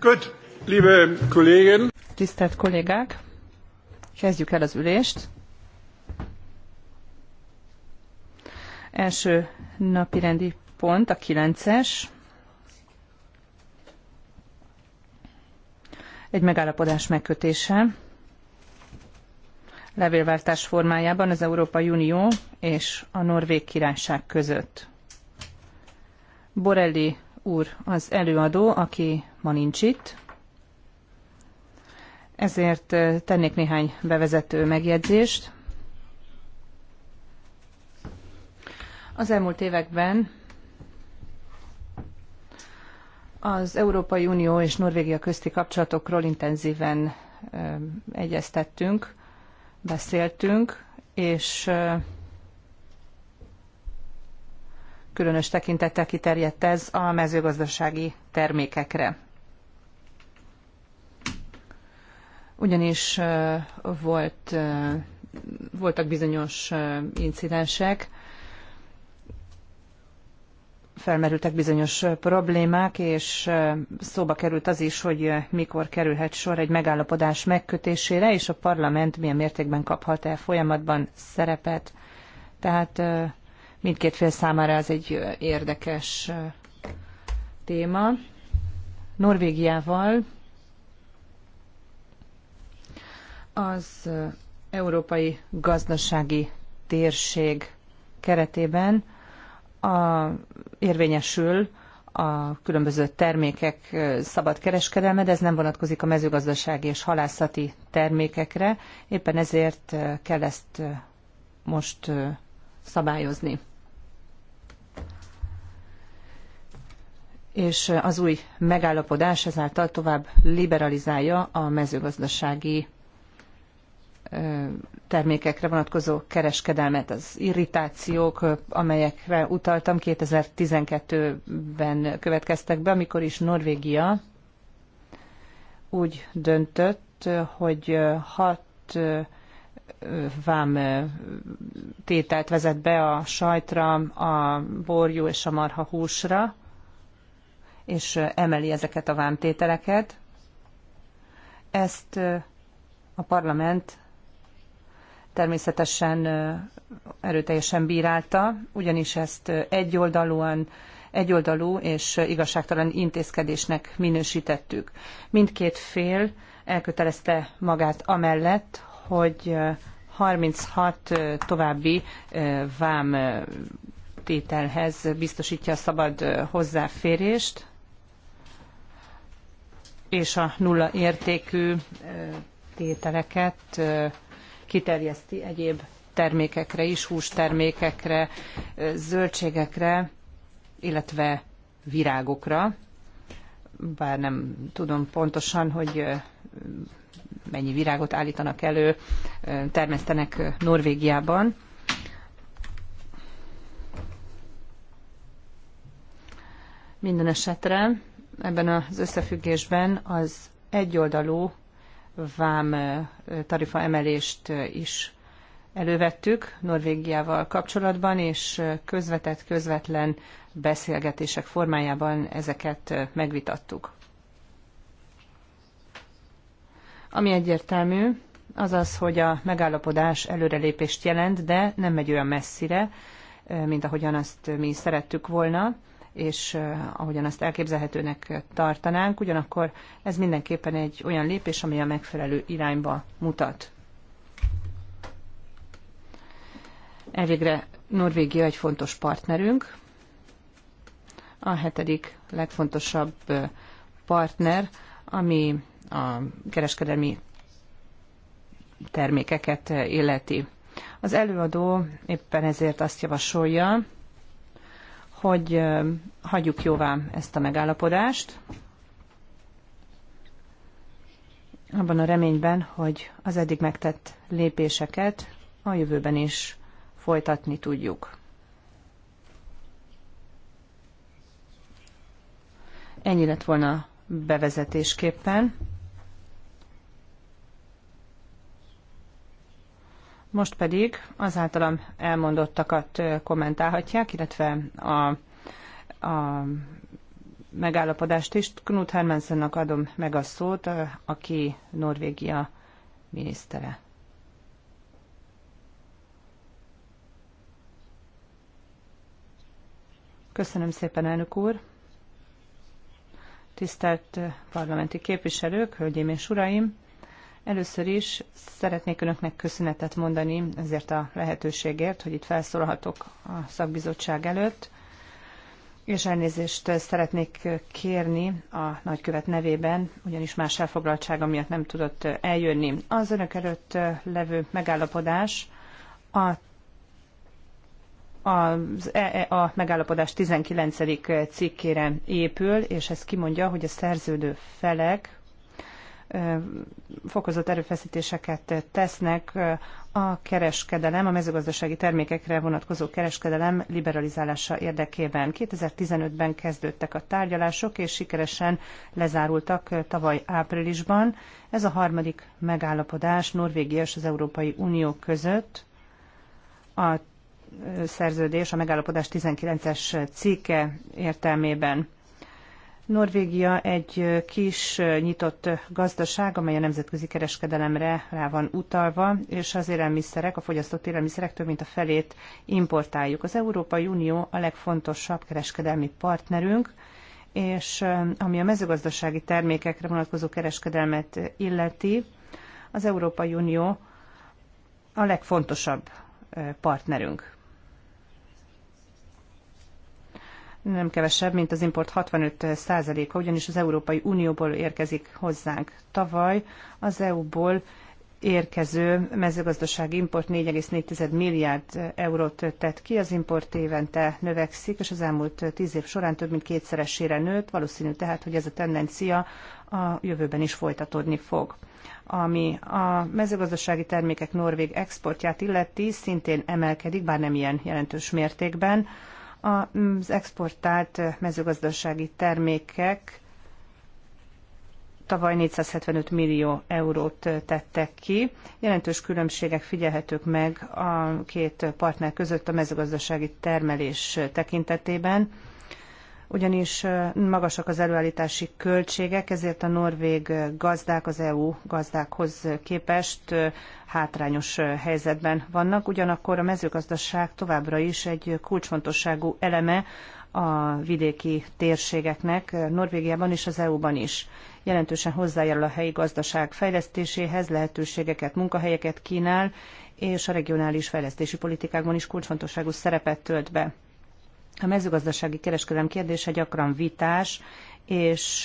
Good, liebe Kollegen. Tisztelt kollégák, kezdjük el az ülést. Első napi rendi pont, a 9-es. Egy megállapodás megkötése levélváltás formájában az Európai Unió és a Norvég Királyság között. Borelli úr az előadó, aki ma nincs itt, ezért eh, tennék néhány bevezető megjegyzést. Az elmúlt években az Európai Unió és Norvégia közti kapcsolatokról intenzíven eh, egyeztettünk, beszéltünk, és eh, különös tekintettel kiterjedt ez a mezőgazdasági termékekre. ugyanis volt, voltak bizonyos incidensek, felmerültek bizonyos problémák, és szóba került az is, hogy mikor kerülhet sor egy megállapodás megkötésére, és a parlament milyen mértékben kaphat el folyamatban szerepet. Tehát mindkét fél számára ez egy érdekes téma. Norvégiával Az európai gazdasági térség keretében a, érvényesül a különböző termékek szabad kereskedelme, de ez nem vonatkozik a mezőgazdasági és halászati termékekre, éppen ezért kell ezt most szabályozni. És az új megállapodás ezáltal tovább liberalizálja a mezőgazdasági termékekre vonatkozó kereskedelmet, az irritációk, amelyekre utaltam 2012-ben következtek be, amikor is Norvégia úgy döntött, hogy hat vám tételt vezet be a sajtra, a borjú és a marha húsra, és emeli ezeket a vámtételeket. Ezt a parlament természetesen erőteljesen bírálta, ugyanis ezt egyoldalúan egyoldalú és igazságtalan intézkedésnek minősítettük. Mindkét fél elkötelezte magát amellett, hogy 36 további vám tételhez biztosítja a szabad hozzáférést, és a nulla értékű tételeket kiterjeszti egyéb termékekre is, hústermékekre, zöldségekre, illetve virágokra. Bár nem tudom pontosan, hogy mennyi virágot állítanak elő, termesztenek Norvégiában. Minden esetre ebben az összefüggésben az egyoldalú vám tarifa emelést is elővettük Norvégiával kapcsolatban, és közvetett, közvetlen beszélgetések formájában ezeket megvitattuk. Ami egyértelmű, az az, hogy a megállapodás előrelépést jelent, de nem megy olyan messzire, mint ahogyan azt mi szerettük volna és ahogyan azt elképzelhetőnek tartanánk, ugyanakkor ez mindenképpen egy olyan lépés, ami a megfelelő irányba mutat. Elvégre Norvégia egy fontos partnerünk, a hetedik legfontosabb partner, ami a kereskedelmi termékeket illeti. Az előadó éppen ezért azt javasolja, hogy hagyjuk jóvá ezt a megállapodást, abban a reményben, hogy az eddig megtett lépéseket a jövőben is folytatni tudjuk. Ennyi lett volna bevezetésképpen. Most pedig az általam elmondottakat kommentálhatják, illetve a, a megállapodást is. Knut Hermansennak adom meg a szót, aki Norvégia minisztere. Köszönöm szépen, elnök úr! Tisztelt parlamenti képviselők, hölgyeim és uraim! Először is szeretnék Önöknek köszönetet mondani ezért a lehetőségért, hogy itt felszólalhatok a szakbizottság előtt, és elnézést szeretnék kérni a nagykövet nevében, ugyanis más elfoglaltsága miatt nem tudott eljönni. Az Önök előtt levő megállapodás a az EEA -E, e megállapodás 19. cikkére épül, és ez kimondja, hogy a szerződő felek fokozott erőfeszítéseket tesznek a kereskedelem, a mezőgazdasági termékekre vonatkozó kereskedelem liberalizálása érdekében. 2015-ben kezdődtek a tárgyalások, és sikeresen lezárultak tavaly áprilisban. Ez a harmadik megállapodás Norvégia és az Európai Unió között a szerződés, a megállapodás 19-es cikke értelmében. Norvégia egy kis nyitott gazdaság, amely a nemzetközi kereskedelemre rá van utalva, és az élelmiszerek, a fogyasztott élelmiszerek több mint a felét importáljuk. Az Európai Unió a legfontosabb kereskedelmi partnerünk, és ami a mezőgazdasági termékekre vonatkozó kereskedelmet illeti, az Európai Unió a legfontosabb partnerünk. nem kevesebb, mint az import 65%-a, ugyanis az Európai Unióból érkezik hozzánk. Tavaly az EU-ból érkező mezőgazdasági import 4,4 milliárd eurót tett ki, az import évente növekszik, és az elmúlt tíz év során több mint kétszeresére nőtt, valószínű tehát, hogy ez a tendencia a jövőben is folytatódni fog. Ami a mezőgazdasági termékek norvég exportját illeti, szintén emelkedik, bár nem ilyen jelentős mértékben az exportált mezőgazdasági termékek tavaly 475 millió eurót tettek ki. Jelentős különbségek figyelhetők meg a két partner között a mezőgazdasági termelés tekintetében ugyanis magasak az előállítási költségek, ezért a norvég gazdák az EU gazdákhoz képest hátrányos helyzetben vannak. Ugyanakkor a mezőgazdaság továbbra is egy kulcsfontosságú eleme a vidéki térségeknek, Norvégiában és az EU-ban is. Jelentősen hozzájárul a helyi gazdaság fejlesztéséhez, lehetőségeket, munkahelyeket kínál, és a regionális fejlesztési politikákban is kulcsfontosságú szerepet tölt be. A mezőgazdasági kereskedelem kérdése gyakran vitás, és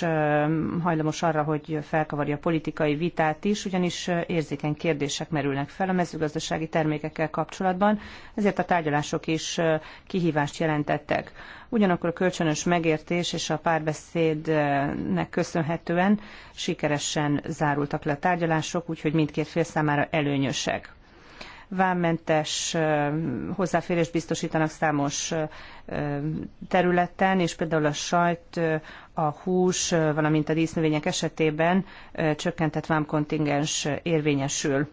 hajlamos arra, hogy felkavarja a politikai vitát is, ugyanis érzékeny kérdések merülnek fel a mezőgazdasági termékekkel kapcsolatban, ezért a tárgyalások is kihívást jelentettek. Ugyanakkor a kölcsönös megértés és a párbeszédnek köszönhetően sikeresen zárultak le a tárgyalások, úgyhogy mindkét fél számára előnyösek vámmentes hozzáférést biztosítanak számos területen, és például a sajt, a hús, valamint a dísznövények esetében csökkentett vámkontingens érvényesül.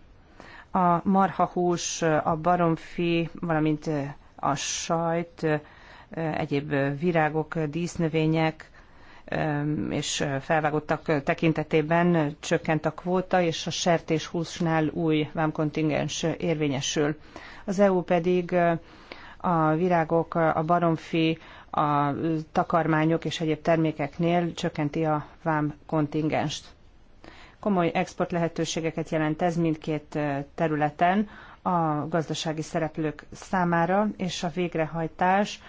A marhahús, a baromfi, valamint a sajt, egyéb virágok, dísznövények és felvágottak tekintetében csökkent a kvóta, és a sertés új vámkontingens érvényesül. Az EU pedig a virágok, a baromfi, a takarmányok és egyéb termékeknél csökkenti a vámkontingenst Komoly export lehetőségeket jelent ez mindkét területen a gazdasági szereplők számára, és a végrehajtás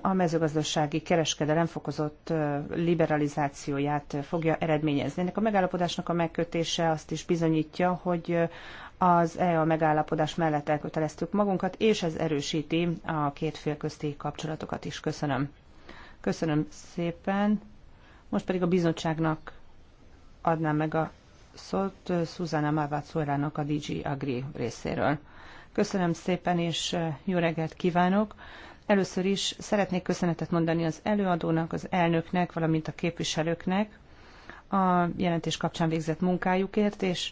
a mezőgazdasági kereskedelem fokozott liberalizációját fogja eredményezni. Ennek a megállapodásnak a megkötése azt is bizonyítja, hogy az EA megállapodás mellett elköteleztük magunkat, és ez erősíti a két fél közti kapcsolatokat is. Köszönöm. Köszönöm szépen. Most pedig a bizottságnak adnám meg a szót Szuzana Mávátszórának a DG Agri részéről. Köszönöm szépen, és jó reggelt kívánok! Először is szeretnék köszönetet mondani az előadónak, az elnöknek, valamint a képviselőknek a jelentés kapcsán végzett munkájukért, és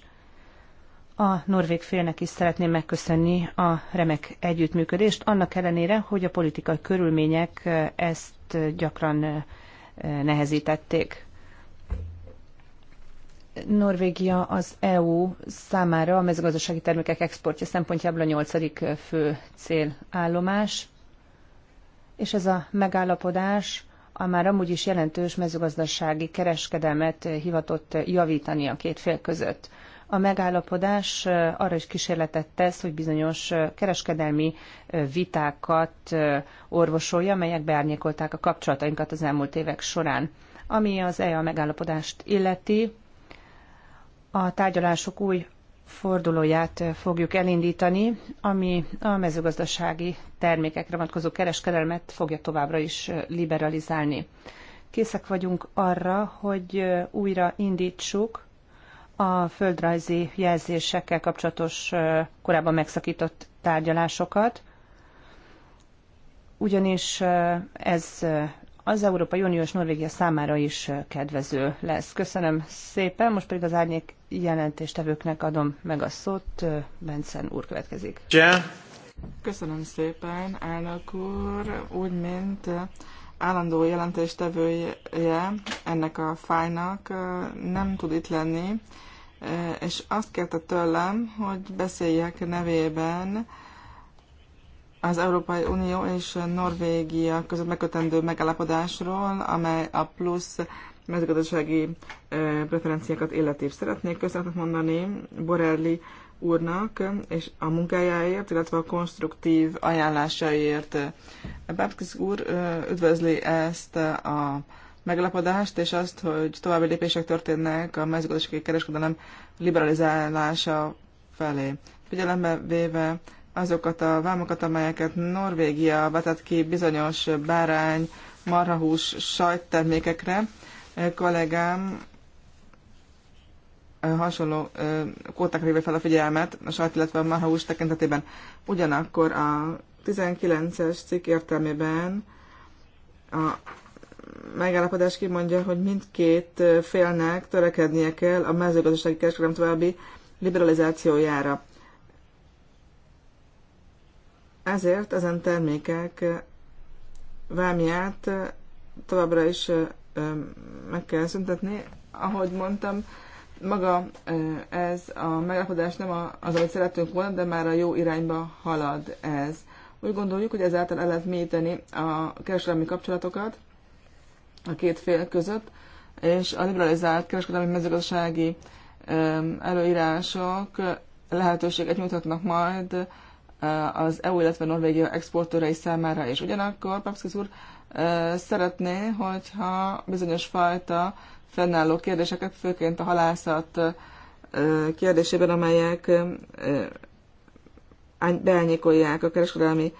a norvég félnek is szeretném megköszönni a remek együttműködést, annak ellenére, hogy a politikai körülmények ezt gyakran eh, nehezítették. Norvégia az EU számára a mezőgazdasági termékek exportja szempontjából a nyolcadik eh, fő célállomás és ez a megállapodás a már amúgy is jelentős mezőgazdasági kereskedelmet hivatott javítani a két fél között. A megállapodás eh, arra is kísérletet tesz, hogy bizonyos eh, kereskedelmi eh, vitákat orvosolja, melyek beárnyékolták a kapcsolatainkat az elmúlt évek során. Ami az EA megállapodást illeti, a tárgyalások új fordulóját eh, fogjuk elindítani, ami a mezőgazdasági termékekre vonatkozó kereskedelmet fogja továbbra is eh, liberalizálni. Készek vagyunk arra, hogy eh, újra indítsuk a földrajzi jelzésekkel kapcsolatos korábban megszakított tárgyalásokat, ugyanis ez az Európai Uniós Norvégia számára is kedvező lesz. Köszönöm szépen, most pedig az árnyék jelentéstevőknek adom meg a szót. Bencen úr következik. Yeah. Köszönöm szépen, elnök úr, úgy, mint állandó jelentéstevője ennek a fájnak nem tud itt lenni, és azt kérte tőlem, hogy beszéljek nevében, az Európai Unió és Norvégia között megkötendő megállapodásról, amely a plusz mezőgazdasági preferenciákat illeti. Szeretnék köszönetet mondani Borelli úrnak és a munkájáért, illetve a konstruktív ajánlásaiért. Bábkis úr üdvözli ezt a megállapodást és azt, hogy további lépések történnek a mezőgazdasági kereskedelem liberalizálása felé. Figyelembe véve azokat a vámokat, amelyeket Norvégia vetett ki bizonyos bárány, marhahús, sajttermékekre. Kollégám hasonló kótákra hívja fel a figyelmet a sajt, illetve a marhahús tekintetében. Ugyanakkor a 19-es cikk értelmében a megállapodás kimondja, hogy mindkét félnek törekednie kell a mezőgazdasági kereskedelem további liberalizációjára. Ezért ezen termékek vámját továbbra is meg kell szüntetni. Ahogy mondtam, maga ez a megállapodás nem az, amit szeretünk volna, de már a jó irányba halad ez. Úgy gondoljuk, hogy ezáltal el lehet mélyíteni a kereskedelmi kapcsolatokat a két fél között, és a liberalizált kereskedelmi mezőgazdasági előírások lehetőséget nyújthatnak majd Eh, az EU, illetve Norvégia exportőrei számára is. Ugyanakkor Papszkis úr eh, szeretné, hogyha bizonyos fajta fennálló kérdéseket, főként a halászat eh, kérdésében, amelyek beányékolják a kereskedelmi,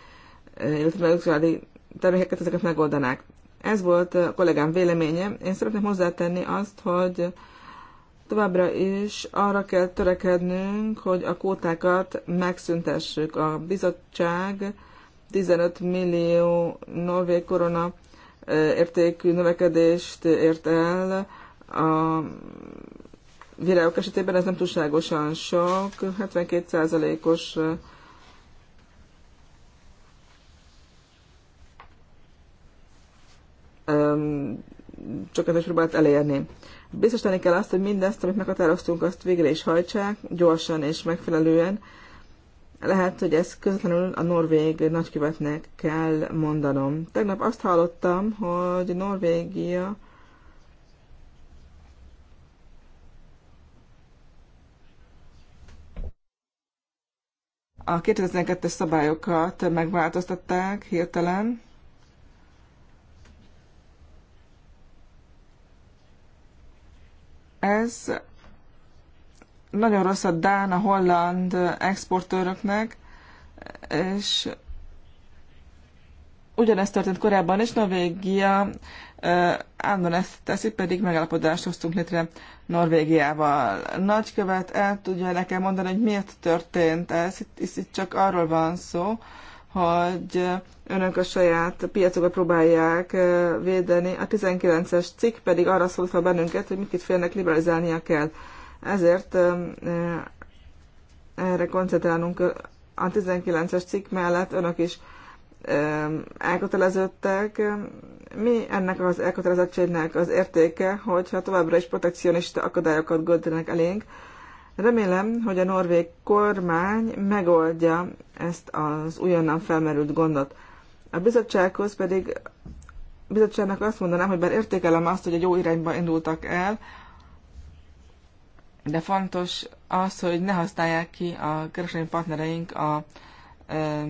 illetve szexuális termékeket, ezeket megoldanák. Ez volt a kollégám véleménye. Én szeretném hozzátenni azt, hogy Továbbra is arra kell törekednünk, hogy a kótákat megszüntessük. A bizottság 15 millió norvég korona értékű növekedést ért el. A virágok esetében ez nem túlságosan sok, 72%-os ezt próbált elérni. Biztosítani kell azt, hogy mindezt, amit meghatároztunk, azt végre is hajtsák, gyorsan és megfelelően. Lehet, hogy ezt közvetlenül a norvég nagykövetnek kell mondanom. Tegnap azt hallottam, hogy Norvégia a 2012-es szabályokat megváltoztatták hirtelen, Ez nagyon rossz a Dán, a holland exportőröknek, és ugyanezt történt korábban is, Norvégia állandóan ezt teszi, pedig megállapodást hoztunk létre Norvégiával. Nagykövet el tudja nekem mondani, hogy miért történt ez, itt, itt csak arról van szó, hogy önök a saját piacokat próbálják védeni. A 19-es cikk pedig arra szólt fel bennünket, hogy mit félnek liberalizálnia kell. Ezért erre koncentrálunk a 19-es cikk mellett önök is elköteleződtek. Mi ennek az elkötelezettségnek az értéke, hogyha továbbra is protekcionista akadályokat gondolnak elénk, Remélem, hogy a norvég kormány megoldja ezt az újonnan felmerült gondot. A bizottsághoz pedig a bizottságnak azt mondanám, hogy bár értékelem azt, hogy egy jó irányba indultak el, de fontos az, hogy ne használják ki a kereskedelmi partnereink a e,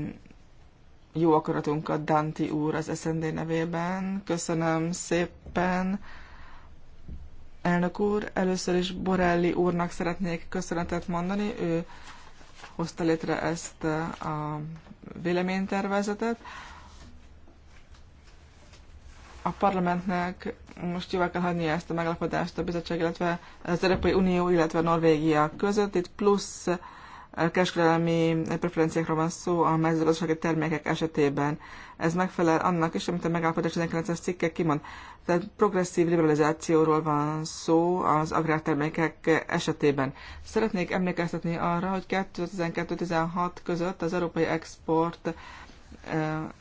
jó akaratunkat Danti úr az SND nevében. Köszönöm szépen! Elnök úr, először is Borelli úrnak szeretnék köszönetet mondani. Ő hozta létre ezt a véleménytervezetet. A parlamentnek most jóvá kell hagynia ezt a megállapodást a bizottság, illetve az Európai Unió, illetve Norvégia között. Itt plusz kereskedelmi preferenciákról van szó a mezőgazdasági termékek esetében ez megfelel annak is, amit a megállapodás 19-es cikke kimond. Tehát progresszív liberalizációról van szó az agrártermékek esetében. Szeretnék emlékeztetni arra, hogy 2012-16 között az európai export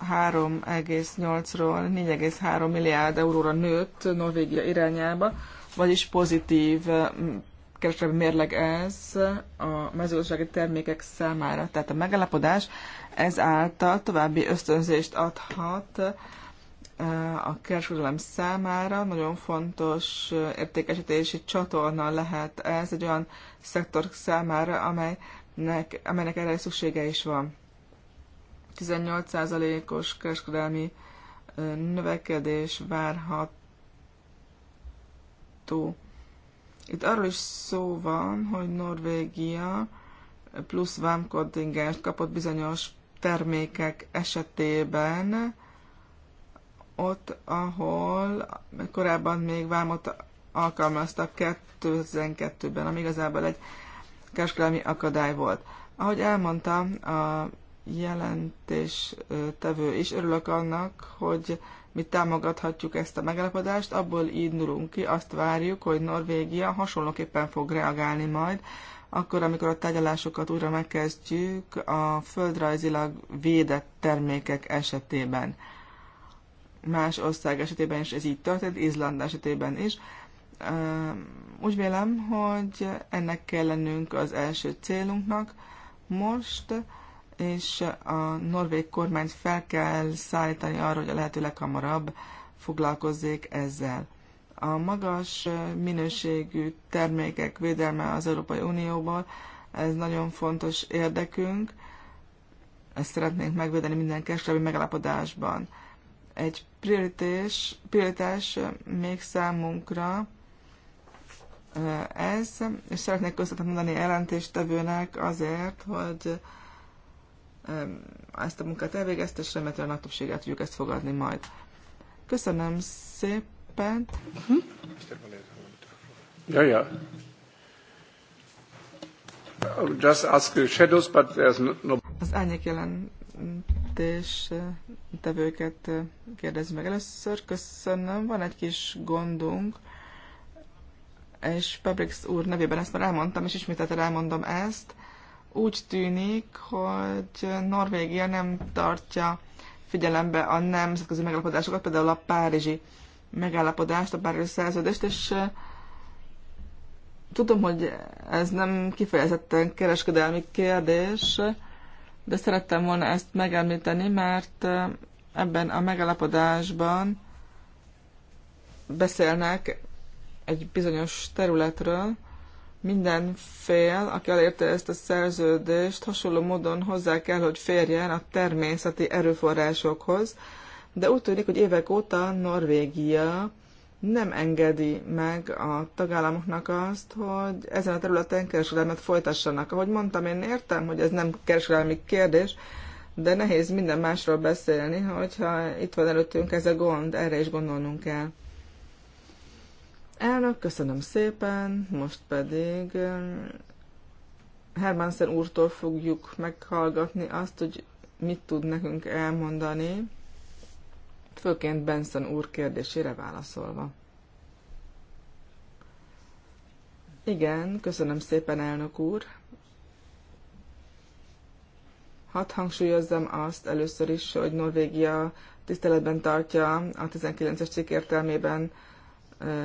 3,8-ról eh, 4,3 milliárd euróra nőtt Norvégia irányába, vagyis pozitív mm, kereskedelmi mérleg ez a mezőgazdasági termékek számára. Tehát a megállapodás ez által további ösztönzést adhat eh, a kereskedelem számára. Nagyon fontos eh, értékesítési csatorna lehet ez egy olyan szektor számára, amelynek, amelynek erre szüksége is van. 18%-os kereskedelmi eh, növekedés várható. Itt arról is szó van, hogy Norvégia plusz vámkontingenst kapott bizonyos termékek esetében, ott, ahol korábban még vámot alkalmaztak 2012-ben, ami igazából egy kereskedelmi akadály volt. Ahogy elmondta a jelentés tevő is, örülök annak, hogy mi támogathatjuk ezt a megállapodást, abból indulunk ki, azt várjuk, hogy Norvégia hasonlóképpen fog reagálni majd akkor, amikor a tárgyalásokat újra megkezdjük a földrajzilag védett termékek esetében. Más ország esetében is ez így történt, Izland esetében is. Úgy vélem, hogy ennek kell lennünk az első célunknak most, és a norvég kormányt fel kell szállítani arra, hogy a lehető leghamarabb foglalkozzék ezzel. A magas minőségű termékek védelme az Európai Unióból, ez nagyon fontos érdekünk, ezt szeretnénk megvédeni minden kereskedelmi megállapodásban. Egy prioritás, prioritás még számunkra ez, és szeretnék köszönetet mondani jelentéstevőnek azért, hogy ezt a munkát elvégezte, és remélhetően a többséget tudjuk ezt fogadni majd. Köszönöm szépen! bent. Hm? Ja, ja. Just ask shadows, but there's no... Az árnyék jelentés tevőket kérdez meg először. Köszönöm, van egy kis gondunk, és Pabrix úr nevében ezt már elmondtam, és ismételten elmondom ezt. Úgy tűnik, hogy Norvégia nem tartja figyelembe a nemzetközi megalapodásokat, például a párizsi megállapodást, a Párizsi szerződést, és tudom, hogy ez nem kifejezetten kereskedelmi kérdés, de szerettem volna ezt megemlíteni, mert ebben a megállapodásban beszélnek egy bizonyos területről, minden fél, aki elérte ezt a szerződést, hasonló módon hozzá kell, hogy férjen a természeti erőforrásokhoz, de úgy tűnik, hogy évek óta Norvégia nem engedi meg a tagállamoknak azt, hogy ezen a területen kereskedelmet folytassanak. Ahogy mondtam, én értem, hogy ez nem kereskedelmi kérdés, de nehéz minden másról beszélni, hogyha itt van előttünk ez a gond, erre is gondolnunk kell. Elnök, köszönöm szépen, most pedig um, Hermansen úrtól fogjuk meghallgatni azt, hogy mit tud nekünk elmondani főként Benson úr kérdésére válaszolva. Igen, köszönöm szépen, elnök úr. Hadd hangsúlyozzam azt először is, hogy Norvégia tiszteletben tartja a 19-es cikk értelmében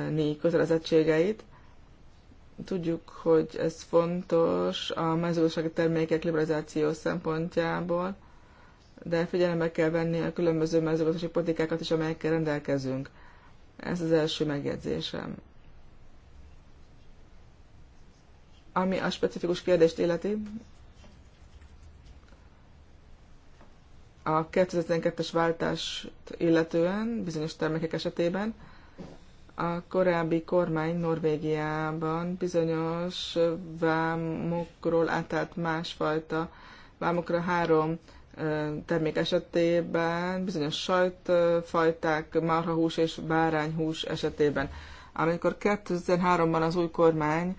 négy kötelezettségeit. Tudjuk, hogy ez fontos a mezőgazdasági termékek liberalizáció szempontjából, de figyelembe kell venni a különböző mezőgazdasági politikákat is, amelyekkel rendelkezünk. Ez az első megjegyzésem. Ami a specifikus kérdést illeti, a 2012-es váltást illetően, bizonyos termékek esetében, a korábbi kormány Norvégiában bizonyos vámokról átállt másfajta vámokra három termék esetében, bizonyos sajtfajták, marhahús és bárányhús esetében. Amikor 2003-ban az új kormány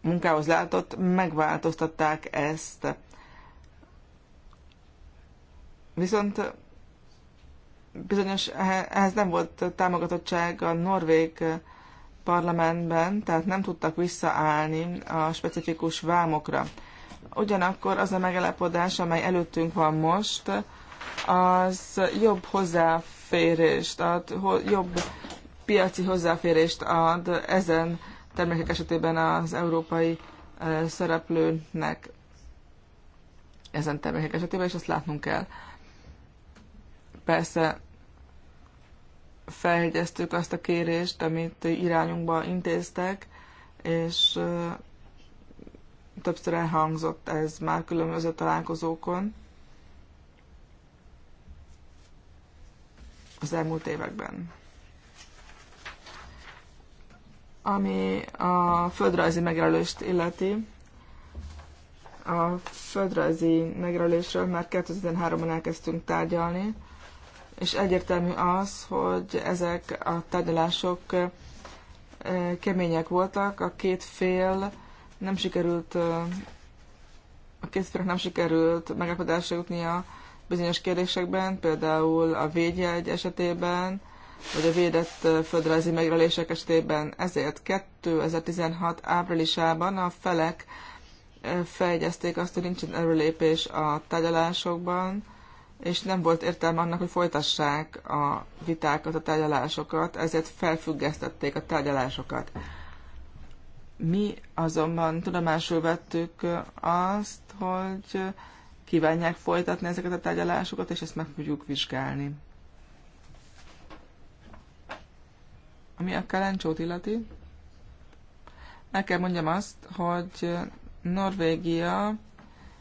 munkához látott, megváltoztatták ezt. Viszont bizonyos, ehhez nem volt támogatottság a norvég parlamentben, tehát nem tudtak visszaállni a specifikus vámokra. Ugyanakkor az a megelepodás, amely előttünk van most, az jobb hozzáférést ad, jobb piaci hozzáférést ad ezen termékek esetében az európai szereplőnek ezen termékek esetében, és azt látnunk kell. Persze felhegyeztük azt a kérést, amit irányunkba intéztek, és Többször elhangzott ez már különböző találkozókon az elmúlt években. Ami a földrajzi megjelölést illeti, a földrajzi megjelölésről már 2013-ban elkezdtünk tárgyalni, és egyértelmű az, hogy ezek a tárgyalások eh, kemények voltak, a két fél nem sikerült, a készítőknek nem sikerült megállapodásra jutnia bizonyos kérdésekben, például a védjegy esetében, vagy a védett földrajzi megjelölések esetében. Ezért 2016 áprilisában a felek fejegyezték azt, hogy nincsen erőlépés a tárgyalásokban, és nem volt értelme annak, hogy folytassák a vitákat, a tárgyalásokat, ezért felfüggesztették a tárgyalásokat. Mi azonban tudomásul vettük azt, hogy kívánják folytatni ezeket a tárgyalásokat, és ezt meg fogjuk vizsgálni. Ami a kalencsót illeti, el kell mondjam azt, hogy Norvégia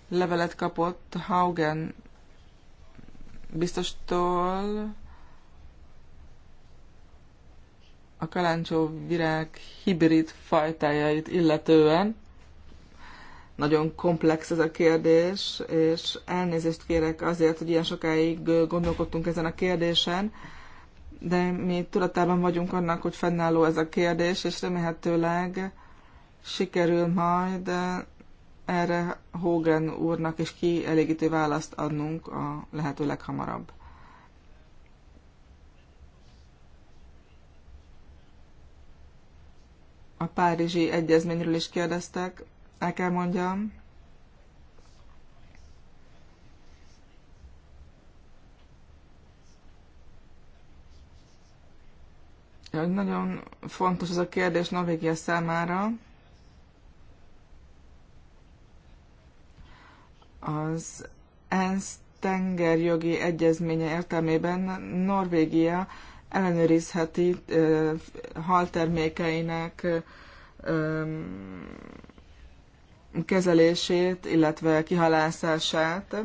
levelet kapott Haugen biztostól, a kalancsó virág hibrid fajtájait illetően. Nagyon komplex ez a kérdés, és elnézést kérek azért, hogy ilyen sokáig gondolkodtunk ezen a kérdésen, de mi tudatában vagyunk annak, hogy fennálló ez a kérdés, és remélhetőleg sikerül majd erre Hogan úrnak is kielégítő választ adnunk a lehető leghamarabb. a Párizsi Egyezményről is kérdeztek, el kell mondjam. Hogy nagyon fontos ez a kérdés Norvégia számára. Az ENSZ tengerjogi egyezménye értelmében Norvégia ellenőrizheti haltermékeinek kezelését, illetve kihalászását.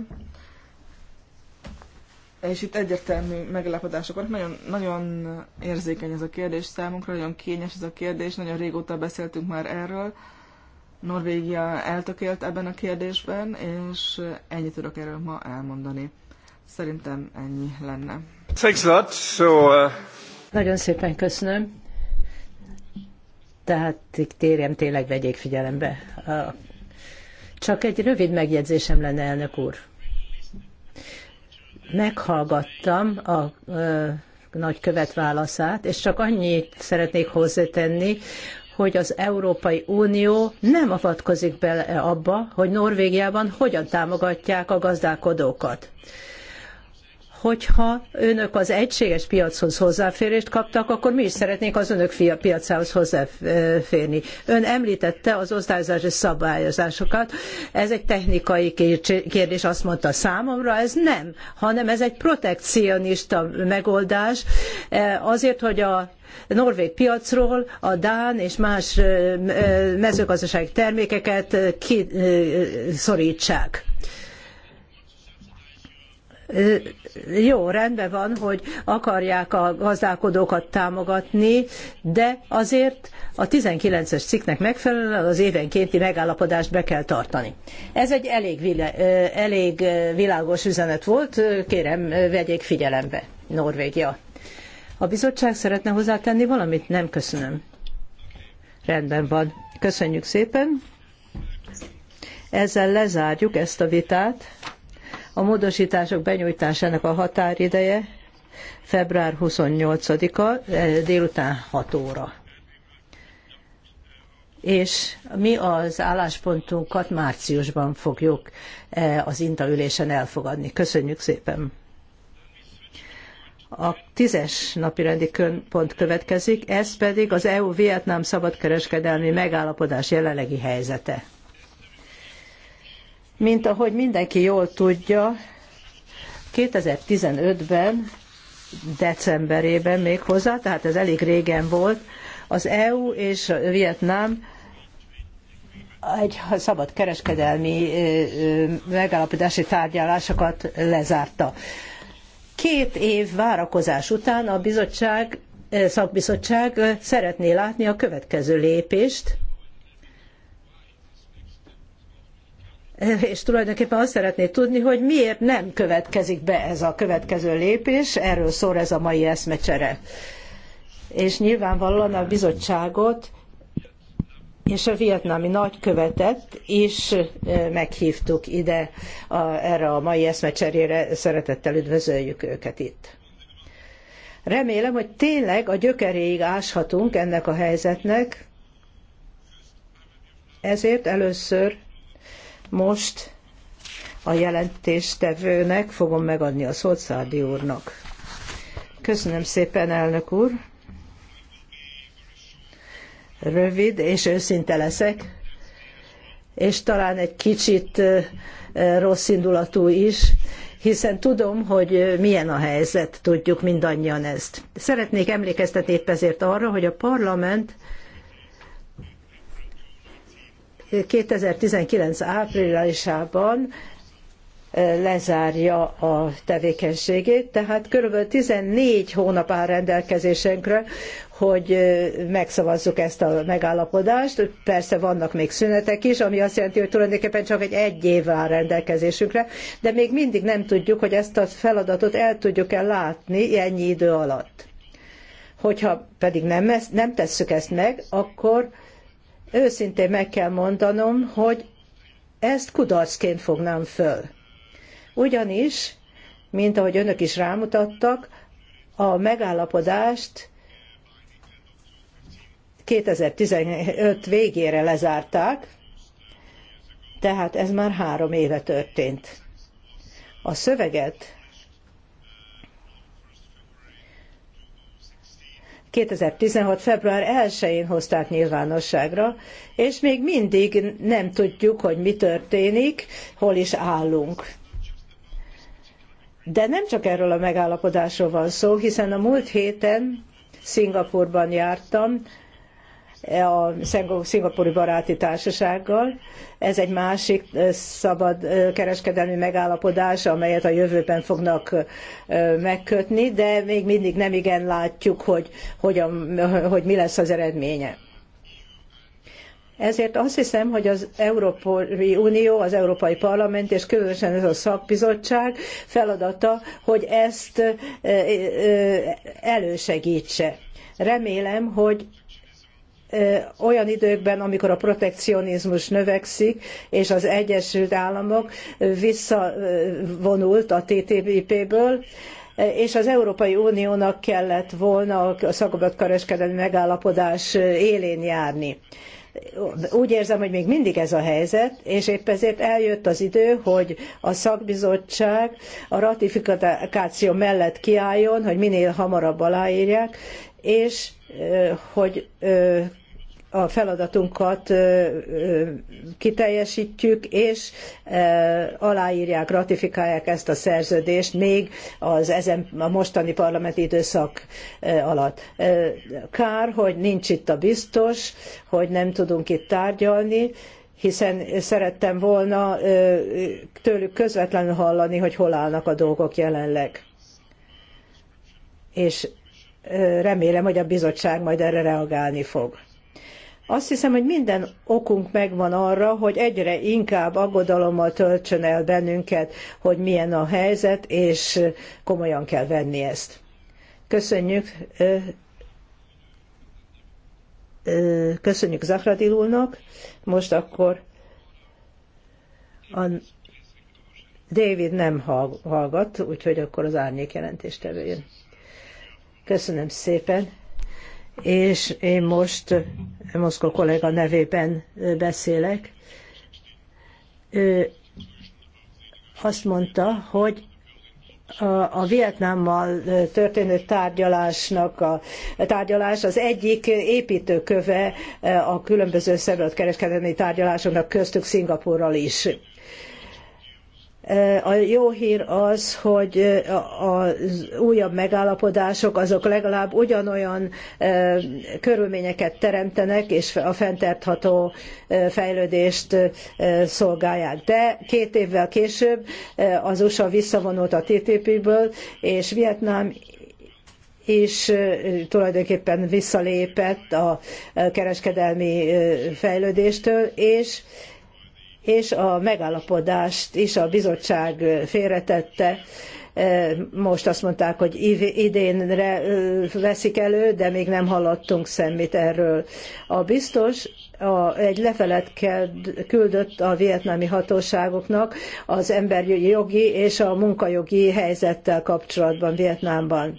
És itt egyértelmű meglepetások vannak. Nagyon, nagyon érzékeny ez a kérdés számunkra, nagyon kényes ez a kérdés, nagyon régóta beszéltünk már erről. Norvégia eltökélt ebben a kérdésben, és ennyit tudok erről ma elmondani. Szerintem ennyi lenne. Thanks a lot. So, uh... Nagyon szépen köszönöm. Tehát térjem tényleg vegyék figyelembe. Csak egy rövid megjegyzésem lenne, elnök úr. Meghallgattam a, a követ válaszát, és csak annyit szeretnék hozzátenni, hogy az Európai Unió nem avatkozik bele abba, hogy Norvégiában hogyan támogatják a gazdálkodókat hogyha önök az egységes piachoz hozzáférést kaptak, akkor mi is szeretnénk az önök fia piacához hozzáférni. Ön említette az osztályozási szabályozásokat. Ez egy technikai kérdés, azt mondta számomra, ez nem, hanem ez egy protekcionista megoldás, e, azért, hogy a norvég piacról a Dán és más e, e, mezőgazdasági termékeket kiszorítsák. Jó, rendben van, hogy akarják a gazdálkodókat támogatni, de azért a 19-es cikknek megfelelően az évenkénti megállapodást be kell tartani. Ez egy elég, elég világos üzenet volt, kérem, vegyék figyelembe, Norvégia. A bizottság szeretne hozzátenni valamit? Nem köszönöm. Rendben van. Köszönjük szépen. Ezzel lezárjuk ezt a vitát. A módosítások benyújtásának a határideje február 28-a eh, délután 6 óra. És mi az álláspontunkat márciusban fogjuk eh, az INTA ülésen elfogadni. Köszönjük szépen! A tízes napirendi pont következik, ez pedig az EU-Vietnám szabadkereskedelmi megállapodás jelenlegi helyzete. Mint ahogy mindenki jól tudja, 2015-ben, decemberében még hozzá, tehát ez elég régen volt, az EU és Vietnám egy szabad kereskedelmi megállapodási tárgyalásokat lezárta. Két év várakozás után a bizottság, szakbizottság szeretné látni a következő lépést, és tulajdonképpen azt szeretné tudni, hogy miért nem következik be ez a következő lépés, erről szól ez a mai eszmecsere. És nyilvánvalóan a bizottságot és a vietnámi nagykövetet is meghívtuk ide a, erre a mai eszmecserére, szeretettel üdvözöljük őket itt. Remélem, hogy tényleg a gyökeréig áshatunk ennek a helyzetnek, ezért először most a jelentéstevőnek fogom megadni a szót Szárdi úrnak. Köszönöm szépen, elnök úr. Rövid és őszinte leszek, és talán egy kicsit rossz indulatú is, hiszen tudom, hogy milyen a helyzet, tudjuk mindannyian ezt. Szeretnék emlékeztetni épp ezért arra, hogy a parlament 2019 áprilisában eh, lezárja a tevékenységét, tehát körülbelül 14 hónap áll rendelkezésünkre, hogy eh, megszavazzuk ezt a megállapodást. Persze vannak még szünetek is, ami azt jelenti, hogy tulajdonképpen csak egy egy év áll rendelkezésünkre, de még mindig nem tudjuk, hogy ezt a feladatot el tudjuk-e látni ennyi idő alatt. Hogyha pedig nem, nem tesszük ezt meg, akkor Őszintén meg kell mondanom, hogy ezt kudarcként fognám föl. Ugyanis, mint ahogy önök is rámutattak, a megállapodást 2015 végére lezárták, tehát ez már három éve történt. A szöveget 2016. február 1-én hozták nyilvánosságra, és még mindig nem tudjuk, hogy mi történik, hol is állunk. De nem csak erről a megállapodásról van szó, hiszen a múlt héten Szingapurban jártam, a szingapúri baráti társasággal. Ez egy másik szabad kereskedelmi megállapodás, amelyet a jövőben fognak megkötni, de még mindig nem igen látjuk, hogy, a, hogy mi lesz az eredménye. Ezért azt hiszem, hogy az Európai Unió, az Európai Parlament és különösen ez a szakbizottság feladata, hogy ezt elősegítse. Remélem, hogy olyan időkben, amikor a protekcionizmus növekszik, és az Egyesült Államok visszavonult a TTIP-ből, és az Európai Uniónak kellett volna a szabadkereskedelmi megállapodás élén járni. Úgy érzem, hogy még mindig ez a helyzet, és épp ezért eljött az idő, hogy a szakbizottság a ratifikáció mellett kiálljon, hogy minél hamarabb aláírják, és hogy a feladatunkat kiteljesítjük, és aláírják, ratifikálják ezt a szerződést még az ezen, a mostani parlamenti időszak alatt. Kár, hogy nincs itt a biztos, hogy nem tudunk itt tárgyalni, hiszen szerettem volna tőlük közvetlenül hallani, hogy hol állnak a dolgok jelenleg. És remélem, hogy a bizottság majd erre reagálni fog azt hiszem, hogy minden okunk megvan arra, hogy egyre inkább aggodalommal töltsön el bennünket, hogy milyen a helyzet, és komolyan kell venni ezt. Köszönjük köszönjük Zahradil most akkor a David nem hallgat, úgyhogy akkor az árnyék jelentést előjön. Köszönöm szépen és én most Moszkó kollega nevében beszélek. Ő azt mondta, hogy a Vietnámmal történő tárgyalásnak a, a tárgyalás az egyik építőköve a különböző szabadkereskedelmi tárgyalásoknak köztük Szingapúrral is a jó hír az, hogy az újabb megállapodások azok legalább ugyanolyan körülményeket teremtenek, és a fenntartható fejlődést szolgálják. De két évvel később az USA visszavonult a TTP-ből, és Vietnám és tulajdonképpen visszalépett a kereskedelmi fejlődéstől, és és a megállapodást is a bizottság félretette. E, most azt mondták, hogy idénre e, veszik elő, de még nem hallottunk semmit erről. A biztos a, egy levelet küldött a vietnámi hatóságoknak az emberi jogi és a munkajogi helyzettel kapcsolatban Vietnámban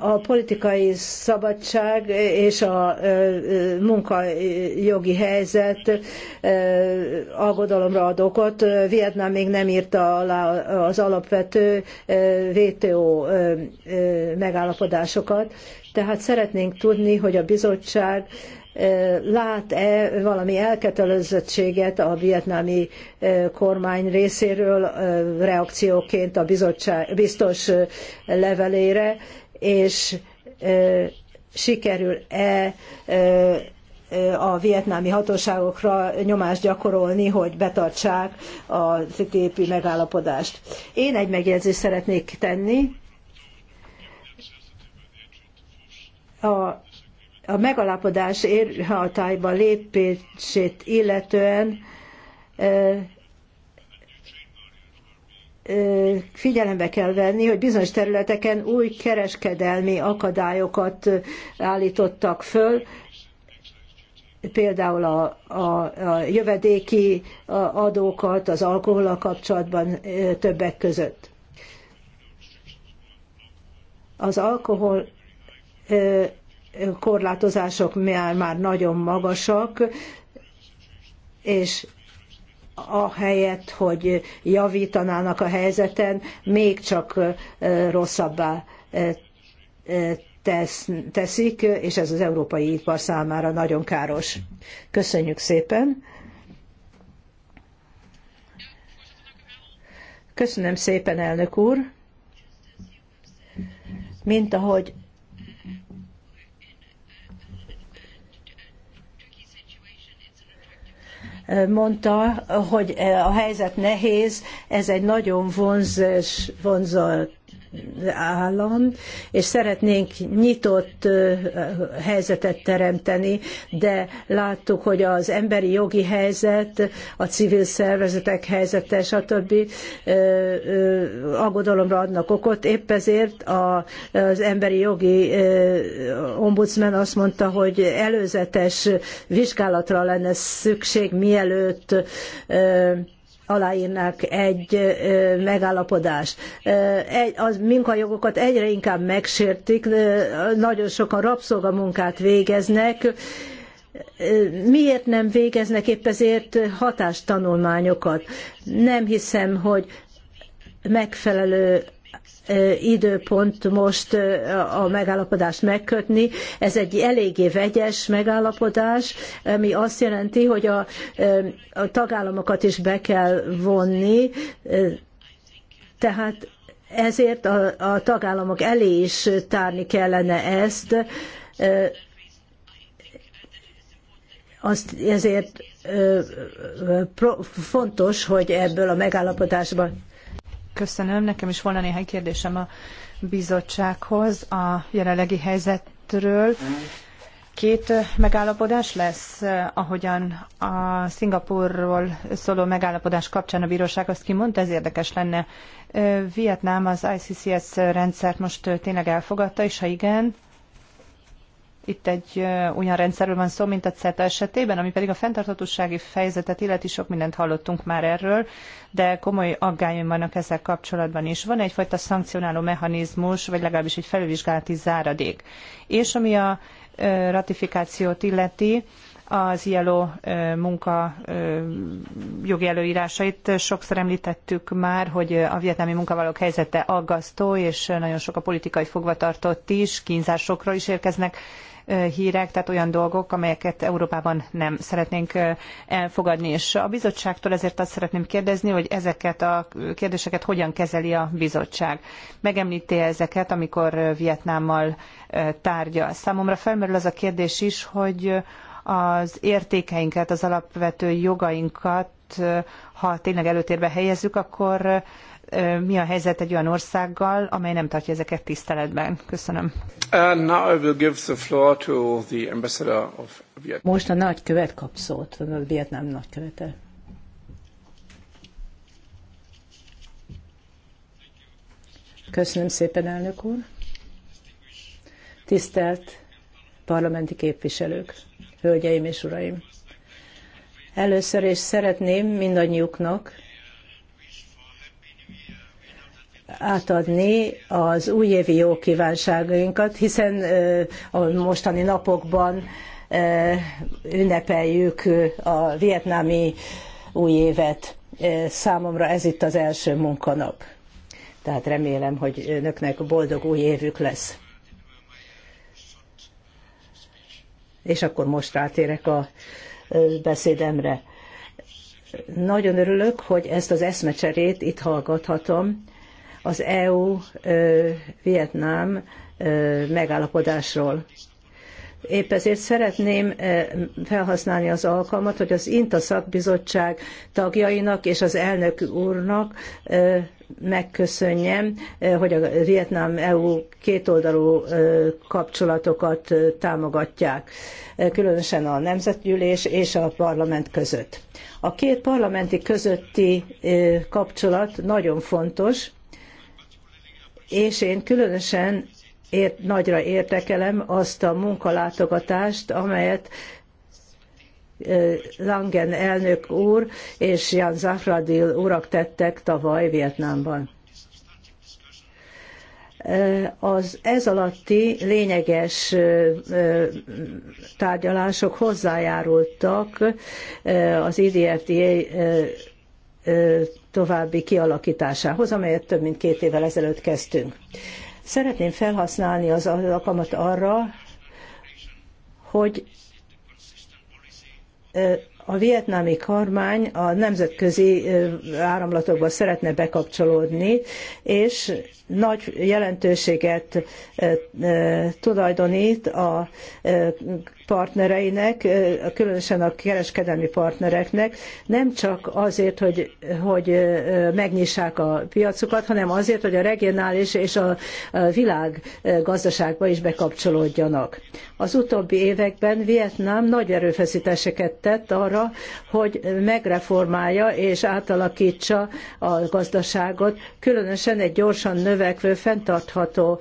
a politikai szabadság és a munkajogi helyzet aggodalomra ad okot. Vietnám még nem írta alá az alapvető WTO megállapodásokat, tehát szeretnénk tudni, hogy a bizottság lát-e valami elkötelezettséget a vietnámi kormány részéről reakcióként a bizottság, biztos levelére, és sikerül-e a vietnámi hatóságokra nyomást gyakorolni, hogy betartsák a TTIP megállapodást. Én egy megjegyzést szeretnék tenni. A a megalapodás érhatályba lépését illetően figyelembe kell venni, hogy bizonyos területeken új kereskedelmi akadályokat állítottak föl, például a, a, a jövedéki adókat az alkohol kapcsolatban többek között. Az alkohol korlátozások már, már nagyon magasak, és ahelyett, hogy javítanának a helyzeten, még csak rosszabbá tesz, teszik, és ez az európai ipar számára nagyon káros. Köszönjük szépen! Köszönöm szépen, elnök úr! Mint ahogy mondta, hogy eh, a helyzet nehéz, ez egy nagyon vonzás, vonzat állam, és szeretnénk nyitott helyzetet teremteni, de láttuk, hogy az emberi jogi helyzet, a civil szervezetek helyzete, stb. aggodalomra adnak okot. Épp ezért az emberi jogi ombudsman azt mondta, hogy előzetes vizsgálatra lenne szükség, mielőtt aláírnák egy megállapodást. Az munkajogokat egyre inkább megsértik, nagyon sokan rabszolgamunkát végeznek, miért nem végeznek épp ezért hatástanulmányokat. Nem hiszem, hogy megfelelő időpont most a megállapodást megkötni. Ez egy eléggé vegyes megállapodás, ami azt jelenti, hogy a, a tagállamokat is be kell vonni, tehát ezért a, a tagállamok elé is tárni kellene ezt. Azt ezért fontos, hogy ebből a megállapodásban Köszönöm. Nekem is volna néhány kérdésem a bizottsághoz a jelenlegi helyzetről. Két megállapodás lesz, ahogyan a Szingapurról szóló megállapodás kapcsán a bíróság azt kimondta, ez érdekes lenne. Vietnám az ICCS rendszert most tényleg elfogadta, és ha igen, itt egy olyan rendszerről van szó, mint a CETA esetében, ami pedig a fenntarthatósági fejezetet illeti, sok mindent hallottunk már erről, de komoly aggályom vannak ezzel kapcsolatban is. Van egyfajta szankcionáló mechanizmus, vagy legalábbis egy felülvizsgálati záradék. És ami a ratifikációt illeti, az ILO munka jogi előírásait. Sokszor említettük már, hogy a vietnámi munkavállalók helyzete aggasztó, és nagyon sok a politikai fogvatartott is, kínzásokról is érkeznek hírek, tehát olyan dolgok, amelyeket Európában nem szeretnénk elfogadni. És a bizottságtól ezért azt szeretném kérdezni, hogy ezeket a kérdéseket hogyan kezeli a bizottság. Megemlíti -e ezeket, amikor Vietnámmal tárgyal. Számomra felmerül az a kérdés is, hogy az értékeinket, az alapvető jogainkat, ha tényleg előtérbe helyezzük, akkor mi a helyzet egy olyan országgal, amely nem tartja ezeket tiszteletben. Köszönöm. Uh, Most a nagykövet kap szót, a Vietnám nagykövete. Köszönöm szépen, elnök úr. Tisztelt parlamenti képviselők, hölgyeim és uraim! Először is szeretném mindannyiuknak átadni az újévi jó kívánságainkat, hiszen a mostani napokban ünnepeljük a vietnámi újévet. Számomra ez itt az első munkanap. Tehát remélem, hogy önöknek boldog új évük lesz. És akkor most rátérek a beszédemre. Nagyon örülök, hogy ezt az eszmecserét itt hallgathatom, az EU-Vietnám megállapodásról. Épp ezért szeretném felhasználni az alkalmat, hogy az INTA szakbizottság tagjainak és az elnök úrnak megköszönjem, hogy a Vietnám EU kétoldalú kapcsolatokat támogatják, különösen a Nemzetgyűlés és a parlament között. A két parlamenti közötti kapcsolat nagyon fontos, és én különösen ért, nagyra értekelem azt a munkalátogatást, amelyet Langen elnök úr és Jan Zafradil urak tettek tavaly Vietnámban. Az ez alatti lényeges tárgyalások hozzájárultak az IDFDA további kialakításához, amelyet több mint két évvel ezelőtt kezdtünk. Szeretném felhasználni az alkalmat arra, hogy a vietnámi kormány a nemzetközi áramlatokba szeretne bekapcsolódni, és nagy jelentőséget tulajdonít a partnereinek, különösen a kereskedelmi partnereknek, nem csak azért, hogy, hogy megnyissák a piacukat, hanem azért, hogy a regionális és a világ gazdaságba is bekapcsolódjanak. Az utóbbi években Vietnám nagy erőfeszítéseket tett arra, arra, hogy megreformálja és átalakítsa a gazdaságot, különösen egy gyorsan növekvő, fenntartható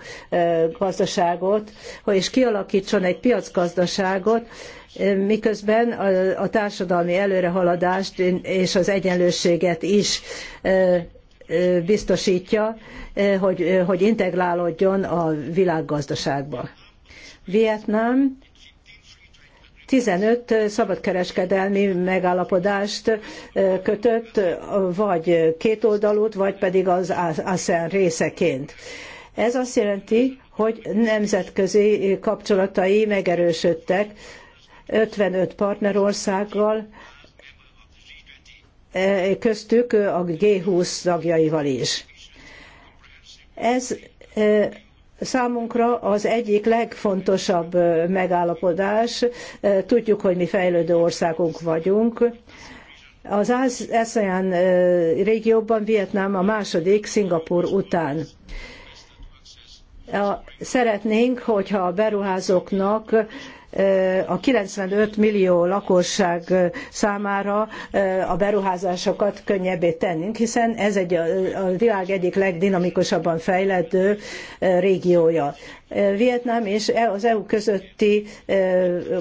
gazdaságot, és kialakítson egy piacgazdaságot, miközben a társadalmi előrehaladást és az egyenlőséget is biztosítja, hogy, hogy integrálódjon a világgazdaságba. Vietnám 15 szabadkereskedelmi megállapodást kötött, vagy kétoldalút, vagy pedig az ASEAN részeként. Ez azt jelenti, hogy nemzetközi kapcsolatai megerősödtek 55 partnerországgal, köztük a G20 tagjaival is. Ez Számunkra az egyik legfontosabb megállapodás, tudjuk, hogy mi fejlődő országunk vagyunk, az ASEAN régióban Vietnám a második Szingapur után. Szeretnénk, hogyha a beruházóknak a 95 millió lakosság számára a beruházásokat könnyebbé tennünk, hiszen ez egy a világ egyik legdinamikusabban fejlődő régiója. Vietnám és e, az EU közötti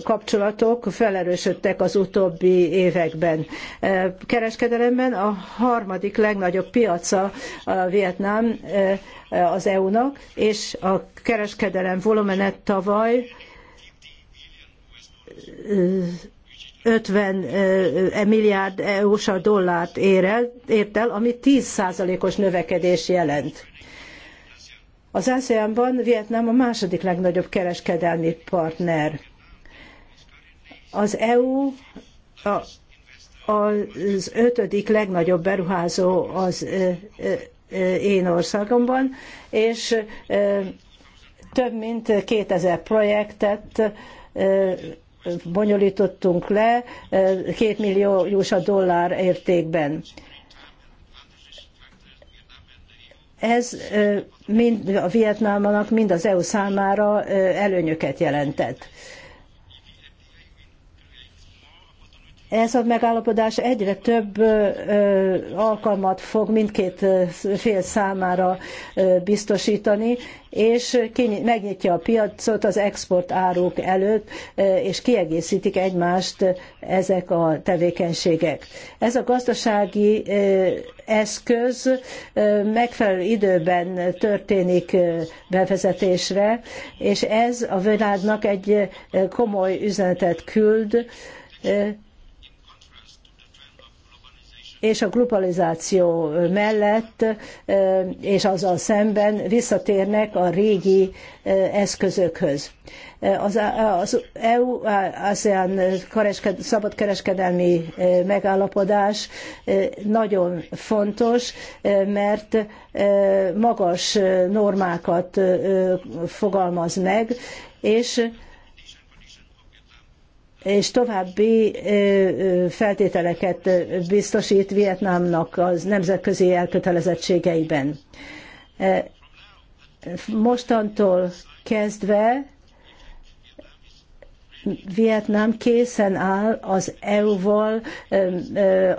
kapcsolatok felerősödtek az utóbbi években. Kereskedelemben a harmadik legnagyobb piaca a Vietnám az EU-nak, és a kereskedelem volumenet tavaly 50 milliárd eu dollárt ér el, ért el, ami 10%-os növekedés jelent. Az ASEAN-ban Vietnám a második legnagyobb kereskedelmi partner. Az EU a, az ötödik legnagyobb beruházó az én országomban, és több mint 2000 projektet bonyolítottunk le, eh, két millió USA dollár értékben. Ez eh, mind a Vietnámnak, mind az EU számára eh, előnyöket jelentett. Ez a megállapodás egyre több alkalmat fog mindkét fél számára biztosítani, és megnyitja a piacot az export áruk előtt, és kiegészítik egymást ezek a tevékenységek. Ez a gazdasági eszköz megfelelő időben történik bevezetésre, és ez a világnak egy komoly üzenetet küld, és a globalizáció mellett és azzal szemben visszatérnek a régi eszközökhöz. Az, az EU-ASEAN szabadkereskedelmi megállapodás nagyon fontos, mert magas normákat fogalmaz meg, és és további feltételeket biztosít Vietnámnak az nemzetközi elkötelezettségeiben. Mostantól kezdve Vietnám készen áll az EU-val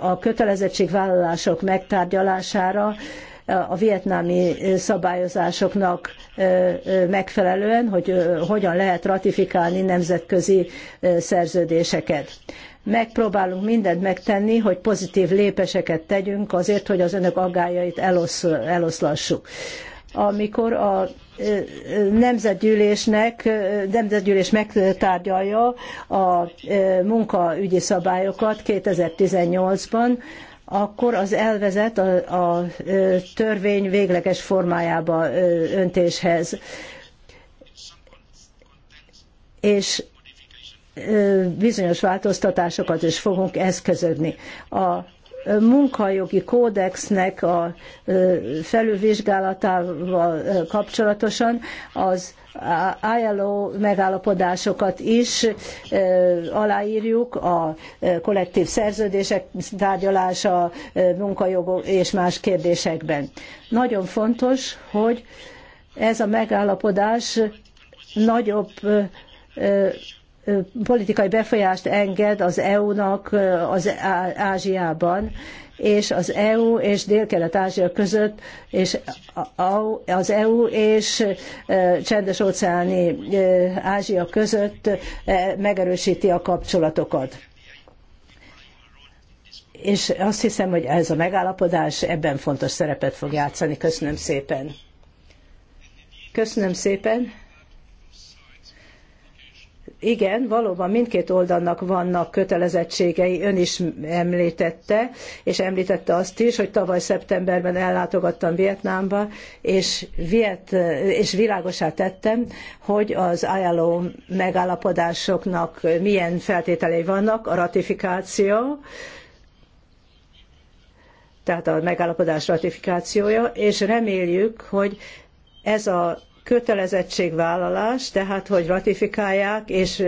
a kötelezettségvállalások megtárgyalására, a vietnámi szabályozásoknak megfelelően, hogy hogyan lehet ratifikálni nemzetközi szerződéseket. Megpróbálunk mindent megtenni, hogy pozitív lépéseket tegyünk azért, hogy az önök aggájait elosz, eloszlassuk amikor a nemzetgyűlésnek, nemzetgyűlés megtárgyalja a munkaügyi szabályokat 2018-ban, akkor az elvezet a, a törvény végleges formájába öntéshez. És bizonyos változtatásokat is fogunk eszközödni. A munkajogi kódexnek a felülvizsgálatával kapcsolatosan az ILO megállapodásokat is aláírjuk, a kollektív szerződések tárgyalása, munkajogok és más kérdésekben. Nagyon fontos, hogy ez a megállapodás nagyobb politikai befolyást enged az EU-nak az Ázsiában, és az EU és Dél-Kelet-Ázsia között, és az EU és Csendes-óceáni Ázsia között megerősíti a kapcsolatokat. És azt hiszem, hogy ez a megállapodás ebben fontos szerepet fog játszani. Köszönöm szépen. Köszönöm szépen igen, valóban mindkét oldalnak vannak kötelezettségei, ön is említette, és említette azt is, hogy tavaly szeptemberben ellátogattam Vietnámba, és, Viet, és világosá tettem, hogy az ILO megállapodásoknak milyen feltételei vannak, a ratifikáció, tehát a megállapodás ratifikációja, és reméljük, hogy ez a kötelezettségvállalás, tehát hogy ratifikálják és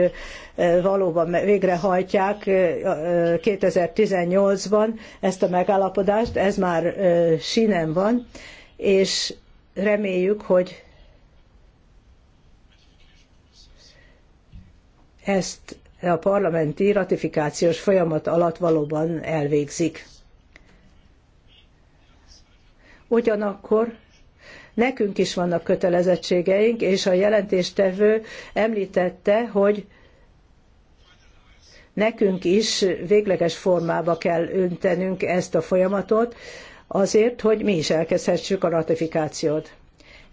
valóban végrehajtják 2018-ban ezt a megállapodást, ez már sinem van, és reméljük, hogy ezt a parlamenti ratifikációs folyamat alatt valóban elvégzik. Ugyanakkor Nekünk is vannak kötelezettségeink, és a jelentéstevő említette, hogy nekünk is végleges formába kell öntenünk ezt a folyamatot, azért, hogy mi is elkezdhessük a ratifikációt.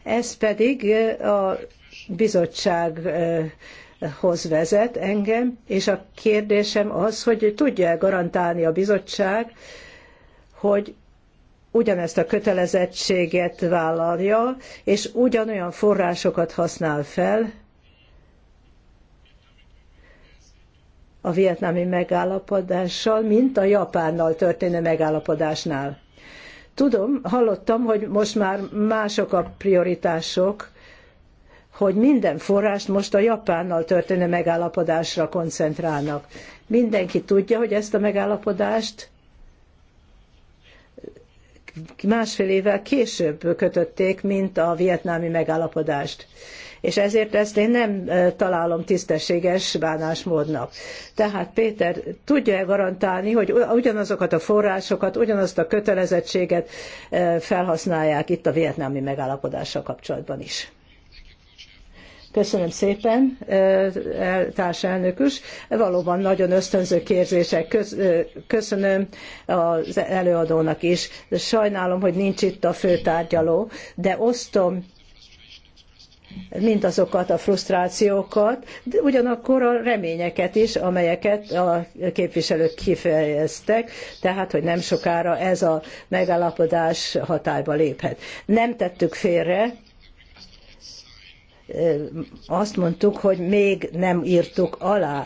Ez pedig a bizottsághoz vezet engem, és a kérdésem az, hogy tudja -e garantálni a bizottság, hogy ugyanezt a kötelezettséget vállalja, és ugyanolyan forrásokat használ fel a vietnámi megállapodással, mint a Japánnal történő megállapodásnál. Tudom, hallottam, hogy most már mások a prioritások, hogy minden forrást most a Japánnal történő megállapodásra koncentrálnak. Mindenki tudja, hogy ezt a megállapodást másfél évvel később kötötték, mint a vietnámi megállapodást. És ezért ezt én nem találom tisztességes bánásmódnak. Tehát Péter tudja-e garantálni, hogy ugyanazokat a forrásokat, ugyanazt a kötelezettséget felhasználják itt a vietnámi megállapodással kapcsolatban is? Köszönöm szépen, eh, társelnök is. Valóban nagyon ösztönző kérdések eh, Köszönöm az előadónak is. Sajnálom, hogy nincs itt a főtárgyaló, de osztom mindazokat a frusztrációkat, de ugyanakkor a reményeket is, amelyeket a képviselők kifejeztek, tehát, hogy nem sokára ez a megállapodás hatályba léphet. Nem tettük félre azt mondtuk, hogy még nem írtuk alá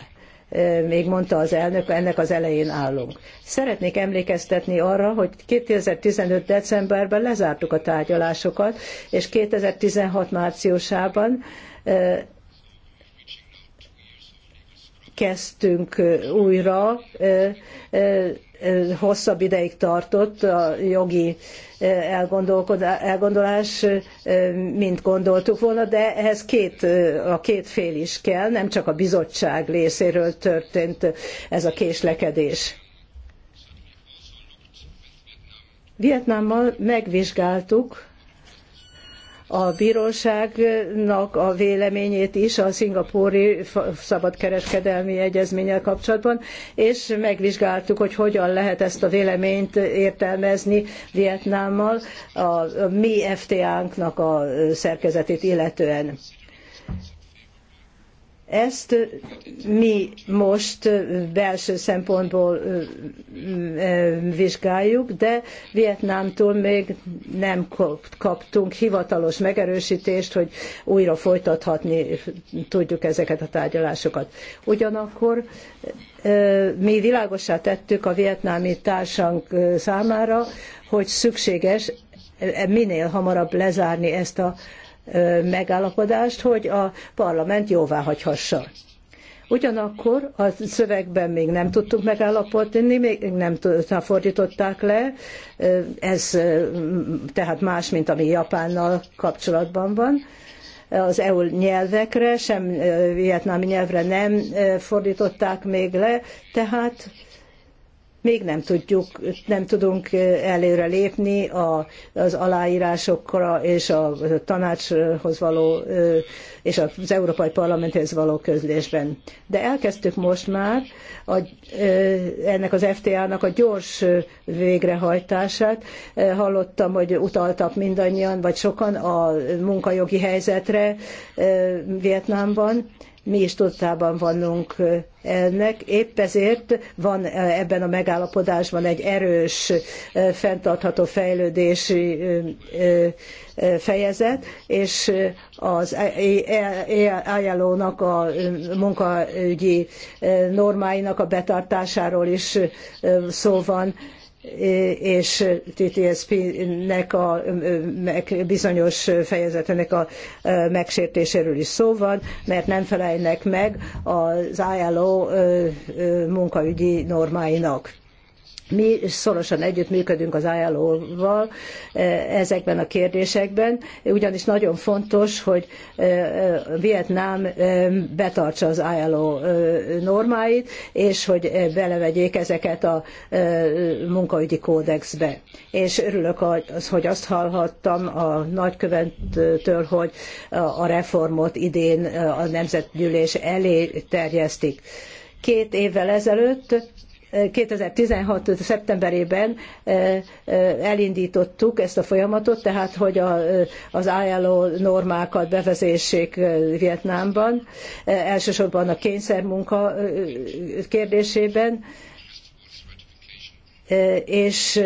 még mondta az elnök, ennek az elején állunk. Szeretnék emlékeztetni arra, hogy 2015. decemberben lezártuk a tárgyalásokat, és 2016. márciusában kezdtünk újra, hosszabb ideig tartott a jogi elgondolás, mint gondoltuk volna, de ehhez két, a két fél is kell, nem csak a bizottság részéről történt ez a késlekedés. Vietnámmal megvizsgáltuk a bíróságnak a véleményét is a szingapúri szabadkereskedelmi egyezménnyel kapcsolatban, és megvizsgáltuk, hogy hogyan lehet ezt a véleményt értelmezni Vietnámmal a mi FTA-nknak a szerkezetét illetően. Ezt mi most belső szempontból vizsgáljuk, de Vietnámtól még nem kaptunk hivatalos megerősítést, hogy újra folytathatni tudjuk ezeket a tárgyalásokat. Ugyanakkor mi világosá tettük a vietnámi társank számára, hogy szükséges minél hamarabb lezárni ezt a megállapodást, hogy a parlament jóvá hagyhassa. Ugyanakkor a szövegben még nem tudtuk megállapodni, még nem fordították le, ez tehát más, mint ami Japánnal kapcsolatban van. Az EU nyelvekre, sem vietnámi nyelvre nem fordították még le, tehát még nem tudjuk, nem tudunk előre lépni az aláírásokra és a tanácshoz való és az Európai Parlamenthez való közlésben. De elkezdtük most már a, ennek az FTA-nak a gyors végrehajtását. Hallottam, hogy utaltak mindannyian, vagy sokan a munkajogi helyzetre Vietnámban, mi is tudtában vannunk ennek. Épp ezért van ebben a megállapodásban egy erős, fenntartható fejlődési fejezet, és az ajánlónak a munkaügyi normáinak a betartásáról is szó van és TTSP-nek a bizonyos fejezetének a megsértéséről is szó van, mert nem felelnek meg az ILO munkaügyi normáinak mi szorosan együttműködünk az ILO-val eh, ezekben a kérdésekben, ugyanis nagyon fontos, hogy eh, eh, Vietnám betartsa az ILO normáit, és hogy belevegyék ezeket a munkaügyi kódexbe. És örülök, hogy azt hallhattam a nagykövettől, hogy a reformot idén a Nemzetgyűlés elé terjesztik. Két évvel ezelőtt 2016. szeptemberében eh, eh, elindítottuk ezt a folyamatot, tehát hogy a, eh, az ILO normákat bevezessék Vietnámban, elsősorban a kényszermunka kérdésében, és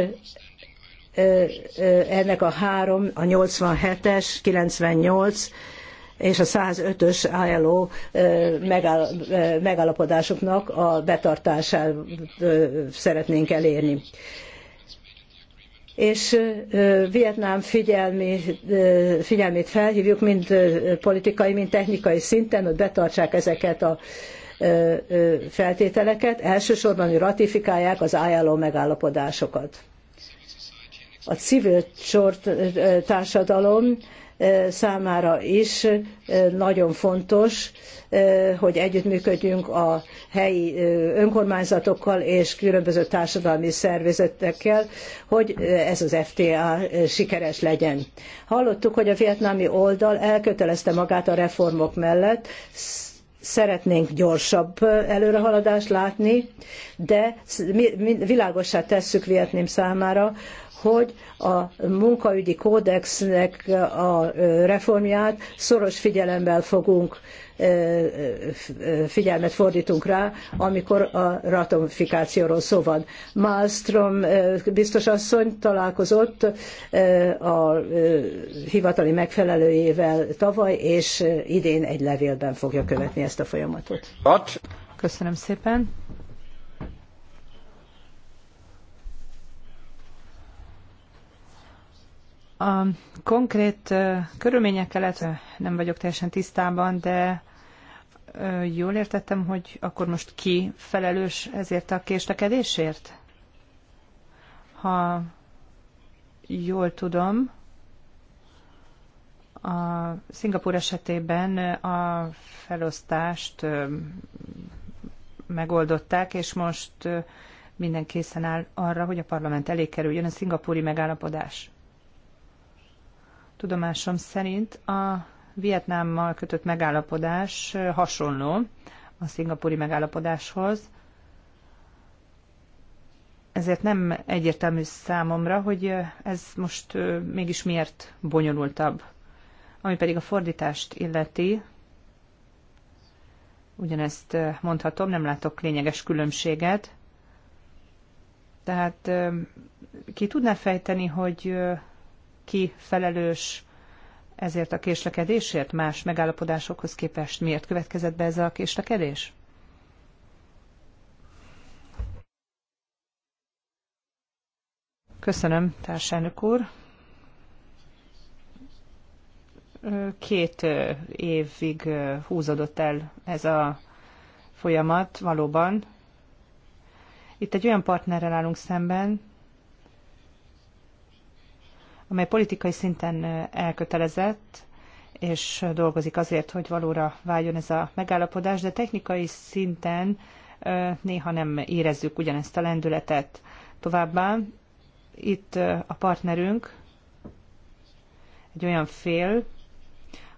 ennek a három, a 87-es, 98 és a 105-ös ILO megállapodásoknak a betartását szeretnénk elérni és Vietnám figyelmi, figyelmét felhívjuk mind politikai, mind technikai szinten, hogy betartsák ezeket a feltételeket, elsősorban, hogy ratifikálják az ILO megállapodásokat. A civil társadalom számára is nagyon fontos, hogy együttműködjünk a helyi önkormányzatokkal és különböző társadalmi szervezetekkel, hogy ez az FTA sikeres legyen. Hallottuk, hogy a vietnámi oldal elkötelezte magát a reformok mellett, szeretnénk gyorsabb előrehaladást látni, de világosá tesszük Vietném számára, hogy a munkaügyi kódexnek a reformját szoros figyelemmel fogunk figyelmet fordítunk rá, amikor a ratifikációról szó van. Malmström biztos asszony találkozott a hivatali megfelelőjével tavaly, és idén egy levélben fogja követni ezt a folyamatot. Köszönöm szépen. A konkrét körülményekkel nem vagyok teljesen tisztában, de jól értettem, hogy akkor most ki felelős ezért a késlekedésért? Ha jól tudom, a Szingapúr esetében a felosztást megoldották, és most minden készen áll arra, hogy a parlament elé kerüljön a szingapúri megállapodás. Tudomásom szerint a Vietnámmal kötött megállapodás hasonló a szingapúri megállapodáshoz, ezért nem egyértelmű számomra, hogy ez most mégis miért bonyolultabb. Ami pedig a fordítást illeti, ugyanezt mondhatom, nem látok lényeges különbséget. Tehát ki tudná fejteni, hogy ki felelős ezért a késlekedésért más megállapodásokhoz képest? Miért következett be ez a késlekedés? Köszönöm, társelnök úr. Két évig húzódott el ez a folyamat valóban. Itt egy olyan partnerrel állunk szemben, amely politikai szinten elkötelezett, és dolgozik azért, hogy valóra váljon ez a megállapodás, de technikai szinten néha nem érezzük ugyanezt a lendületet. Továbbá itt a partnerünk egy olyan fél,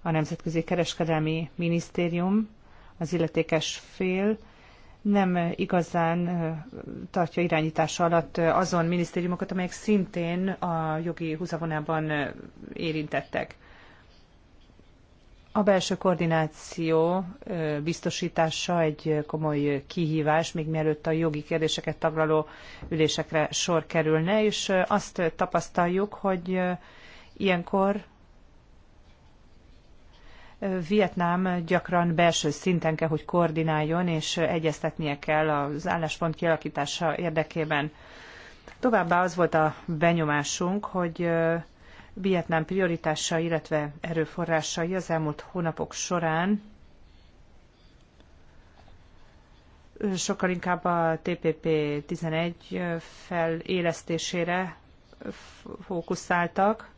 a Nemzetközi Kereskedelmi Minisztérium, az illetékes fél, nem igazán tartja irányítása alatt azon minisztériumokat, amelyek szintén a jogi húzavonában érintettek. A belső koordináció biztosítása egy komoly kihívás, még mielőtt a jogi kérdéseket taglaló ülésekre sor kerülne, és azt tapasztaljuk, hogy ilyenkor Vietnám gyakran belső szinten kell, hogy koordináljon, és egyeztetnie kell az álláspont kialakítása érdekében. Továbbá az volt a benyomásunk, hogy Vietnám prioritása, illetve erőforrásai az elmúlt hónapok során sokkal inkább a TPP-11 felélesztésére fókuszáltak,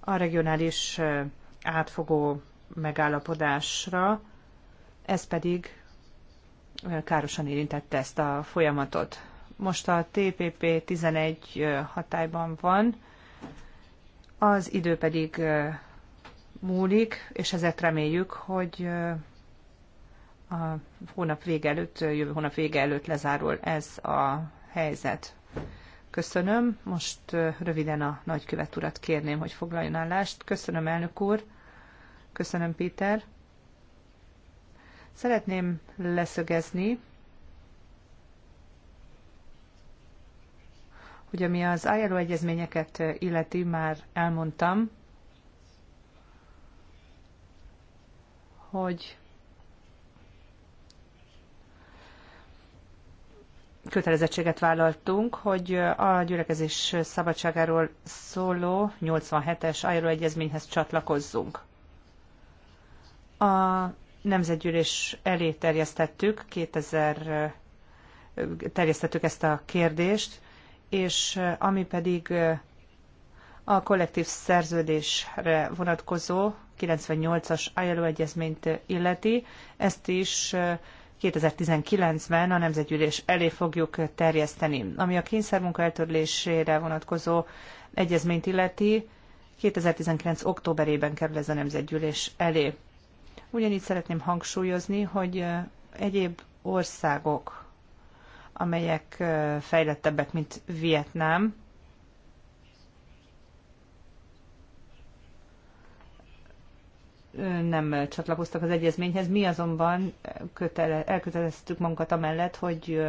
a regionális átfogó megállapodásra, ez pedig károsan érintette ezt a folyamatot. Most a TPP 11 hatályban van, az idő pedig múlik, és ezért reméljük, hogy a hónap vége előtt, jövő hónap vége előtt lezárul ez a helyzet. Köszönöm. Most röviden a nagykövet urat kérném, hogy foglaljon állást. Köszönöm, elnök úr. Köszönöm, Péter. Szeretném leszögezni, hogy ami az ILO egyezményeket illeti, már elmondtam, hogy kötelezettséget vállaltunk, hogy a gyülekezés szabadságáról szóló 87-es ajró egyezményhez csatlakozzunk. A nemzetgyűlés elé terjesztettük, 2000 terjesztettük ezt a kérdést, és ami pedig a kollektív szerződésre vonatkozó 98-as ILO egyezményt illeti, ezt is 2019-ben a Nemzetgyűlés elé fogjuk terjeszteni. Ami a kényszermunka eltörlésére vonatkozó egyezményt illeti, 2019. októberében kerül ez a Nemzetgyűlés elé. Ugyanígy szeretném hangsúlyozni, hogy egyéb országok, amelyek fejlettebbek, mint Vietnám, nem csatlakoztak az egyezményhez. Mi azonban kötele, elköteleztük magunkat amellett, hogy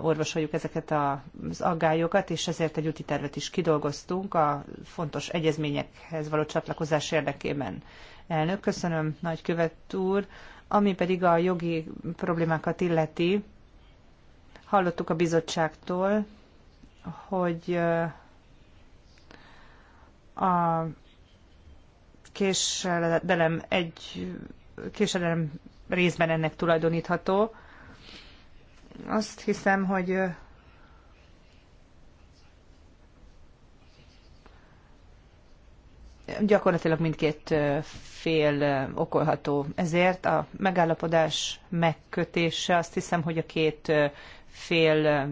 orvosoljuk ezeket az aggályokat, és ezért egy úti tervet is kidolgoztunk a fontos egyezményekhez való csatlakozás érdekében. Elnök, köszönöm, nagykövet úr. Ami pedig a jogi problémákat illeti, hallottuk a bizottságtól, hogy a késedelem egy késedelem részben ennek tulajdonítható. Azt hiszem, hogy gyakorlatilag mindkét fél okolható. Ezért a megállapodás megkötése azt hiszem, hogy a két fél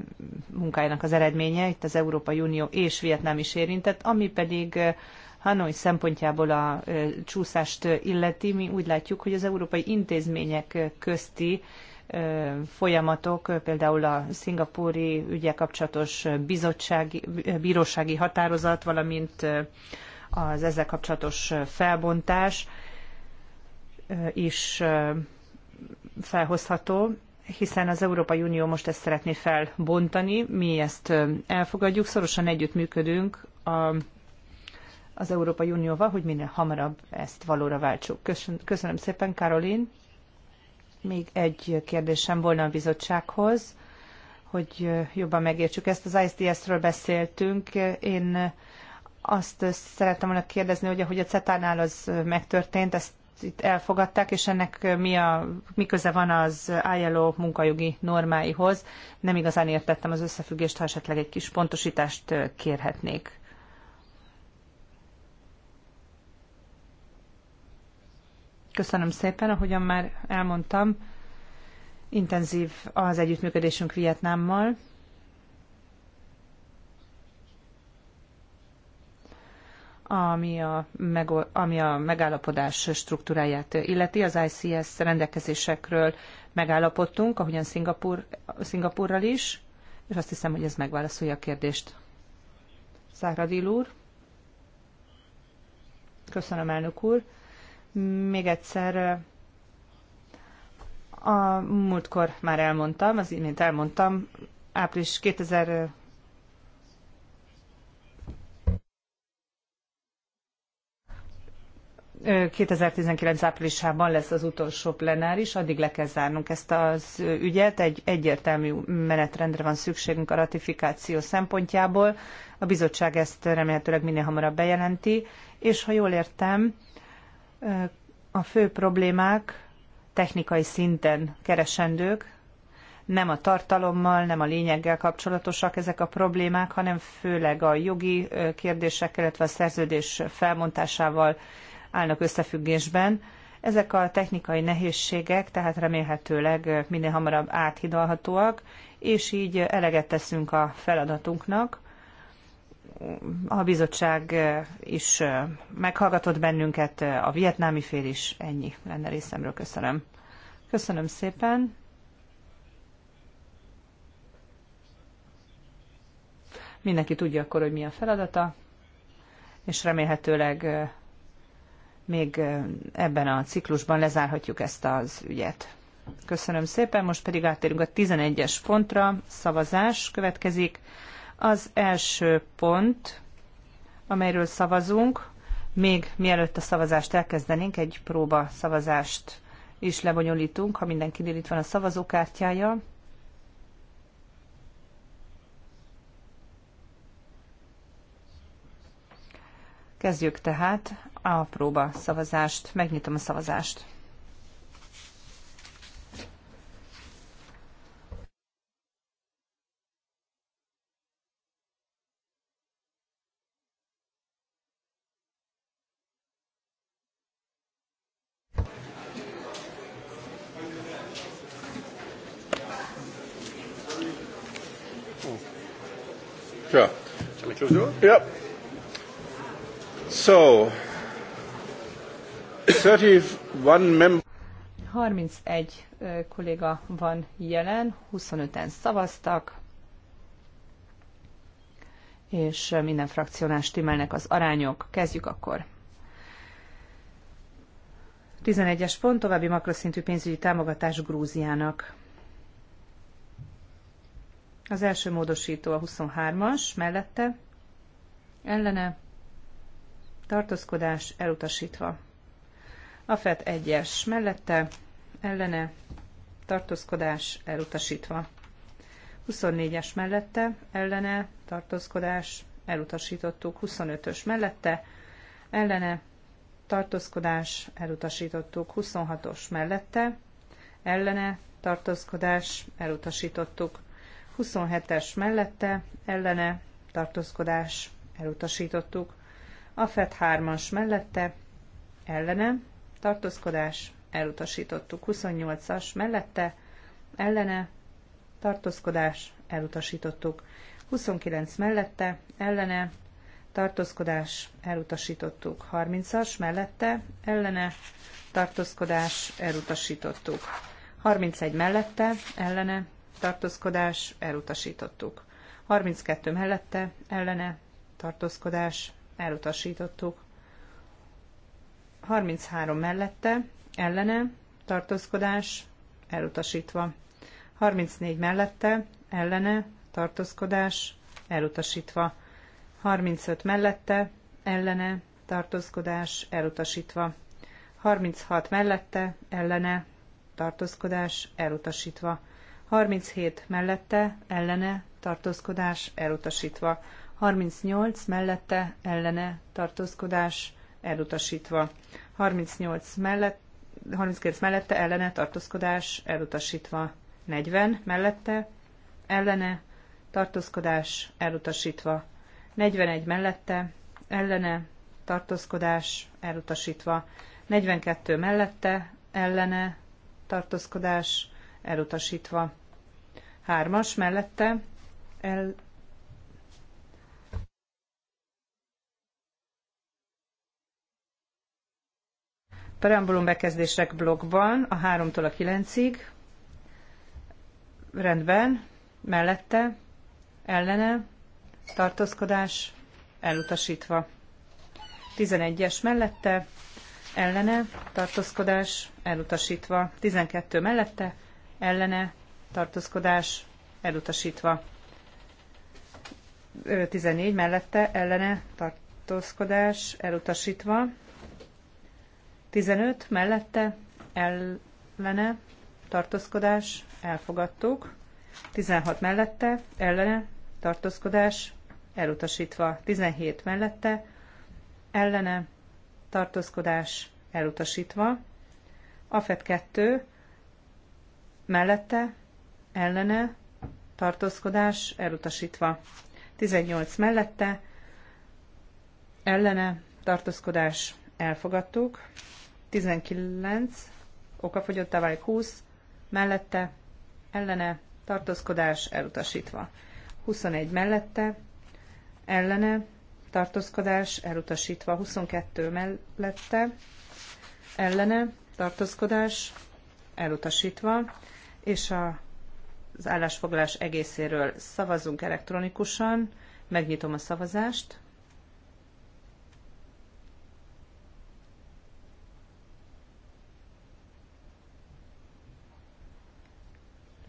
munkájának az eredménye, itt az Európai Unió és Vietnám is érintett, ami pedig Hanoi szempontjából a csúszást illeti, mi úgy látjuk, hogy az európai intézmények közti folyamatok, például a szingapúri ügyel kapcsolatos bizottsági, bírósági határozat, valamint az ezzel kapcsolatos felbontás is felhozható, hiszen az Európai Unió most ezt szeretné felbontani, mi ezt elfogadjuk, szorosan együttműködünk a az Európai Unióval, hogy minél hamarabb ezt valóra váltsuk. Köszönöm szépen, Karolin. Még egy kérdésem volna a bizottsághoz, hogy jobban megértsük ezt. Az ISDS-ről beszéltünk. Én azt szerettem volna kérdezni, hogy ahogy a CETA-nál az megtörtént, ezt itt elfogadták, és ennek mi, a, mi köze van az ILO munkajogi normáihoz. Nem igazán értettem az összefüggést, ha esetleg egy kis pontosítást kérhetnék. Köszönöm szépen, ahogyan már elmondtam, intenzív az együttműködésünk Vietnámmal. Ami a, meg, ami a megállapodás struktúráját illeti, az ICS rendelkezésekről megállapodtunk, ahogyan Szingapur, Szingapurral is, és azt hiszem, hogy ez megválaszolja a kérdést. Száradil úr. Köszönöm, elnök úr. Még egyszer a múltkor már elmondtam, az imént elmondtam, április 2000 2019 áprilisában lesz az utolsó plenáris, addig le kell zárnunk ezt az ügyet, egy egyértelmű menetrendre van szükségünk a ratifikáció szempontjából. A bizottság ezt remélhetőleg minél hamarabb bejelenti, és ha jól értem, a fő problémák technikai szinten keresendők, nem a tartalommal, nem a lényeggel kapcsolatosak ezek a problémák, hanem főleg a jogi kérdésekkel, illetve a szerződés felmontásával állnak összefüggésben. Ezek a technikai nehézségek tehát remélhetőleg minél hamarabb áthidalhatóak, és így eleget teszünk a feladatunknak, a bizottság is meghallgatott bennünket, a vietnámi fél is ennyi lenne részemről. Köszönöm. Köszönöm szépen. Mindenki tudja akkor, hogy mi a feladata, és remélhetőleg még ebben a ciklusban lezárhatjuk ezt az ügyet. Köszönöm szépen, most pedig áttérünk a 11-es pontra, szavazás következik. Az első pont, amelyről szavazunk, még mielőtt a szavazást elkezdenénk, egy próba szavazást is lebonyolítunk, ha mindenkinél itt van a szavazókártyája. Kezdjük tehát a próba szavazást. Megnyitom a szavazást. Yep. So, 31 member. 31 kolléga van jelen, 25-en szavaztak, és minden frakciónál stimmelnek az arányok. Kezdjük akkor. 11-es pont, további makroszintű pénzügyi támogatás Grúziának. Az első módosító a 23-as, mellette ellene tartózkodás elutasítva. A FET 1-es mellette ellene tartózkodás elutasítva. 24-es mellette ellene tartózkodás elutasítottuk. 25-ös mellette ellene tartózkodás elutasítottuk. 26-os mellette ellene tartózkodás elutasítottuk. 27-es mellette ellene tartózkodás elutasítottuk. A FED 3-as mellette, ellene, tartózkodás, elutasítottuk. 28-as mellette, ellene, tartózkodás, elutasítottuk. 29 mellette, ellene, tartózkodás, elutasítottuk. 30-as mellette, ellene, tartózkodás, elutasítottuk. 31 mellette, ellene, tartózkodás, elutasítottuk. 32 mellette, ellene, tartózkodás elutasítottuk. 33 mellette, ellene, tartózkodás elutasítva. 34 mellette, ellene, tartózkodás elutasítva. 35 mellette, ellene, tartózkodás elutasítva. 36 mellette, ellene, tartózkodás elutasítva. 37 mellette, ellene, tartózkodás elutasítva. 38 mellette ellene tartózkodás elutasítva. 38 mellett, 39 mellette ellene tartózkodás elutasítva. 40 mellette ellene tartózkodás elutasítva. 41 mellette ellene tartózkodás elutasítva. 42 mellette ellene tartózkodás elutasítva. 3-as mellette el, preambulum bekezdések blogban a 3-tól a 9-ig. Rendben, mellette, ellene, tartózkodás, elutasítva. 11-es mellette, ellene, tartózkodás, elutasítva. 12 mellette, ellene, tartózkodás, elutasítva. 14 mellette, ellene, tartózkodás, elutasítva. 15 mellette ellene tartózkodás elfogadtuk. 16 mellette ellene tartózkodás elutasítva. 17 mellette ellene tartózkodás elutasítva. AFET 2 mellette ellene tartózkodás elutasítva. 18 mellette ellene tartózkodás elfogadtuk. 19, okafogyottá válik 20, mellette, ellene, tartózkodás elutasítva. 21 mellette, ellene, tartózkodás elutasítva. 22 mellette, ellene, tartózkodás elutasítva, és a, az állásfoglalás egészéről szavazunk elektronikusan. Megnyitom a szavazást.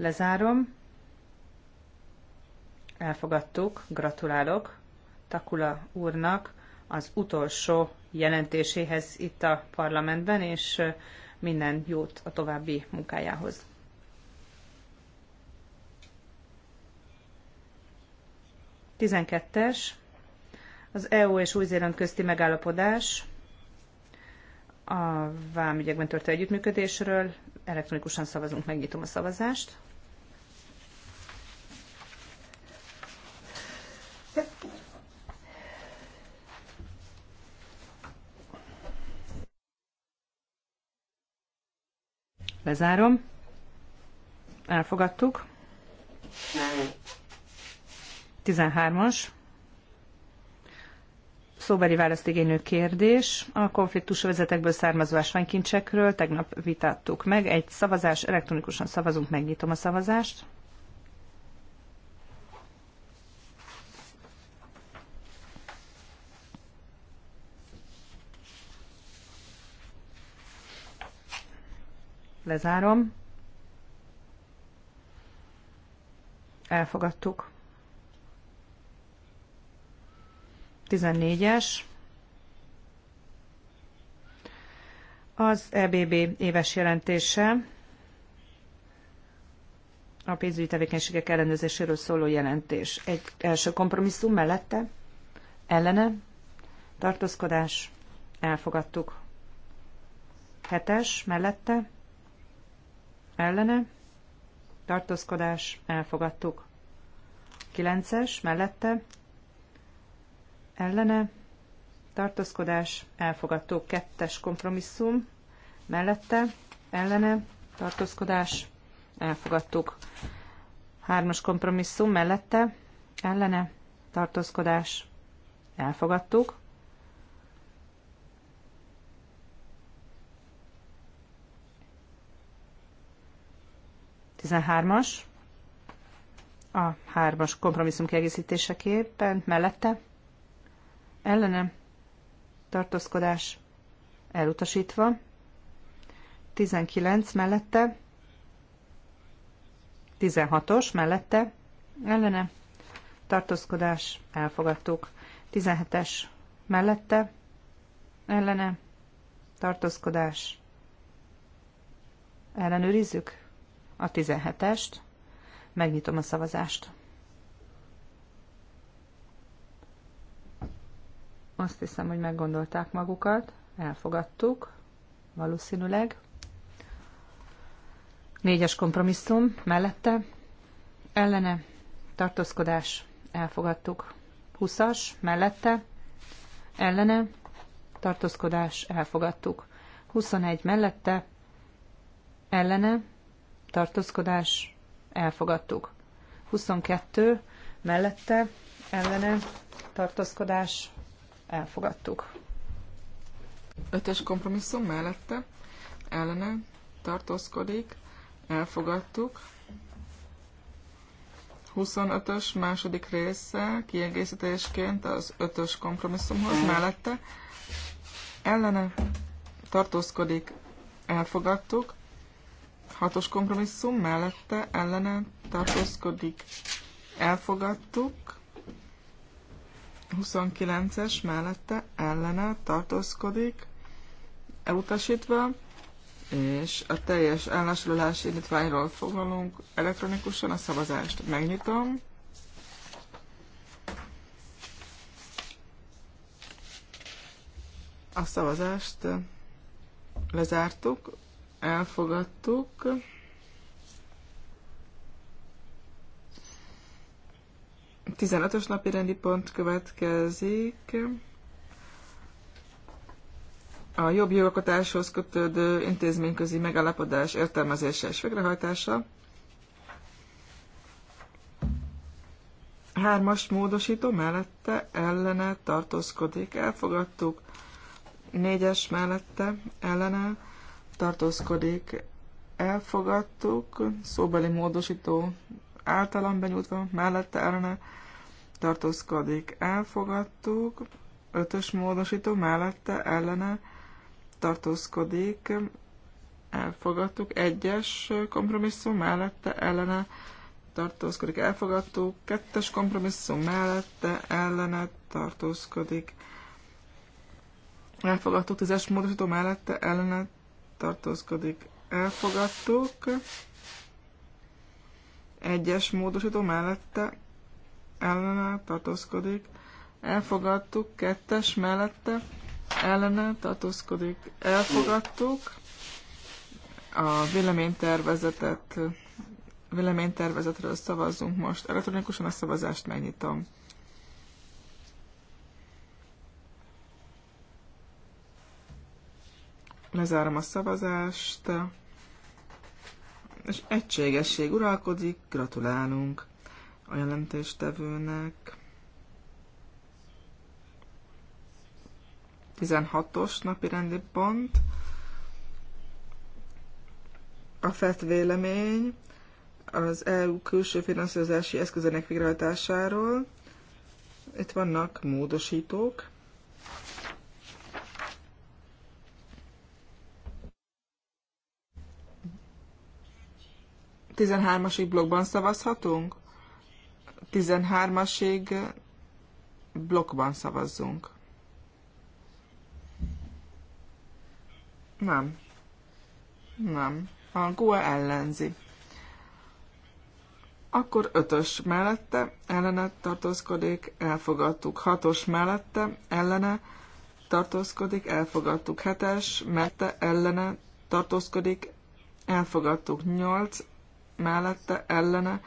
Lezárom. Elfogadtuk, gratulálok Takula úrnak az utolsó jelentéséhez itt a parlamentben, és minden jót a további munkájához. Tizenkettes. Az EU és Új-Zéland közti megállapodás a vámügyekben történő együttműködésről. Elektronikusan szavazunk, megnyitom a szavazást. Lezárom. Elfogadtuk. 13-as. Szóbeli választ igénylő kérdés. A konfliktus vezetekből származó ásványkincsekről tegnap vitattuk meg. Egy szavazás, elektronikusan szavazunk, megnyitom a szavazást. Lezárom. Elfogadtuk. 14-es. Az EBB éves jelentése a pénzügyi tevékenységek ellenőrzéséről szóló jelentés. Egy első kompromisszum mellette, ellene, tartózkodás, elfogadtuk. Hetes mellette, ellene, tartózkodás, elfogadtuk. 9-es mellette, ellene, tartózkodás, elfogadtuk. kettes kompromisszum mellette, ellene, tartózkodás, elfogadtuk. Hármas kompromisszum mellette, ellene, tartózkodás, elfogadtuk. 13-as, a 3-as kompromisszum kiegészítéseképpen mellette, ellene, tartózkodás elutasítva, 19 mellette, 16-os mellette, ellene, tartózkodás elfogadtuk, 17-es mellette, ellene, tartózkodás ellenőrizzük a 17-est. Megnyitom a szavazást. Azt hiszem, hogy meggondolták magukat. Elfogadtuk. Valószínűleg. Négyes kompromisszum mellette. Ellene. Tartózkodás. Elfogadtuk. 20-as mellette. Ellene. Tartózkodás. Elfogadtuk. 21 mellette. Ellene tartózkodás, elfogadtuk. 22 mellette, ellene, tartózkodás, elfogadtuk. Ötös kompromisszum mellette, ellene, tartózkodik, elfogadtuk. 25-ös második része kiegészítésként az 5-ös kompromisszumhoz mellette ellene tartózkodik, elfogadtuk. Hatos kompromisszum mellette ellene tartózkodik. Elfogadtuk. 29-es mellette ellene tartózkodik. Elutasítva. És a teljes állásolási indítványról foglalunk elektronikusan a szavazást. Megnyitom. A szavazást lezártuk elfogadtuk. Tizenötös napi rendi pont következik. A jobb jogakotáshoz kötődő intézményközi megállapodás értelmezése és végrehajtása. Hármas módosító mellette ellene tartózkodik. Elfogadtuk. Négyes mellette ellene tartózkodik, elfogadtuk, szóbeli módosító általam benyújtva, mellette ellene tartózkodik, elfogadtuk, ötös módosító mellette ellene tartózkodik, elfogadtuk, egyes kompromisszum mellette ellene tartózkodik, elfogadtuk, kettes kompromisszum mellette ellene tartózkodik, elfogadtuk, tízes módosító mellette ellene tartózkodik, elfogadtuk. Egyes módosító mellette ellene tartózkodik, elfogadtuk. Kettes mellette ellene tartózkodik, elfogadtuk. A véleménytervezetet, véleménytervezetről szavazzunk most elektronikusan, a szavazást megnyitom. Lezárom a szavazást. És egységesség uralkodik, gratulálunk a jelentéstevőnek. 16-os napi rendi pont. A FET vélemény az EU külső finanszírozási eszközének végrehajtásáról. Itt vannak módosítók. 13-asig blokkban szavazhatunk? 13-asig blokkban szavazzunk. Nem. Nem. A GUA ellenzi. Akkor ötös mellette ellene tartózkodik, elfogadtuk. Hatos mellette ellene tartózkodik, elfogadtuk. Hetes mellette ellene tartózkodik, elfogadtuk. Nyolc mellette, ellene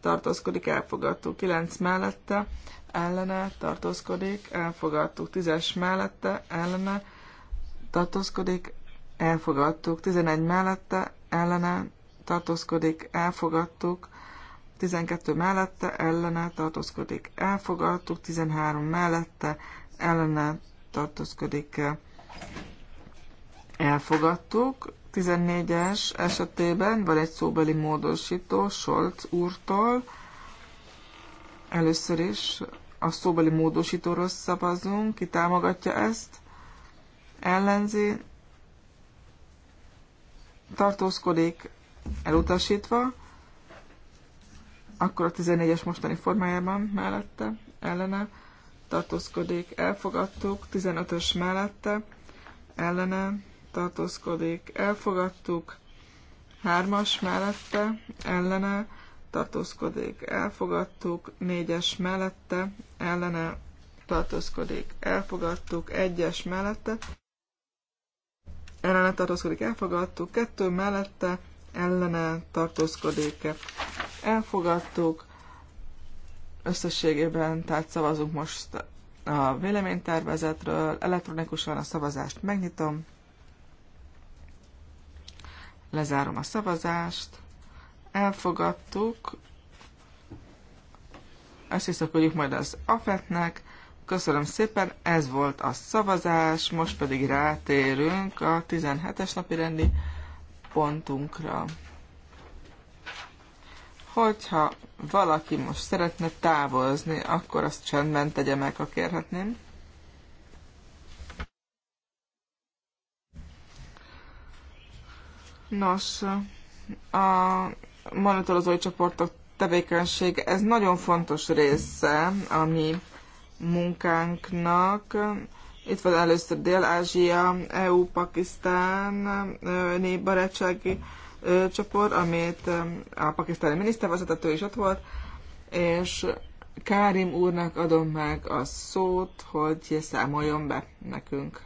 tartózkodik, elfogadtuk. 9 mellette, ellene tartózkodik, elfogadtuk. 10-es mellette, ellene tartózkodik, elfogadtuk. 11 mellette, ellene tartózkodik, elfogadtuk. 12 mellette, ellene tartózkodik, elfogadtuk. 13 mellette, ellene tartózkodik, elfogadtuk. 14-es esetében van egy szóbeli módosító Scholz úrtól. Először is a szóbeli módosítóról szavazunk. Ki támogatja ezt? Ellenzi? Tartózkodik? Elutasítva? Akkor a 14-es mostani formájában mellette, ellene tartózkodik, elfogadtuk, 15-ös mellette, ellene tartózkodik, elfogadtuk, hármas mellette, ellene tartózkodik, elfogadtuk, négyes mellette, ellene tartózkodik, elfogadtuk, egyes mellette, ellene tartózkodik, elfogadtuk, kettő mellette, ellene tartózkodik, elfogadtuk, összességében, tehát szavazunk most a véleménytervezetről, elektronikusan a szavazást megnyitom. Lezárom a szavazást. Elfogadtuk. Ezt visszaküldjük majd az AFET-nek. Köszönöm szépen, ez volt a szavazás, most pedig rátérünk a 17-es napi rendi pontunkra. Hogyha valaki most szeretne távozni, akkor azt csendben tegye meg, ha kérhetném. Nos, a monitorozói csoportok tevékenysége, ez nagyon fontos része a mi munkánknak. Itt van először Dél-Ázsia, EU, Pakisztán népbarátsági csoport, amit a pakisztáni minisztervezetető is ott volt, és Kárim úrnak adom meg a szót, hogy számoljon be nekünk.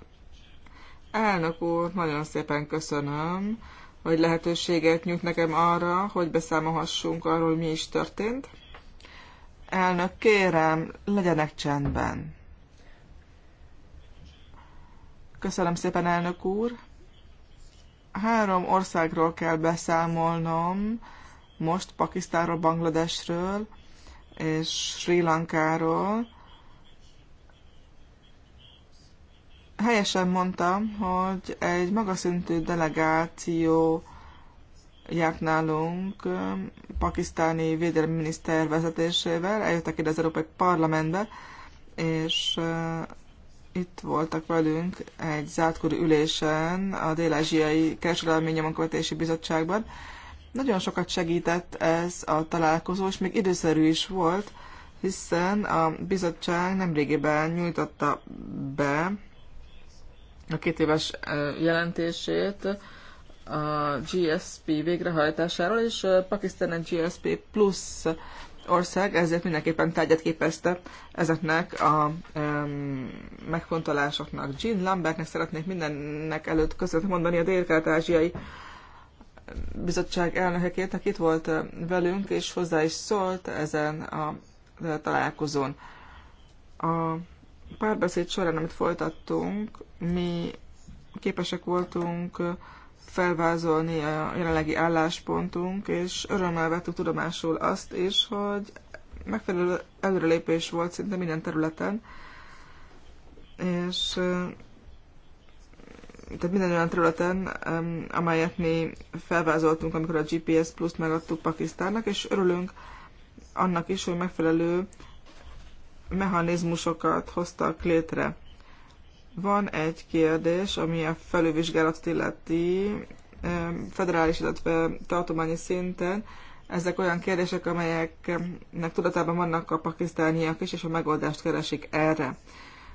Elnök úr, nagyon szépen köszönöm hogy lehetőséget nyújt nekem arra, hogy beszámolhassunk arról, hogy mi is történt. Elnök, kérem, legyenek csendben. Köszönöm szépen, elnök úr. Három országról kell beszámolnom, most Pakisztánról, Bangladesről és Sri Lankáról. helyesen mondtam, hogy egy magas szintű delegáció járt nálunk pakisztáni védelmi miniszter vezetésével, eljöttek ide az Európai Parlamentbe, és itt voltak velünk egy zártkori ülésen a Dél-Ázsiai Kereskedelmi Nyomonkövetési Bizottságban. Nagyon sokat segített ez a találkozó, és még időszerű is volt, hiszen a bizottság nemrégiben nyújtotta be a két éves jelentését a GSP végrehajtásáról, és Pakisztán egy GSP plusz ország, ezért mindenképpen tárgyat képezte ezeknek a um, megfontolásoknak. Jean Lambertnek szeretnék mindennek előtt köszönet mondani a dél-kelet-ázsiai bizottság elnökeként, aki itt volt velünk, és hozzá is szólt ezen a találkozón. A párbeszéd során, amit folytattunk, mi képesek voltunk felvázolni a jelenlegi álláspontunk, és örömmel vettük tudomásul azt is, hogy megfelelő előrelépés volt szinte minden területen, és tehát minden olyan területen, amelyet mi felvázoltunk, amikor a GPS Plus-t megadtuk Pakisztánnak, és örülünk annak is, hogy megfelelő mechanizmusokat hoztak létre. Van egy kérdés, ami a felülvizsgálatot illeti federális, illetve tartományi szinten. Ezek olyan kérdések, amelyeknek tudatában vannak a pakisztániak is, és a megoldást keresik erre.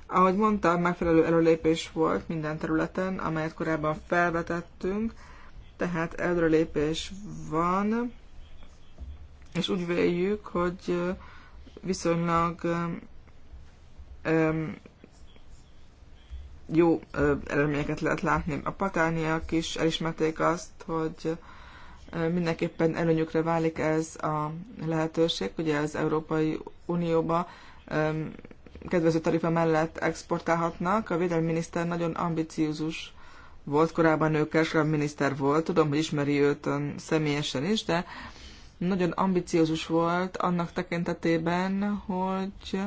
Ahogy mondtam, megfelelő előlépés volt minden területen, amelyet korábban felvetettünk, tehát előlépés van, és úgy véljük, hogy viszonylag um, jó eredményeket lehet látni. A patániak is elismerték azt, hogy mindenképpen előnyükre válik ez a lehetőség. Ugye az Európai Unióba um, kedvező tarifa mellett exportálhatnak. A védelmi miniszter nagyon ambiciózus volt, korábban ő miniszter volt, tudom, hogy ismeri őt személyesen is, de nagyon ambiciózus volt annak tekintetében, hogy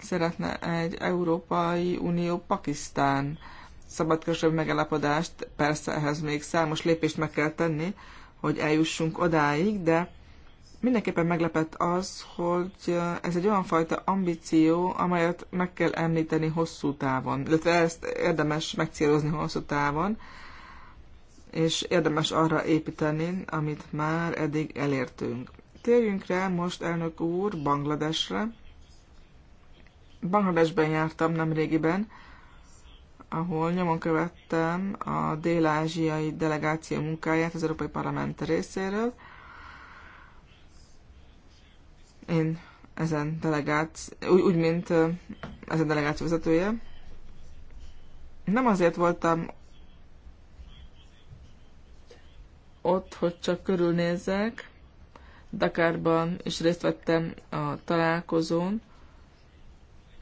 szeretne egy Európai Unió-Pakisztán szabadkereskedelmi megállapodást, persze ehhez még számos lépést meg kell tenni, hogy eljussunk odáig, de mindenképpen meglepett az, hogy ez egy olyan fajta ambíció, amelyet meg kell említeni hosszú távon, illetve ezt érdemes megcélozni hosszú távon, és érdemes arra építeni, amit már eddig elértünk. Térjünk rá most, elnök úr, Bangladesre. Bangladesben jártam nem régiben, ahol nyomon követtem a dél-ázsiai delegáció munkáját az Európai Parlament részéről. Én ezen delegáció, úgy, úgy mint ezen delegáció vezetője. Nem azért voltam ott, hogy csak körülnézek. Dakárban is részt vettem a találkozón.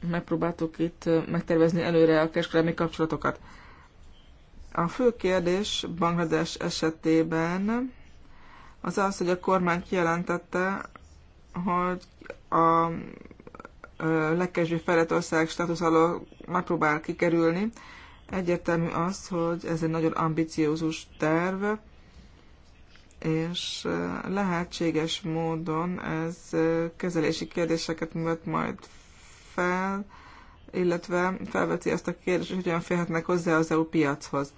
Megpróbáltuk itt megtervezni előre a kereskedelmi kapcsolatokat. A fő kérdés Banglades esetében az az, hogy a kormány kijelentette, hogy a legkevésbé fejlett ország státusz alól megpróbál kikerülni. Egyértelmű az, hogy ez egy nagyon ambiciózus terv, és lehetséges módon ez kezelési kérdéseket mutat majd fel, illetve felveti azt a kérdést, hogy hogyan férhetnek hozzá az EU piachoz.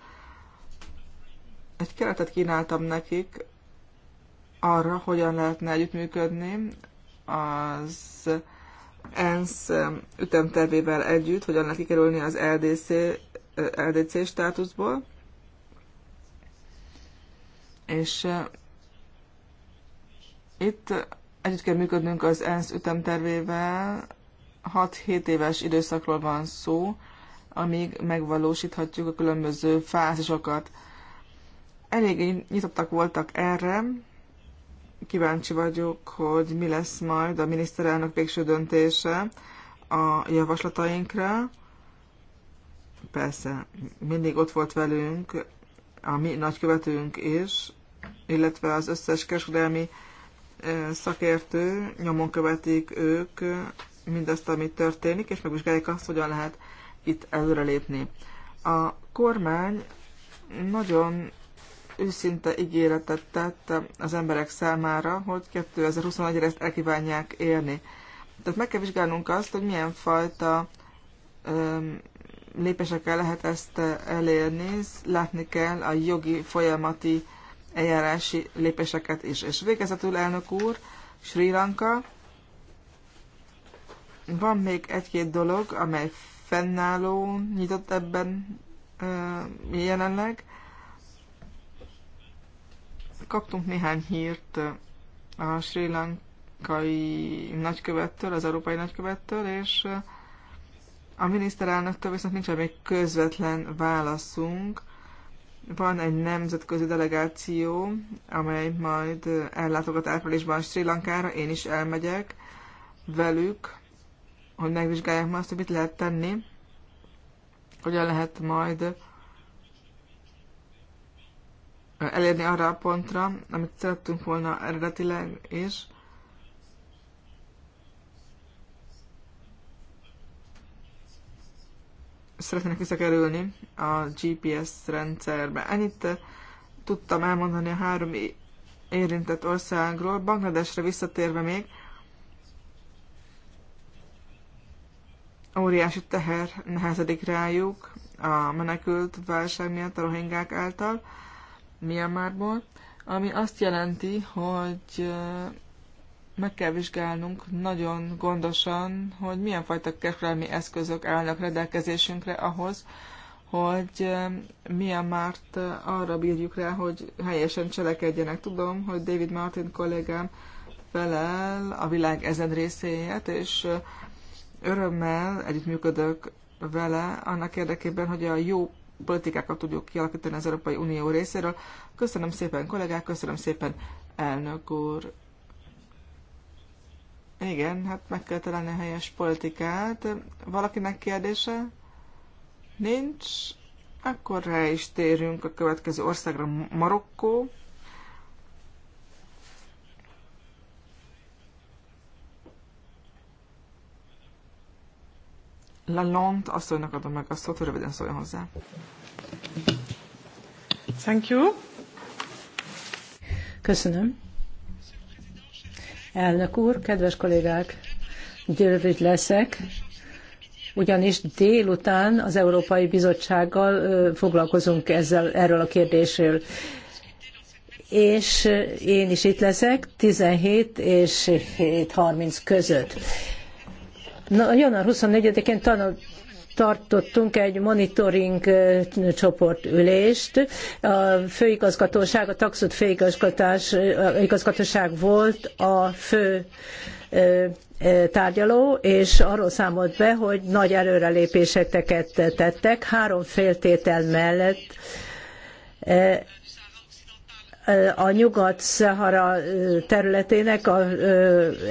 Egy keretet kínáltam nekik arra, hogyan lehetne együttműködni az ENSZ ütemtervével együtt, hogyan lehet kikerülni az LDC, LDC státuszból, és itt együtt kell működnünk az ENSZ ütemtervével, 6-7 éves időszakról van szó, amíg megvalósíthatjuk a különböző fázisokat. Elég nyitottak voltak erre, kíváncsi vagyok, hogy mi lesz majd a miniszterelnök végső döntése a javaslatainkra. Persze, mindig ott volt velünk a mi nagykövetőnk is, illetve az összes kereskedelmi szakértő, nyomon követik ők mindazt, ami történik, és megvizsgálják azt, hogyan lehet itt előrelépni. A kormány nagyon őszinte ígéretet tett az emberek számára, hogy 2021-re ezt elkívánják élni, Tehát meg kell vizsgálnunk azt, hogy milyen fajta lépésekkel lehet ezt eh, elérni, látni kell a jogi folyamati eljárási lépéseket is. És végezetül, elnök úr, Sri Lanka. Van még egy-két dolog, amely fennálló, nyitott ebben eh, jelenleg. Kaptunk néhány hírt eh, a Sri Lankai nagykövettől, az európai nagykövettől, és a miniszterelnöktől viszont nincs még közvetlen válaszunk. Van egy nemzetközi delegáció, amely majd ellátogat áprilisban Sri Lankára, én is elmegyek velük, hogy megvizsgálják ma azt, hogy mit lehet tenni, hogyan lehet majd elérni arra a pontra, amit szerettünk volna eredetileg is, szeretnének visszakerülni a GPS rendszerbe. Ennyit eh, tudtam elmondani a három érintett országról. Bangladesre visszatérve még, óriási teher nehezedik rájuk a menekült válság miatt a rohingák által, Myanmarból, ami azt jelenti, hogy eh, meg kell vizsgálnunk nagyon gondosan, hogy milyen fajta kereskedelmi eszközök állnak rendelkezésünkre ahhoz, hogy milyen eh, Márt eh, arra bírjuk rá, hogy helyesen cselekedjenek. Tudom, hogy David Martin kollégám felel a világ ezen részéért, és eh, örömmel együttműködök vele annak érdekében, hogy a jó politikákat tudjuk kialakítani az Európai Unió részéről. Köszönöm szépen kollégák, köszönöm szépen elnök úr. Igen, hát meg kell találni a helyes politikát. Valakinek kérdése? Nincs? Akkor rá is térünk a következő országra, Marokkó. Lalonde mondjuk adom meg a szót, hogy röviden szóljon hozzá. Thank you. Köszönöm. Elnök úr, kedves kollégák, győrűd leszek, ugyanis délután az Európai Bizottsággal foglalkozunk ezzel, erről a kérdésről. És én is itt leszek 17 és 7.30 között. Na, január 24-én tartottunk egy monitoring csoportülést. A főigazgatóság, a taxot főigazgatóság volt a fő tárgyaló, és arról számolt be, hogy nagy előrelépéseket tettek három féltétel mellett a Nyugat-Szahara területének a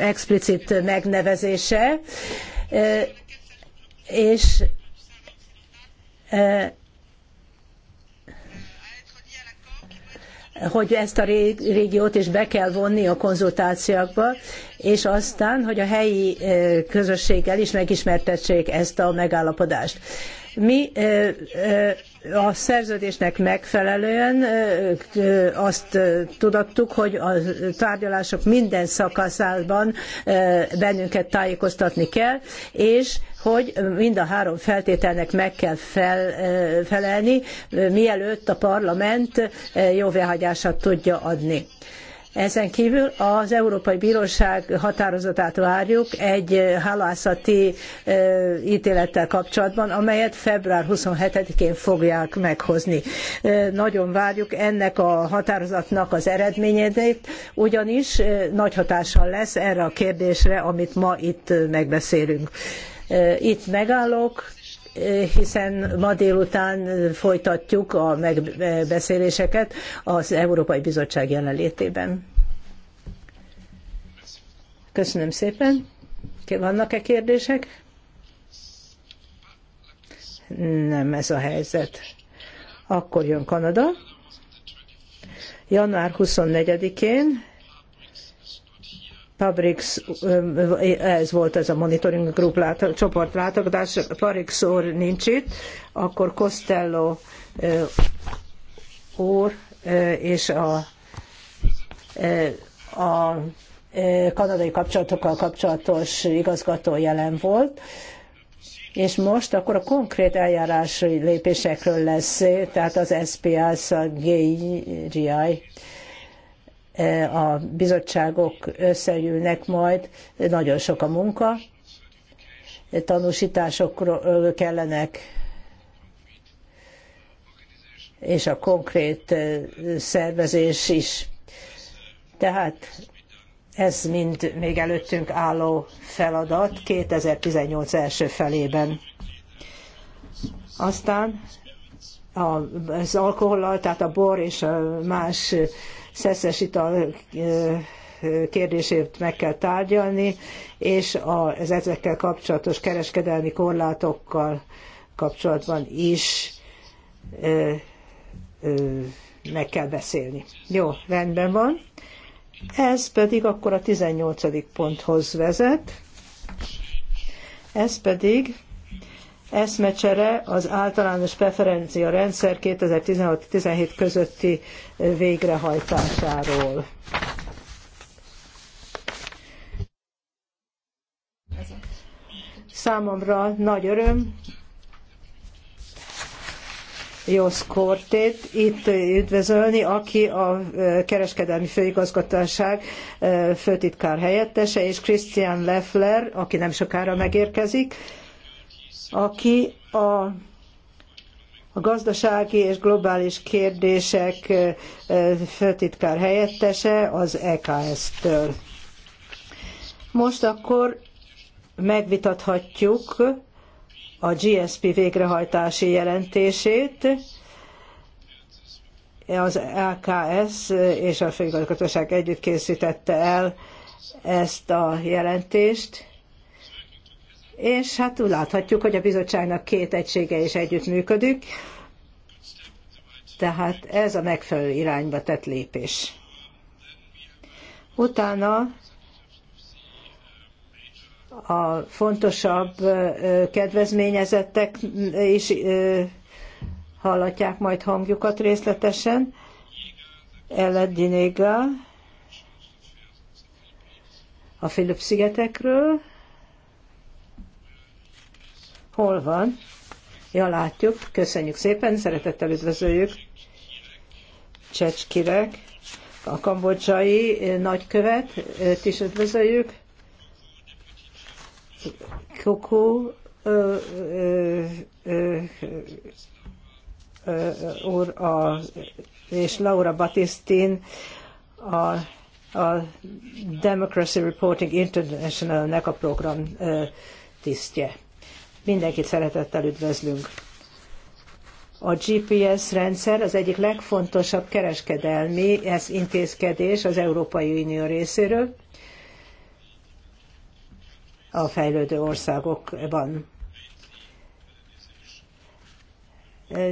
explicit megnevezése, és hogy ezt a régiót is be kell vonni a konzultációkba, és aztán, hogy a helyi közösséggel is megismertessék ezt a megállapodást. Mi a szerződésnek megfelelően azt tudattuk, hogy a tárgyalások minden szakaszában bennünket tájékoztatni kell, és hogy mind a három feltételnek meg kell fel, felelni, mielőtt a parlament jóváhagyását tudja adni. Ezen kívül az Európai Bíróság határozatát várjuk egy halászati ítélettel kapcsolatban, amelyet február 27-én fogják meghozni. Nagyon várjuk ennek a határozatnak az eredményét, ugyanis nagy hatással lesz erre a kérdésre, amit ma itt megbeszélünk. Itt megállok, hiszen ma délután folytatjuk a megbeszéléseket az Európai Bizottság jelenlétében. Köszönöm szépen. Vannak-e kérdések? Nem ez a helyzet. Akkor jön Kanada. Január 24-én Pabrix, ez volt ez a monitoring group csoport látogatás, Pabrix úr nincs itt, akkor Costello úr és a, a kanadai kapcsolatokkal kapcsolatos igazgató jelen volt, és most akkor a konkrét eljárási lépésekről lesz, tehát az SPS, a GIRI, E, a bizottságok összeülnek majd, nagyon sok a munka, tanúsítások kellenek, és a konkrét e, szervezés is. Tehát ez mind még előttünk álló feladat 2018 első felében. Aztán az alkohollal, tehát a bor és a más szeszes ital kérdését meg kell tárgyalni, és az ezekkel kapcsolatos kereskedelmi korlátokkal kapcsolatban is meg kell beszélni. Jó, rendben van. Ez pedig akkor a 18. ponthoz vezet. Ez pedig eszmecsere az általános preferencia rendszer 2016-17 közötti végrehajtásáról. Számomra nagy öröm, Jos Kortét itt üdvözölni, aki a kereskedelmi főigazgatóság főtitkár helyettese, és Christian Leffler, aki nem sokára megérkezik, aki a a gazdasági és globális kérdések főtitkár helyettese az EKS-től. Most akkor megvitathatjuk a GSP végrehajtási jelentését, az EKS és a Főigazgatóság együtt készítette el ezt a jelentést és hát láthatjuk, hogy a bizottságnak két egysége is együttműködik, tehát ez a megfelelő irányba tett lépés. Utána a fontosabb kedvezményezettek is hallatják majd hangjukat részletesen. Eladjinéga a Fülöp-szigetekről, Hol van? Ja, látjuk. Köszönjük szépen, szeretettel üdvözöljük. Csecskirek, a kambodzsai nagykövet, őt is üdvözöljük. Kuku úr a, és Laura Batistin a, a Democracy Reporting International-nek a program tisztje. Mindenkit szeretettel üdvözlünk. A GPS rendszer az egyik legfontosabb kereskedelmi ez intézkedés az Európai Unió részéről a fejlődő országokban.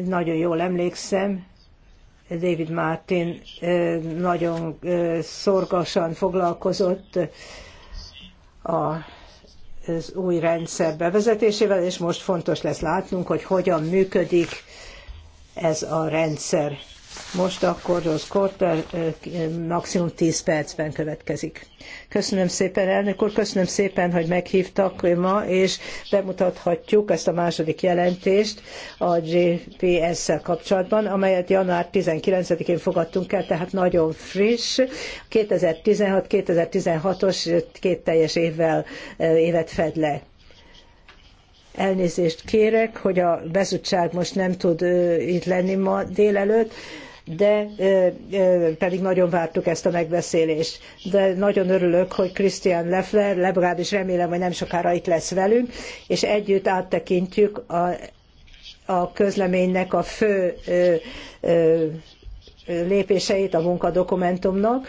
Nagyon jól emlékszem, David Martin nagyon szorgasan foglalkozott a az új rendszer bevezetésével, és most fontos lesz látnunk, hogy hogyan működik ez a rendszer. Most akkor az korter maximum 10 percben következik. Köszönöm szépen, elnök úr, köszönöm szépen, hogy meghívtak ma, és bemutathatjuk ezt a második jelentést a GPS-szel kapcsolatban, amelyet január 19-én fogadtunk el, tehát nagyon friss, 2016-2016-os két teljes évvel évet fed le. Elnézést kérek, hogy a bezutság most nem tud itt lenni ma délelőtt, de pedig nagyon vártuk ezt a megbeszélést. De nagyon örülök, hogy Christian Leffler, legalábbis remélem, hogy nem sokára itt lesz velünk, és együtt áttekintjük a, a közleménynek a fő ö, ö, lépéseit a munkadokumentumnak.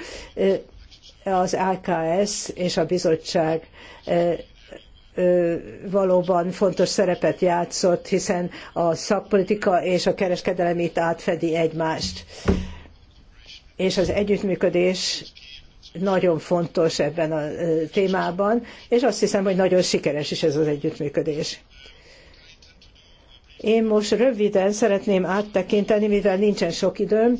Az AKS és a bizottság valóban fontos szerepet játszott, hiszen a szakpolitika és a kereskedelem itt átfedi egymást. És az együttműködés nagyon fontos ebben a témában, és azt hiszem, hogy nagyon sikeres is ez az együttműködés. Én most röviden szeretném áttekinteni, mivel nincsen sok időm,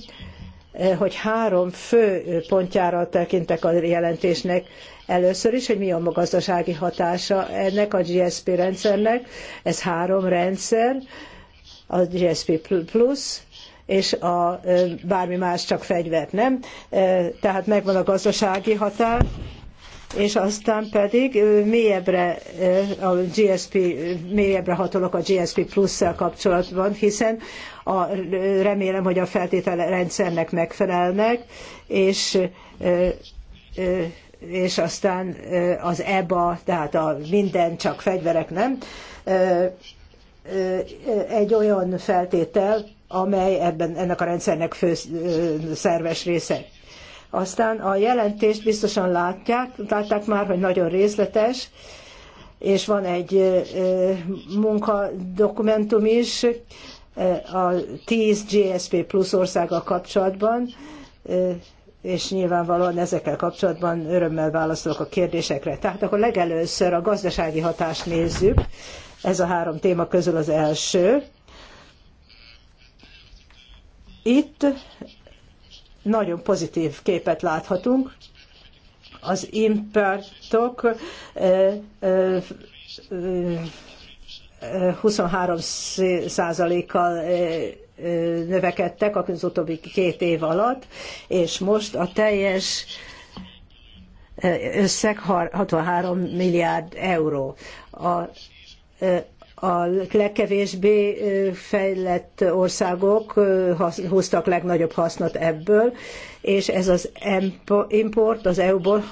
Eh, hogy három fő pontjára tekintek a jelentésnek. Először is, hogy mi a gazdasági hatása ennek a GSP rendszernek. Ez három rendszer, a GSP Plus, és a, eh, bármi más, csak fegyvert, nem? Eh, tehát megvan a gazdasági hatás, és aztán pedig mélyebbre, a GSP, mélyebbre hatolok a GSP plusszel kapcsolatban, hiszen a, remélem, hogy a rendszernek megfelelnek, és és aztán az EBA, tehát a minden csak fegyverek nem, egy olyan feltétel, amely ebben ennek a rendszernek fő szerves része. Aztán a jelentést biztosan látják, látták már, hogy nagyon részletes, és van egy munkadokumentum is a 10 GSP plusz országgal kapcsolatban, és nyilvánvalóan ezekkel kapcsolatban örömmel válaszolok a kérdésekre. Tehát akkor legelőször a gazdasági hatást nézzük, ez a három téma közül az első. Itt nagyon pozitív képet láthatunk. Az impertok 23 százalékkal növekedtek az utóbbi két év alatt, és most a teljes összeg 63 milliárd euró. A a legkevésbé fejlett országok hoztak legnagyobb hasznot ebből, és ez az import az EU-ból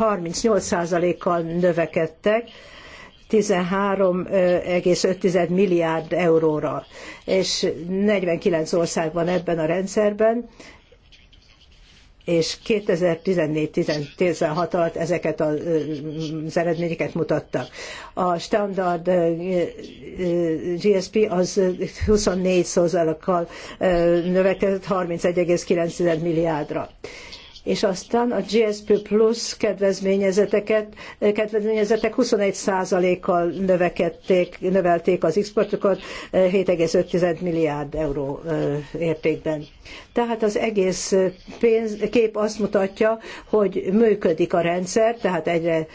38%-kal növekedtek, 13,5 milliárd euróra, és 49 ország van ebben a rendszerben, és 2014-16 alatt ezeket az eredményeket mutattak. A standard GSP az 24 százalékkal növekedett 31,9 milliárdra és aztán a GSP Plus kedvezményezeteket, eh, kedvezményezetek 21%-kal növekedték, növelték az exportokat 7,5 eh, milliárd euró eh, értékben. Tehát az egész pénz, kép azt mutatja, hogy működik a rendszer, tehát egyre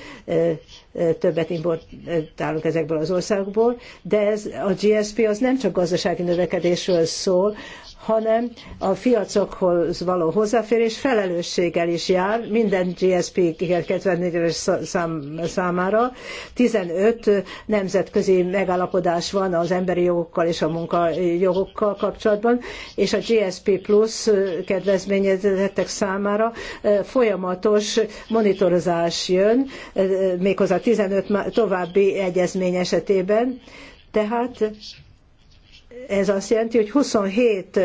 többet importálunk ezekből az országokból, de ez a GSP az nem csak gazdasági növekedésről szól, hanem a piacokhoz való hozzáférés felelősséggel is jár minden GSP 74-es számára. 15 nemzetközi megállapodás van az emberi jogokkal és a munkajogokkal kapcsolatban, és a GSP Plus kedvezményezettek számára folyamatos monitorozás jön, méghozzá 15 további egyezmény esetében. Tehát ez azt jelenti, hogy 27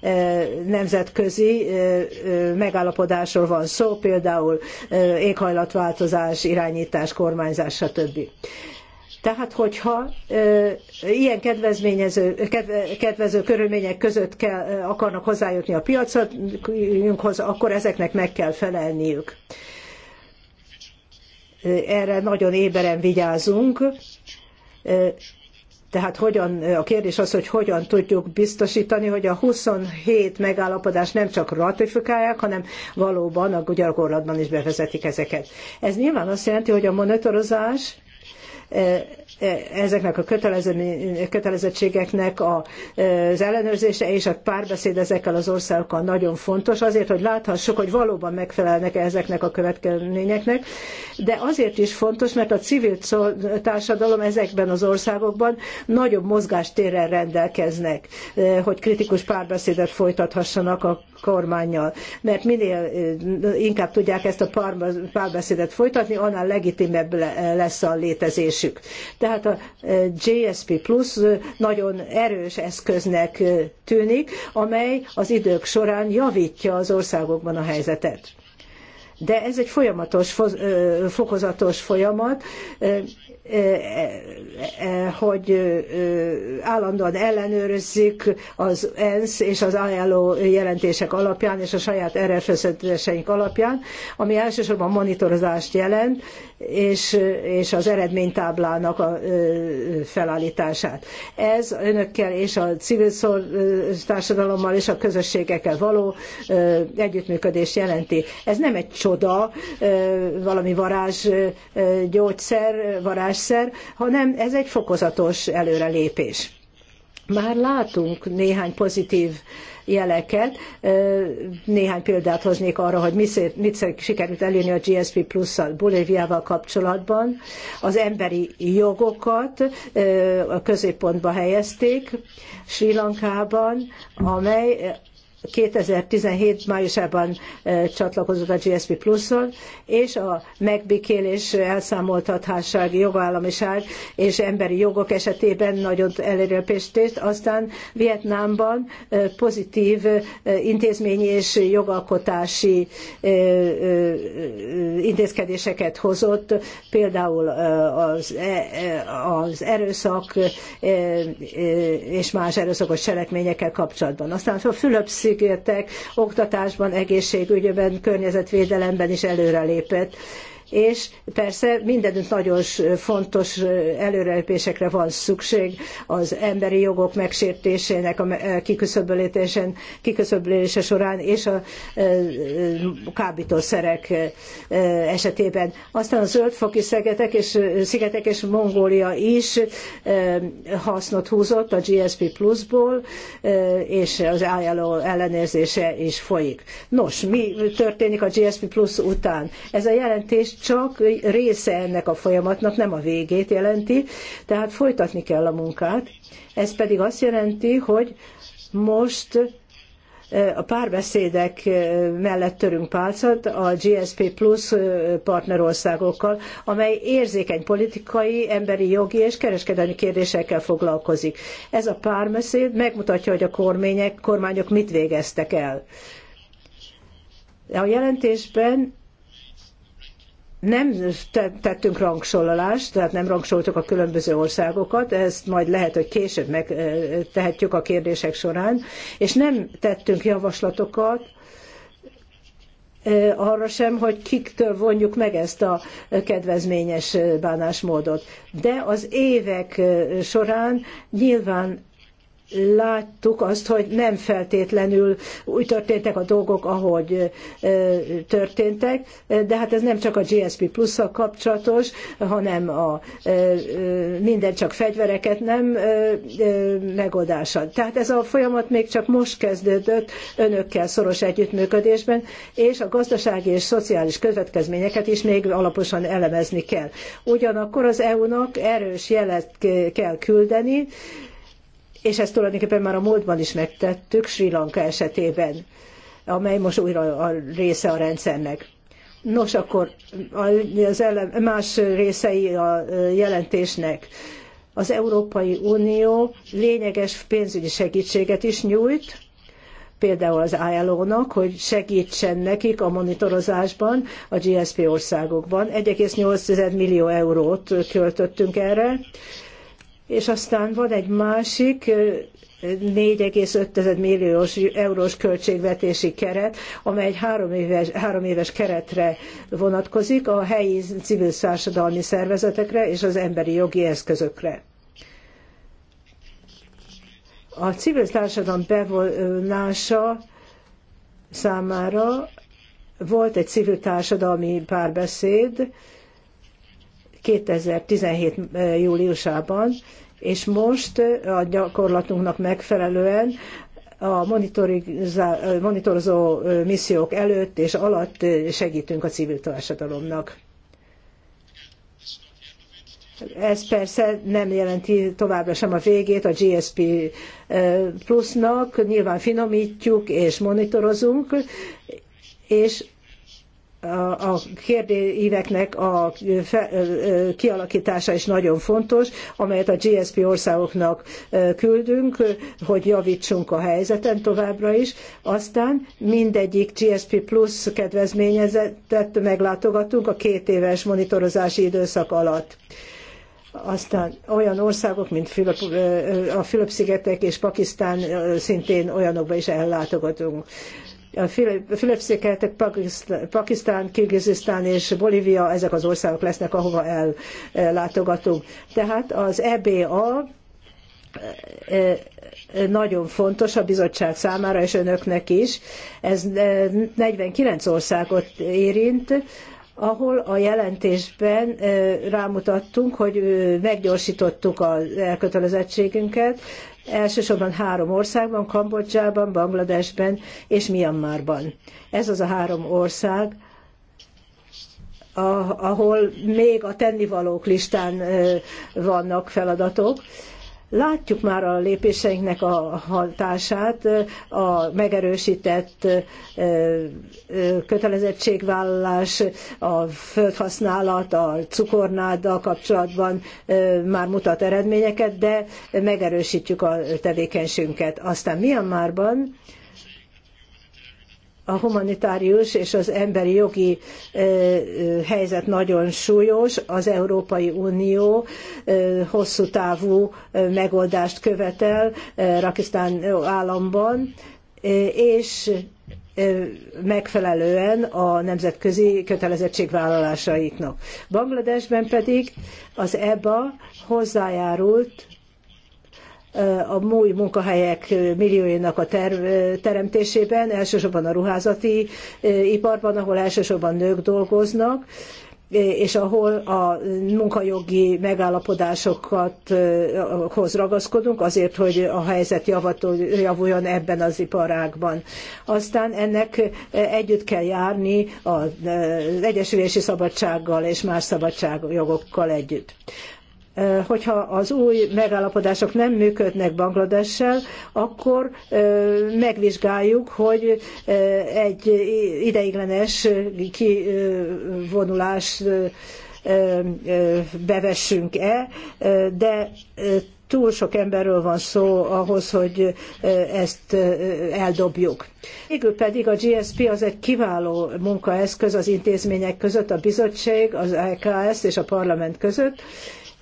eh, nemzetközi eh, eh, megállapodásról van szó, például éghajlatváltozás, irányítás, kormányzás, stb. Tehát, hogyha e, ilyen kedvezményező, kedve, kedvező körülmények között kell, akarnak hozzájutni a piacunkhoz, akkor ezeknek meg kell felelniük. Erre nagyon éberen vigyázunk. E, tehát hogyan, a kérdés az, hogy hogyan tudjuk biztosítani, hogy a 27 megállapodást nem csak ratifikálják, hanem valóban a gyakorlatban is bevezetik ezeket. Ez nyilván azt jelenti, hogy a monitorozás eh, ezeknek a kötelezettségeknek az ellenőrzése és a párbeszéd ezekkel az országokkal nagyon fontos, azért, hogy láthassuk, hogy valóban megfelelnek -e ezeknek a következményeknek, de azért is fontos, mert a civil társadalom ezekben az országokban nagyobb mozgástérrel rendelkeznek, eh, hogy kritikus párbeszédet folytathassanak a kormányjal. Mert minél inkább tudják ezt a párbeszédet folytatni, annál legitimebb lesz a létezésük. Tehát a GSP Plus nagyon erős eszköznek tűnik, amely az idők során javítja az országokban a helyzetet. De ez egy folyamatos, fokozatos folyamat, E, e, hogy e, állandóan ellenőrizzük az ENSZ és az ILO jelentések alapján és a saját erőfeszítéseink alapján, ami elsősorban monitorozást jelent, és, és az eredménytáblának a felállítását. Ez önökkel és a civil társadalommal és a közösségekkel való együttműködés jelenti. Ez nem egy csoda, valami varázs gyógyszer, varázsszer, hanem ez egy fokozatos előrelépés. Már látunk néhány pozitív jeleket. Néhány példát hoznék arra, hogy mit sikerült elérni a GSP plusszal Bolíviával kapcsolatban. Az emberi jogokat a középpontba helyezték Sri Lankában, amely 2017 májusában csatlakozott a GSP Pluszon, és a megbékélés, elszámoltathatóság, jogállamiság és emberi jogok esetében nagyon előrepéstést, aztán Vietnámban pozitív intézményi és jogalkotási intézkedéseket hozott, például az, e, e, az erőszak és más erőszakos cselekményekkel kapcsolatban. Aztán a fülöp ígértek, oktatásban, egészségügyben, környezetvédelemben is előrelépett és persze mindenütt nagyon fontos előrelépésekre van szükség az emberi jogok megsértésének a kiküszöbölésen, kiküszöbölése során és a kábítószerek esetében. Aztán a zöldfoki szigetek és, szigetek és Mongólia is hasznot húzott a GSP Plus-ból, és az ILO ellenőrzése is folyik. Nos, mi történik a GSP Plus után? Ez a jelentés csak része ennek a folyamatnak, nem a végét jelenti, tehát folytatni kell a munkát. Ez pedig azt jelenti, hogy most e, a párbeszédek e, mellett törünk pálcát a GSP Plus e, partnerországokkal, amely érzékeny politikai, emberi jogi és kereskedelmi kérdésekkel foglalkozik. Ez a párbeszéd megmutatja, hogy a kormányok mit végeztek el. A jelentésben nem tettünk rangsorolást, tehát nem rangsoltuk a különböző országokat, ezt majd lehet, hogy később megtehetjük a kérdések során, és nem tettünk javaslatokat arra sem, hogy kiktől vonjuk meg ezt a kedvezményes bánásmódot. De az évek során nyilván láttuk azt, hogy nem feltétlenül úgy történtek a dolgok, ahogy történtek, de hát ez nem csak a GSP plusszal kapcsolatos, hanem a minden csak fegyvereket nem megoldása. Tehát ez a folyamat még csak most kezdődött önökkel szoros együttműködésben, és a gazdasági és szociális következményeket is még alaposan elemezni kell. Ugyanakkor az EU-nak erős jelet kell küldeni, és ezt tulajdonképpen már a múltban is megtettük Sri Lanka esetében, amely most újra a része a rendszernek. Nos, akkor az ellen, más részei a jelentésnek. Az Európai Unió lényeges pénzügyi segítséget is nyújt, például az ILO-nak, hogy segítsen nekik a monitorozásban a GSP országokban. 1,8 millió eurót költöttünk erre, és aztán van egy másik 4,5 milliós eurós költségvetési keret, amely egy három éves, három éves keretre vonatkozik a helyi civil társadalmi szervezetekre és az emberi jogi eszközökre. A civil társadalom bevonása számára volt egy civil társadalmi párbeszéd, 2017 júliusában, és most a gyakorlatunknak megfelelően a monitorozó missziók előtt és alatt segítünk a civil társadalomnak. Ez persze nem jelenti továbbra sem a végét a GSP plusznak, nyilván finomítjuk és monitorozunk, és a kérdéveknek a kialakítása is nagyon fontos, amelyet a GSP országoknak küldünk, hogy javítsunk a helyzeten továbbra is. Aztán mindegyik GSP Plus kedvezményezettet meglátogatunk a két éves monitorozási időszak alatt aztán olyan országok, mint Fülöp, a Fülöp-szigetek és Pakisztán szintén olyanokba is ellátogatunk. Fülöp-szigetek, Pakisztán, Kirgizisztán és Bolívia, ezek az országok lesznek, ahova ellátogatunk. Tehát az EBA e, e, nagyon fontos a bizottság számára, és önöknek is. Ez 49 e, országot érint, ahol a jelentésben rámutattunk, hogy meggyorsítottuk az elkötelezettségünket, Elsősorban három országban, Kambodzsában, Bangladesben és Myanmarban. Ez az a három ország, ahol még a tennivalók listán vannak feladatok, Látjuk már a lépéseinknek a hatását, a megerősített kötelezettségvállalás, a földhasználat, a cukornáddal kapcsolatban már mutat eredményeket, de megerősítjük a tevékenységünket. Aztán Myanmarban a humanitárius és az emberi jogi helyzet nagyon súlyos, az Európai Unió hosszú távú megoldást követel Rakisztán államban, és megfelelően a nemzetközi kötelezettségvállalásaiknak. Bangladesben pedig az EBA hozzájárult a új munkahelyek millióinak a teremtésében, elsősorban a ruházati iparban, ahol elsősorban nők dolgoznak, és ahol a munkajogi megállapodásokhoz ragaszkodunk azért, hogy a helyzet javuljon ebben az iparágban. Aztán ennek együtt kell járni az egyesülési szabadsággal és más szabadságjogokkal együtt hogyha az új megállapodások nem működnek Bangladessel, akkor megvizsgáljuk, hogy egy ideiglenes kivonulás bevessünk-e, de túl sok emberről van szó ahhoz, hogy ezt eldobjuk. Végül pedig a GSP az egy kiváló munkaeszköz az intézmények között, a bizottság, az LKS e és a parlament között,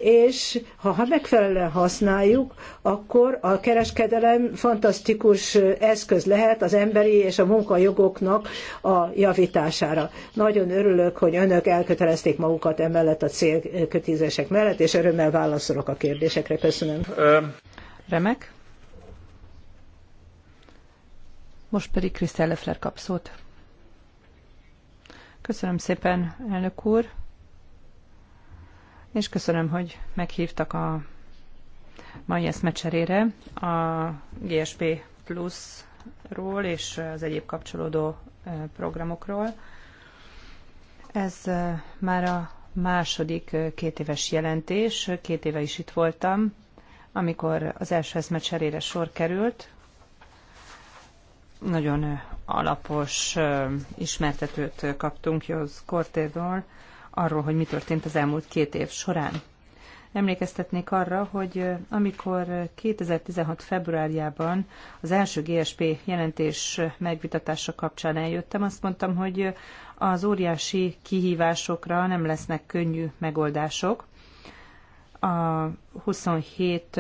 és ha megfelelően használjuk, akkor a kereskedelem fantasztikus eszköz lehet az emberi és a munkajogoknak a javítására. Nagyon örülök, hogy önök elkötelezték magukat emellett a célkötőzések mellett, és örömmel válaszolok a kérdésekre. Köszönöm. Remek. Most pedig Krisztel Leffler kap szót. Köszönöm szépen, elnök úr és köszönöm, hogy meghívtak a mai eszmecserére a GSP Plus-ról és az egyéb kapcsolódó e, programokról. Ez e, már a második e, két éves jelentés, két éve is itt voltam, amikor az első eszmecserére sor került. Nagyon alapos ismertetőt kaptunk Józ Kortédól, arról, hogy mi történt az elmúlt két év során. Emlékeztetnék arra, hogy amikor 2016. februárjában az első GSP jelentés megvitatása kapcsán eljöttem, azt mondtam, hogy az óriási kihívásokra nem lesznek könnyű megoldások. A 27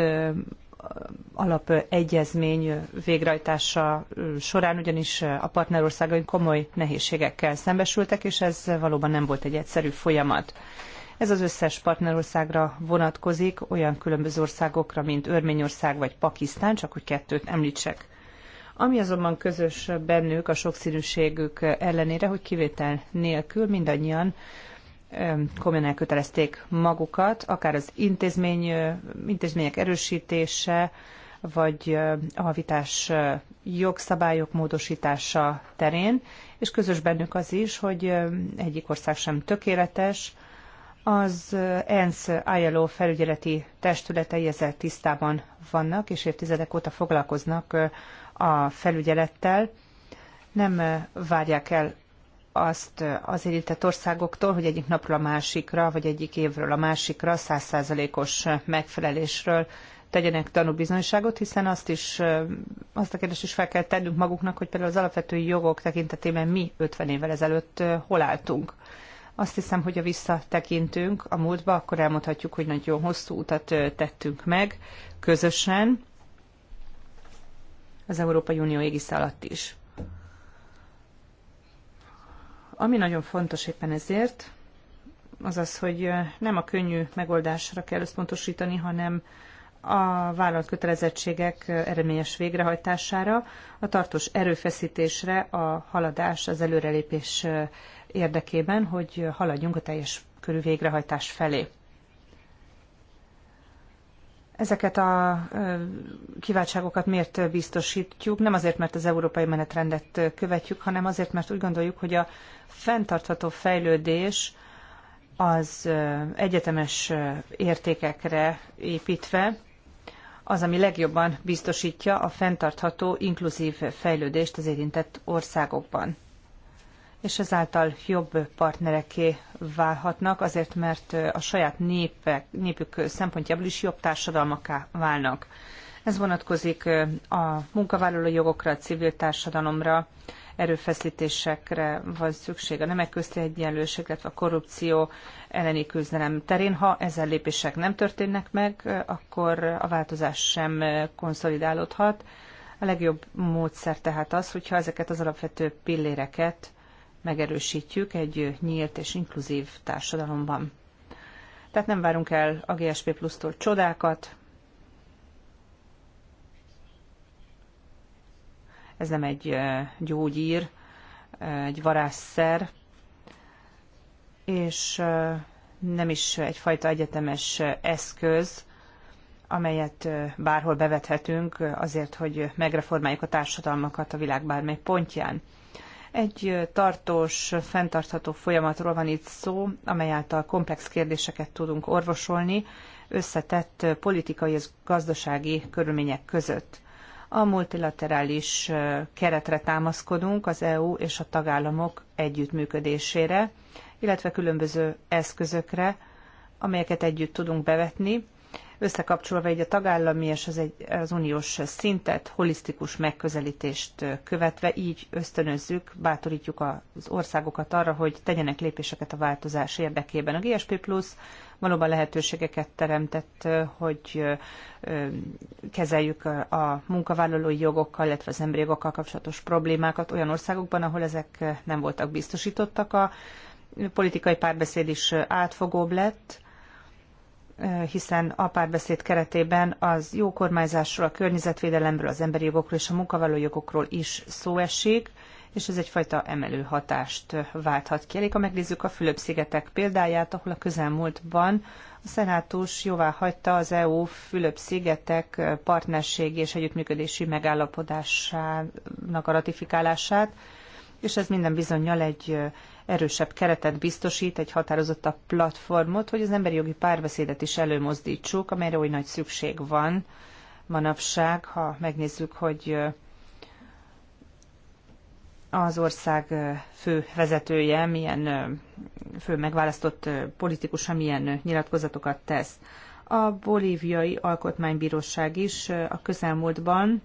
alapegyezmény végrehajtása során ugyanis a partnerországaink komoly nehézségekkel szembesültek, és ez valóban nem volt egy egyszerű folyamat. Ez az összes partnerországra vonatkozik, olyan különböző országokra, mint Örményország vagy Pakisztán, csak hogy kettőt említsek. Ami azonban közös bennük a sokszínűségük ellenére, hogy kivétel nélkül mindannyian komolyan elkötelezték magukat, akár az intézmény, intézmények erősítése, vagy a vitás jogszabályok módosítása terén, és közös bennük az is, hogy egyik ország sem tökéletes, az ENSZ ILO felügyeleti testületei ezzel tisztában vannak, és évtizedek óta foglalkoznak a felügyelettel. Nem várják el azt az érintett országoktól, hogy egyik napról a másikra, vagy egyik évről a másikra százszázalékos megfelelésről tegyenek tanúbizonyságot, hiszen azt is, azt a kérdést is fel kell tennünk maguknak, hogy például az alapvető jogok tekintetében mi 50 évvel ezelőtt hol álltunk. Azt hiszem, hogy ha visszatekintünk a múltba, akkor elmondhatjuk, hogy nagyon hosszú utat tettünk meg közösen az Európai Unió égisze alatt is. Ami nagyon fontos éppen ezért, az az, hogy nem a könnyű megoldásra kell összpontosítani, hanem a vállalt kötelezettségek eredményes végrehajtására, a tartós erőfeszítésre, a haladás, az előrelépés érdekében, hogy haladjunk a teljes körű végrehajtás felé. Ezeket a kiváltságokat miért biztosítjuk? Nem azért, mert az európai menetrendet követjük, hanem azért, mert úgy gondoljuk, hogy a fenntartható fejlődés az egyetemes értékekre építve az, ami legjobban biztosítja a fenntartható, inkluzív fejlődést az érintett országokban és ezáltal jobb partnereké válhatnak, azért mert a saját népek, népük szempontjából is jobb társadalmaká válnak. Ez vonatkozik a munkavállaló jogokra, a civil társadalomra, erőfeszítésekre van szükség a nemek közti egyenlőség, illetve a korrupció elleni küzdelem terén. Ha ezen lépések nem történnek meg, akkor a változás sem konszolidálódhat. A legjobb módszer tehát az, hogyha ezeket az alapvető pilléreket megerősítjük egy nyílt és inkluzív társadalomban. Tehát nem várunk el a GSP Plus-tól csodákat, ez nem egy gyógyír, egy varázsszer, és nem is egyfajta egyetemes eszköz, amelyet bárhol bevethetünk azért, hogy megreformáljuk a társadalmakat a világ bármely pontján. Egy tartós, fenntartható folyamatról van itt szó, amely által komplex kérdéseket tudunk orvosolni, összetett politikai és gazdasági körülmények között. A multilaterális keretre támaszkodunk az EU és a tagállamok együttműködésére, illetve különböző eszközökre, amelyeket együtt tudunk bevetni, összekapcsolva egy a tagállami és az, egy, az uniós szintet, holisztikus megközelítést követve, így ösztönözzük, bátorítjuk az országokat arra, hogy tegyenek lépéseket a változás érdekében. A GSP Plus valóban lehetőségeket teremtett, hogy kezeljük a munkavállalói jogokkal, illetve az emberi jogokkal kapcsolatos problémákat olyan országokban, ahol ezek nem voltak biztosítottak. A politikai párbeszéd is átfogóbb lett, Eh, hiszen a párbeszéd keretében az jó kormányzásról, a környezetvédelemről, az emberi jogokról és a jogokról is szó esik, és ez egyfajta emelő hatást válthat ki. Elég, ha megnézzük a Fülöp-szigetek példáját, ahol a közelmúltban a szenátus jóvá hagyta az EU Fülöp-szigetek partnerségi és együttműködési megállapodásának a ratifikálását, és ez minden bizonyal egy erősebb keretet biztosít, egy határozottabb platformot, hogy az emberi jogi párbeszédet is előmozdítsuk, amelyre oly nagy szükség van manapság, ha megnézzük, hogy az ország fő vezetője, milyen fő megválasztott politikusa milyen nyilatkozatokat tesz. A bolíviai alkotmánybíróság is a közelmúltban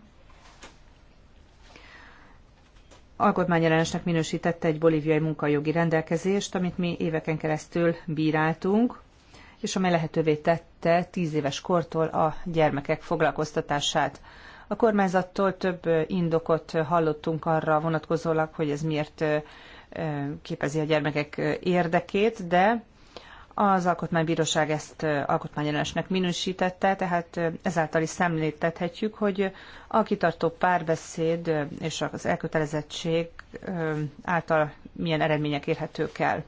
alkotmányellenesnek minősítette egy bolíviai munkajogi rendelkezést, amit mi éveken keresztül bíráltunk, és amely lehetővé tette tíz éves kortól a gyermekek foglalkoztatását. A kormányzattól több indokot hallottunk arra vonatkozólag, hogy ez miért eh, képezi a gyermekek eh, érdekét, de az alkotmánybíróság ezt alkotmányellenesnek minősítette, tehát ezáltal is szemléltethetjük, hogy a kitartó párbeszéd és az elkötelezettség által milyen eredmények érhetők el.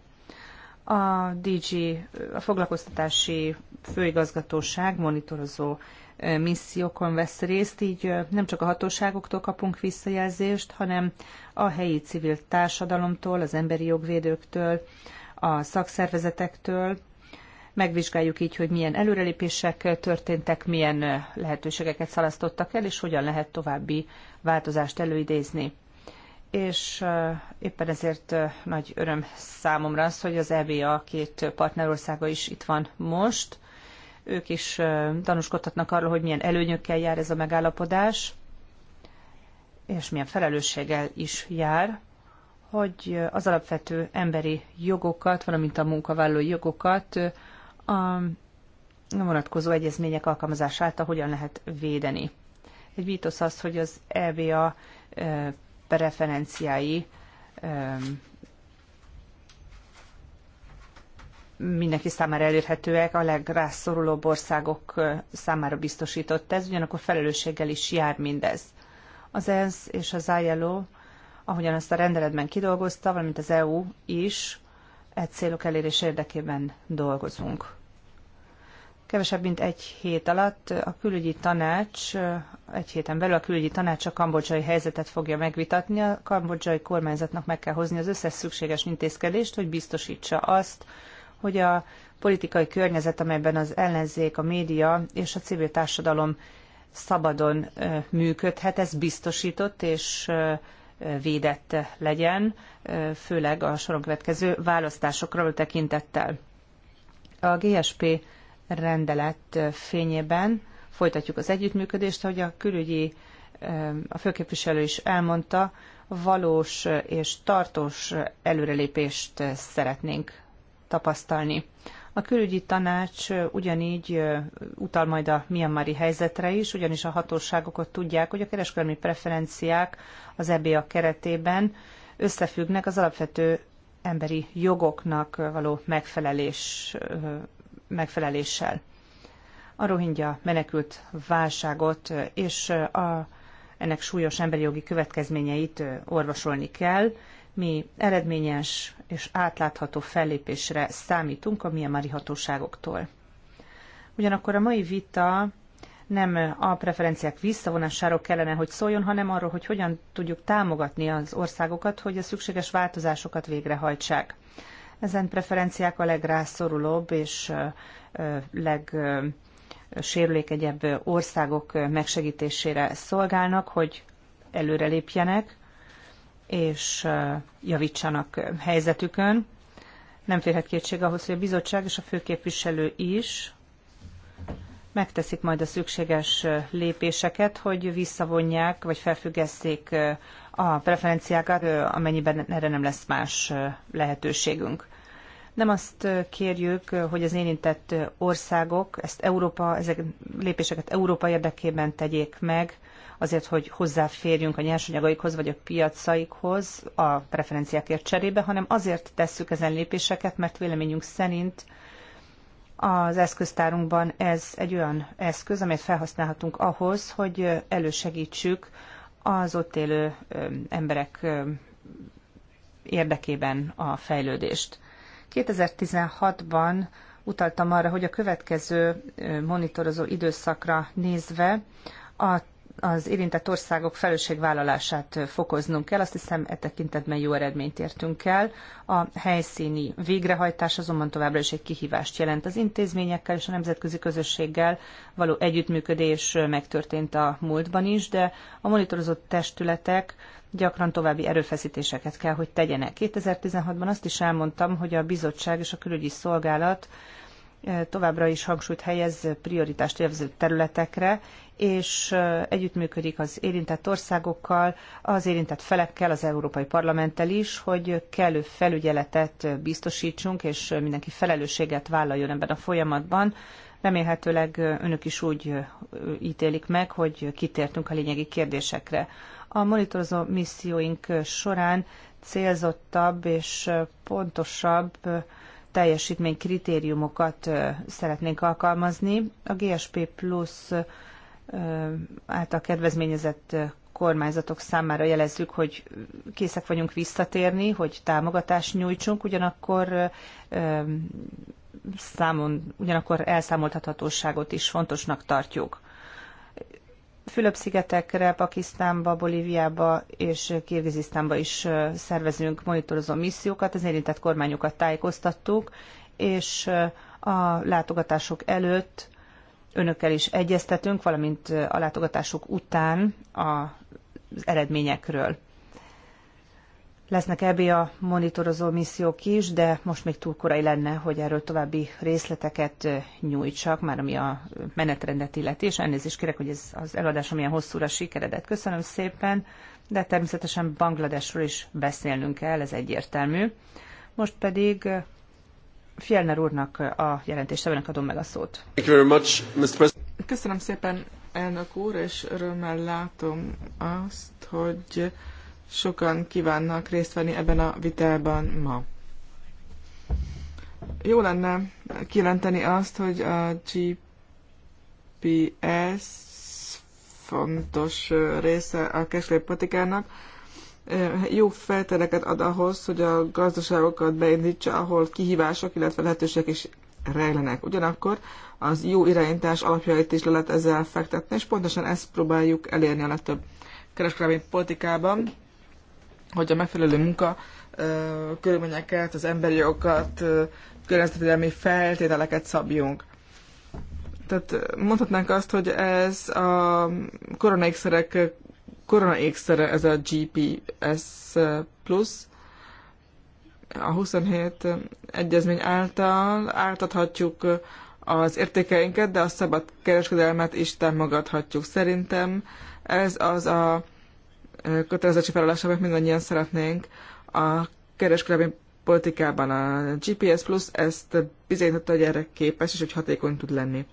A DG, a foglalkoztatási főigazgatóság monitorozó missziókon vesz részt, így nem csak a hatóságoktól kapunk visszajelzést, hanem a helyi civil társadalomtól, az emberi jogvédőktől, a szakszervezetektől, megvizsgáljuk így, hogy milyen előrelépések történtek, milyen lehetőségeket szalasztottak el, és hogyan lehet további változást előidézni. És eh, éppen ezért eh, nagy öröm számomra az, hogy az EBA két partnerországa is itt van most. Ők is eh, tanúskodhatnak arról, hogy milyen előnyökkel jár ez a megállapodás, és milyen felelősséggel is jár hogy az alapvető emberi jogokat, valamint a munkavállalói jogokat a vonatkozó egyezmények alkalmazását hogyan lehet védeni. Egy vítosz az, hogy az EBA preferenciái mindenki számára elérhetőek, a legrászorulóbb országok számára biztosított ez, ugyanakkor felelősséggel is jár mindez. Az ENSZ és az ILO ahogyan azt a rendeletben kidolgozta, valamint az EU is e célok elérés érdekében dolgozunk. Kevesebb, mint egy hét alatt a külügyi tanács, egy héten belül a külügyi tanács a kambodzsai helyzetet fogja megvitatni. A kambodzsai kormányzatnak meg kell hozni az összes szükséges intézkedést, hogy biztosítsa azt, hogy a politikai környezet, amelyben az ellenzék, a média és a civil társadalom szabadon működhet, ez biztosított, és védett legyen, főleg a soron következő választásokra tekintettel. A GSP rendelet fényében folytatjuk az együttműködést, ahogy a külügyi, a főképviselő is elmondta, valós és tartós előrelépést szeretnénk tapasztalni. A külügyi tanács ugyanígy utal majd a Myanmari helyzetre is, ugyanis a hatóságokat tudják, hogy a kereskedelmi preferenciák az EBA keretében összefüggnek az alapvető emberi jogoknak való megfelelés, megfeleléssel. A rohingya menekült válságot és a, ennek súlyos emberi jogi következményeit orvosolni kell, mi eredményes és átlátható fellépésre számítunk a miamari hatóságoktól. Ugyanakkor a mai vita nem a preferenciák visszavonásáról kellene, hogy szóljon, hanem arról, hogy hogyan tudjuk támogatni az országokat, hogy a szükséges változásokat végrehajtsák. Ezen preferenciák a legrászorulóbb és legsérülékegyebb országok megsegítésére szolgálnak, hogy előrelépjenek, és javítsanak helyzetükön. Nem férhet kétség ahhoz, hogy a bizottság és a főképviselő is megteszik majd a szükséges lépéseket, hogy visszavonják vagy felfüggesszék a preferenciákat, amennyiben erre nem lesz más lehetőségünk. Nem azt kérjük, hogy az érintett országok ezt Európa, ezek lépéseket Európa érdekében tegyék meg, azért, hogy hozzáférjünk a nyersanyagaikhoz vagy a piacaikhoz a preferenciákért cserébe, hanem azért tesszük ezen lépéseket, mert véleményünk szerint az eszköztárunkban ez egy olyan eszköz, amelyet felhasználhatunk ahhoz, hogy elősegítsük az ott élő emberek érdekében a fejlődést. 2016-ban utaltam arra, hogy a következő monitorozó időszakra nézve a az érintett országok felelősségvállalását fokoznunk kell. Azt hiszem, e tekintetben jó eredményt értünk el. A helyszíni végrehajtás azonban továbbra is egy kihívást jelent. Az intézményekkel és a nemzetközi közösséggel való együttműködés megtörtént a múltban is, de a monitorozott testületek gyakran további erőfeszítéseket kell, hogy tegyenek. 2016-ban azt is elmondtam, hogy a bizottság és a külügyi szolgálat továbbra is hangsúlyt helyez prioritást élvező területekre, és együttműködik az érintett országokkal, az érintett felekkel, az Európai Parlamenttel is, hogy kellő felügyeletet biztosítsunk, és mindenki felelősséget vállaljon ebben a folyamatban. Remélhetőleg önök is úgy ítélik meg, hogy kitértünk a lényegi kérdésekre. A monitorozó misszióink során célzottabb és pontosabb teljesítménykritériumokat szeretnénk alkalmazni. A GSP Plus által kedvezményezett kormányzatok számára jelezzük, hogy készek vagyunk visszatérni, hogy támogatást nyújtsunk, ugyanakkor számon, ugyanakkor elszámoltathatóságot is fontosnak tartjuk. Fülöp-szigetekre, Pakisztánba, Bolíviába és Kirgizisztánba is szervezünk monitorozó missziókat, az érintett kormányokat tájékoztattuk, és a látogatások előtt önökkel is egyeztetünk, valamint a látogatásuk után az eredményekről. Lesznek ebbé a monitorozó missziók is, de most még túl korai lenne, hogy erről további részleteket nyújtsak, már ami a menetrendet illeti, és elnézést kérek, hogy ez az eladásom ilyen hosszúra sikeredett. Köszönöm szépen, de természetesen Bangladesről is beszélnünk kell, ez egyértelmű. Most pedig Fjellner úrnak a jelentéstevőnek adom meg a szót. Köszönöm szépen, elnök úr, és örömmel látom azt, hogy sokan kívánnak részt venni ebben a vitában ma. Jó lenne kijelenteni azt, hogy a GPS fontos része a kereskedelmi Eh, jó feltereket ad ahhoz, hogy a gazdaságokat beindítsa, ahol kihívások, illetve lehetőségek is rejlenek. Ugyanakkor az jó irányítás alapjait is le lehet ezzel fektetni, és pontosan ezt próbáljuk elérni a legtöbb kereskedelmi politikában, hogy a megfelelő munka eh, körülményeket, az emberi jogokat, eh, környezetvédelmi feltételeket szabjunk. Tehát mondhatnánk azt, hogy ez a koronaikszerek korona ékszere ez a GPS plusz. A 27 egyezmény által átadhatjuk az értékeinket, de a szabad kereskedelmet is támogathatjuk. Szerintem ez az a felállása, amit mindannyian szeretnénk a kereskedelmi politikában. A GPS Plus ezt bizonyította, hogy erre képes, és hogy hatékony tud lenni.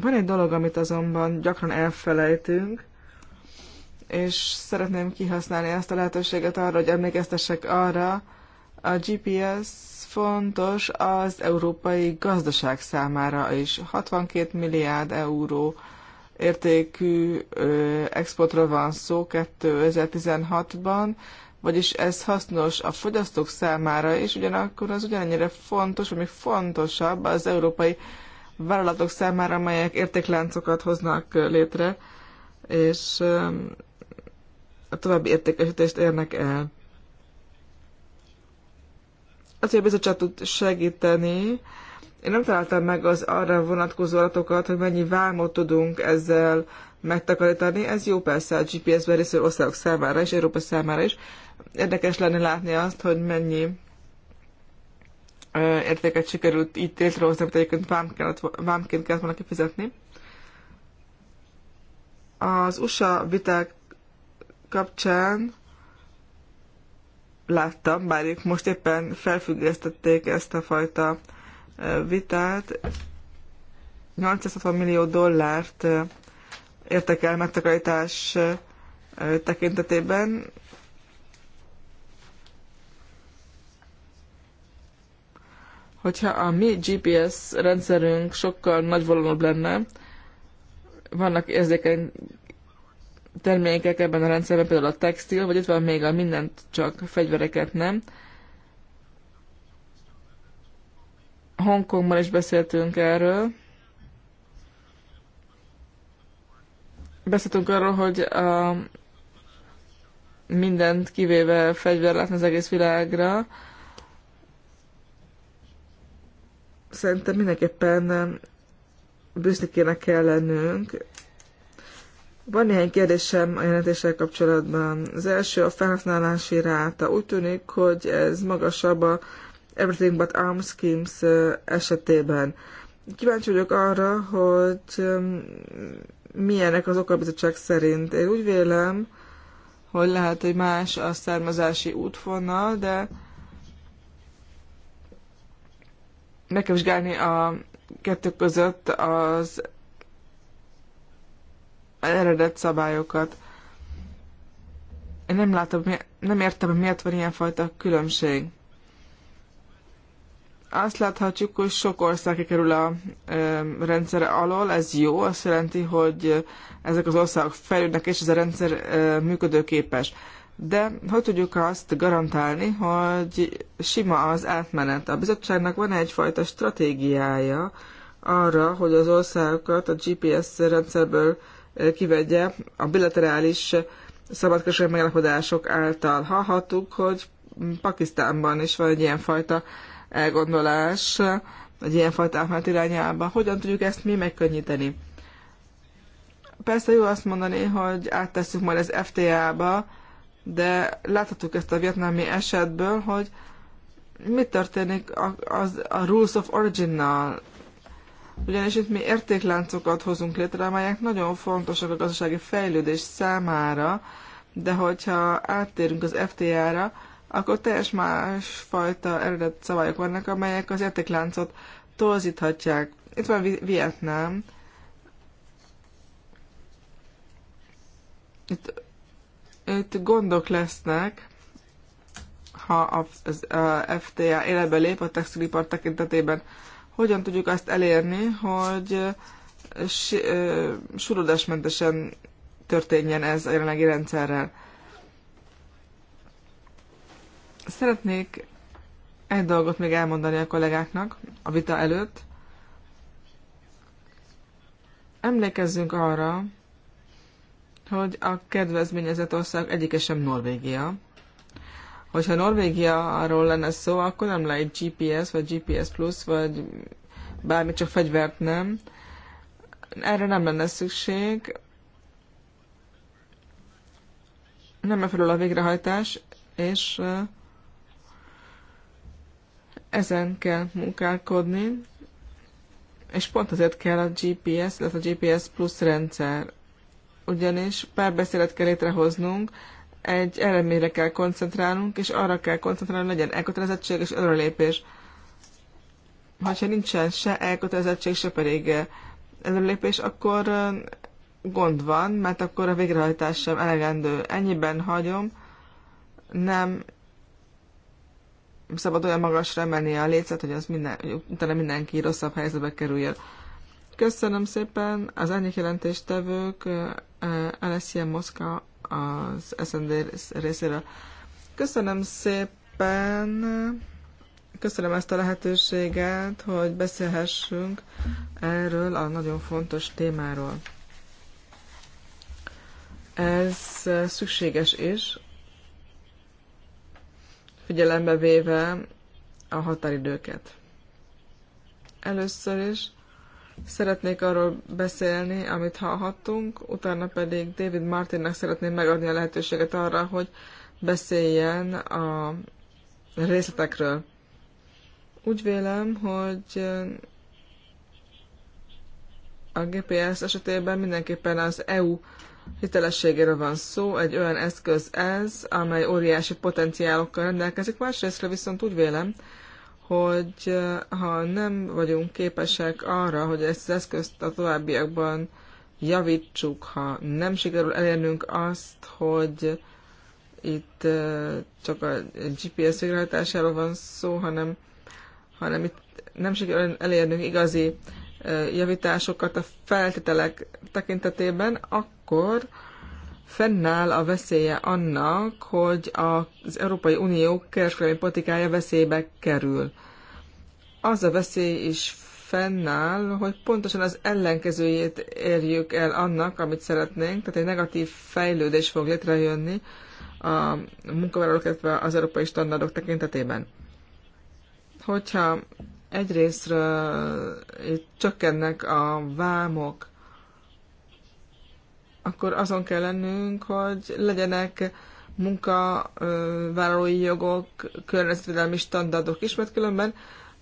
Van egy dolog, amit azonban gyakran elfelejtünk, és szeretném kihasználni ezt a lehetőséget arra, hogy emlékeztessek arra, a GPS fontos az európai gazdaság számára is. 62 milliárd euró értékű exportról van szó 2016-ban, vagyis ez hasznos a fogyasztók számára is, ugyanakkor az ugyanennyire fontos, ami fontosabb az európai vállalatok számára, amelyek értékláncokat hoznak létre, és a további értékesítést érnek el. Az, hogy a bizottság tud segíteni, én nem találtam meg az arra vonatkozó adatokat, hogy mennyi vámot tudunk ezzel megtakarítani. Ez jó persze a GPS-ben részül országok számára és Európa számára is. Érdekes lenne látni azt, hogy mennyi értéket sikerült így létrehozni, amit egyébként vámként kellett volna kifizetni. Az USA viták kapcsán láttam, bár ők most éppen felfüggesztették ezt a fajta vitát, 860 millió dollárt értek el megtakarítás tekintetében, hogyha a mi GPS rendszerünk sokkal nagyvonalúbb lenne, vannak érzékeny termékek ebben a rendszerben, például a textil, vagy itt van még a mindent, csak fegyvereket nem. Hongkongban is beszéltünk erről. Beszéltünk arról, hogy a mindent kivéve fegyver látni az egész világra, szerintem mindenképpen um, büszkének kell lennünk. Van néhány kérdésem a jelentéssel kapcsolatban. Az első a felhasználási ráta. Úgy tűnik, hogy ez magasabb a Everything But Arms Schemes esetében. Kíváncsi vagyok arra, hogy um, milyenek az okabizottság szerint. Én úgy vélem, hogy lehet, hogy más a származási útvonal, de megvizsgálni a kettő között az eredet szabályokat. Én nem látom, nem értem, hogy miért van ilyenfajta különbség. Azt láthatjuk, hogy sok ország kerül a ö, rendszer alól, ez jó, azt jelenti, hogy ezek az országok fejlődnek, és ez a rendszer ö, működőképes de hogy tudjuk azt garantálni, hogy sima az átmenet? A bizottságnak van egyfajta stratégiája arra, hogy az országokat a GPS rendszerből eh, kivegye a bilaterális eh, szabadkereskedelmi megállapodások által. Hallhattuk, hogy Pakisztánban is van egy ilyenfajta elgondolás, egy ilyenfajta átmenet irányába. Hogyan tudjuk ezt mi megkönnyíteni? Persze jó azt mondani, hogy áttesszük majd az FTA-ba, de láthatjuk ezt a vietnámi esetből, hogy mi történik a, az, a Rules of Originnal. Ugyanis itt mi értékláncokat hozunk létre, amelyek nagyon fontosak a gazdasági fejlődés számára, de hogyha áttérünk az FTA-ra, akkor teljes másfajta eredet szabályok vannak, amelyek az értékláncot torzíthatják. Itt van Vietnám. Itt itt gondok lesznek, ha az FTA életbe lép a textilipar tekintetében. Hogyan tudjuk azt elérni, hogy surodásmentesen történjen ez a jelenlegi rendszerrel? Szeretnék egy dolgot még elmondani a kollégáknak a vita előtt. Emlékezzünk arra, hogy a kedvezményezett ország egyike sem Norvégia. Hogyha Norvégiáról lenne szó, akkor nem lehet GPS, vagy GPS Plus, vagy bármi, csak fegyvert nem. Erre nem lenne szükség. Nem megfelelő a végrehajtás, és uh, ezen kell munkálkodni, és pont azért kell a GPS, illetve a GPS Plus rendszer ugyanis párbeszédet kell létrehoznunk, egy eredményre kell koncentrálnunk, és arra kell koncentrálni, hogy legyen elkötelezettség és előrelépés. Ha nincsen se elkötelezettség, se pedig eh, előrelépés, akkor eh, gond van, mert akkor a végrehajtás sem elegendő. Ennyiben hagyom, nem szabad olyan magasra emelni a lécet, hogy az minden, hogy utána mindenki rosszabb helyzetbe kerüljön. Köszönöm szépen az ennyi jelentéstevők, Alessia Moszka az SND részéről. Köszönöm szépen, köszönöm ezt a lehetőséget, hogy beszélhessünk erről a nagyon fontos témáról. Ez szükséges is, figyelembe véve a határidőket. Először is Szeretnék arról beszélni, amit hallhattunk, utána pedig David Martinnek szeretném megadni a lehetőséget arra, hogy beszéljen a részletekről. Úgy vélem, hogy a GPS esetében mindenképpen az EU hitelességéről van szó, egy olyan eszköz ez, amely óriási potenciálokkal rendelkezik, másrésztről viszont úgy vélem, hogy eh, ha nem vagyunk képesek arra, hogy ezt az eszközt a továbbiakban javítsuk, ha nem sikerül elérnünk azt, hogy itt eh, csak a GPS végrehajtásáról van szó, hanem, hanem itt nem sikerül elérnünk igazi eh, javításokat a feltételek tekintetében, akkor fennáll a veszélye annak, hogy az Európai Unió kereskedelmi politikája veszélybe kerül. Az a veszély is fennáll, hogy pontosan az ellenkezőjét érjük el annak, amit szeretnénk, tehát egy negatív fejlődés fog létrejönni a munkavállalók, illetve az európai standardok tekintetében. Hogyha egyrésztről csökkennek a vámok, akkor azon kell lennünk, hogy legyenek munkavállalói jogok, környezetvédelmi standardok is, mert különben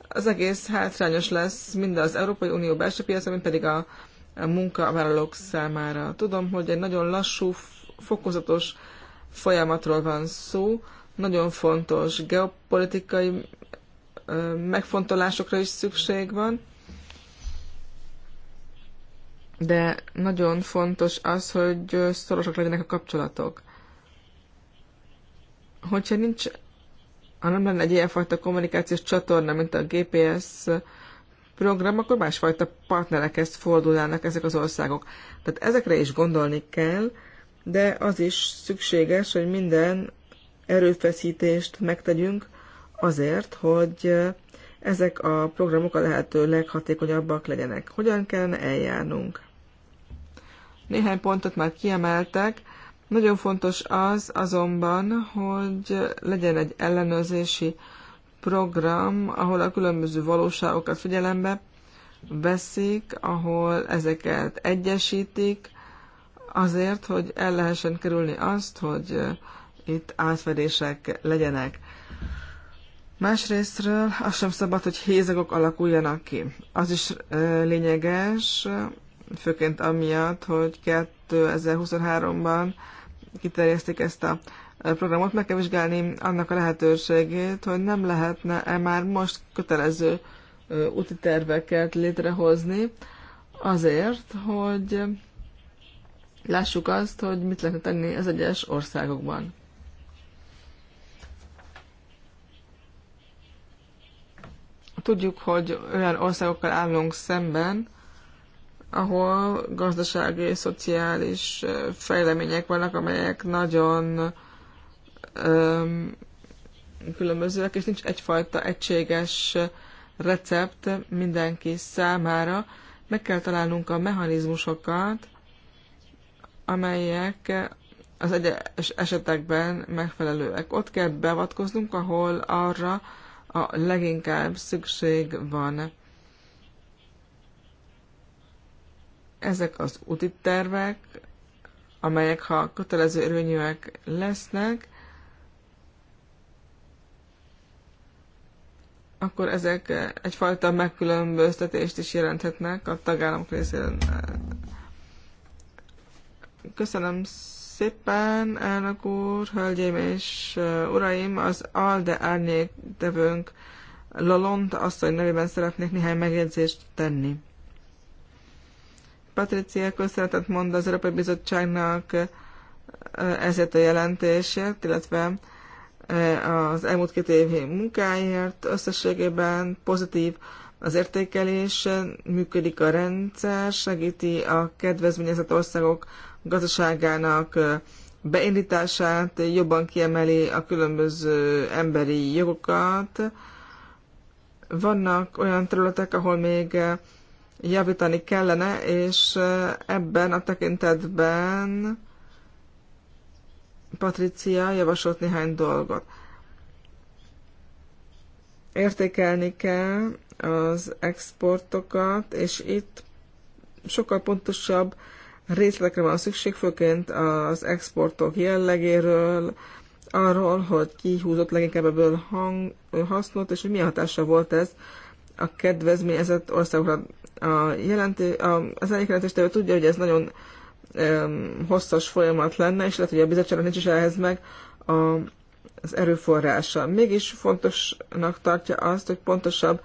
az egész hátrányos lesz mind az Európai Unió belső piacra, mint pedig a munkavállalók számára. Tudom, hogy egy nagyon lassú, fokozatos folyamatról van szó, nagyon fontos geopolitikai megfontolásokra is szükség van, de nagyon fontos az, hogy szorosak legyenek a kapcsolatok. Hogyha nincs, ha nem lenne egy ilyenfajta kommunikációs csatorna, mint a GPS program, akkor másfajta partnerekhez fordulnának ezek az országok. Tehát ezekre is gondolni kell, de az is szükséges, hogy minden erőfeszítést megtegyünk azért, hogy ezek a programok a lehető leghatékonyabbak legyenek. Hogyan kellene eljárnunk? Néhány pontot már kiemeltek. Nagyon fontos az azonban, hogy legyen egy ellenőrzési program, ahol a különböző valóságokat figyelembe veszik, ahol ezeket egyesítik, azért, hogy el lehessen kerülni azt, hogy itt átfedések legyenek. Másrésztről azt sem szabad, hogy hézagok alakuljanak ki. Az is lényeges, főként amiatt, hogy 2023-ban kiterjesztik ezt a programot, meg kell vizsgálni annak a lehetőségét, hogy nem lehetne-e már most kötelező úti terveket létrehozni, azért, hogy lássuk azt, hogy mit lehetne tenni az egyes országokban. Tudjuk, hogy olyan országokkal állunk szemben, ahol gazdasági és szociális fejlemények vannak, amelyek nagyon öm, különbözőek, és nincs egyfajta egységes recept mindenki számára. Meg kell találnunk a mechanizmusokat, amelyek az egyes esetekben megfelelőek. Ott kell beavatkoznunk, ahol arra a leginkább szükség van. Ezek az úti tervek, amelyek ha kötelező érvényűek lesznek, akkor ezek egyfajta megkülönböztetést is jelenthetnek a tagállamok részéről. Köszönöm szépen, elnök úr, hölgyeim és uh, uraim, az ALDE árnyék tevőnk Lalont asszony nevében szeretnék néhány megjegyzést tenni. Patricia köszönetet mond az Európai Bizottságnak eh, ezért a jelentésért, illetve eh, az elmúlt két év munkáért. Összességében pozitív az értékelés, működik a rendszer, segíti a kedvezményezett országok gazdaságának eh, beindítását, jobban kiemeli a különböző emberi jogokat. Vannak olyan területek, ahol még javítani kellene, és eh, ebben a tekintetben Patricia javasolt néhány dolgot. Értékelni kell az exportokat, és itt sokkal pontosabb részletekre van szükség, főként az exportok jellegéről, arról, hogy ki húzott leginkább ebből hang, hasznot, és hogy milyen hatása volt ez a kedvezményezett országokra a jelentő, a, az egyik jelentéstevő tudja, hogy ez nagyon um, hosszas folyamat lenne, és lehet, hogy a bizottságnak nincs is ehhez meg a, az erőforrása. Mégis fontosnak tartja azt, hogy pontosabb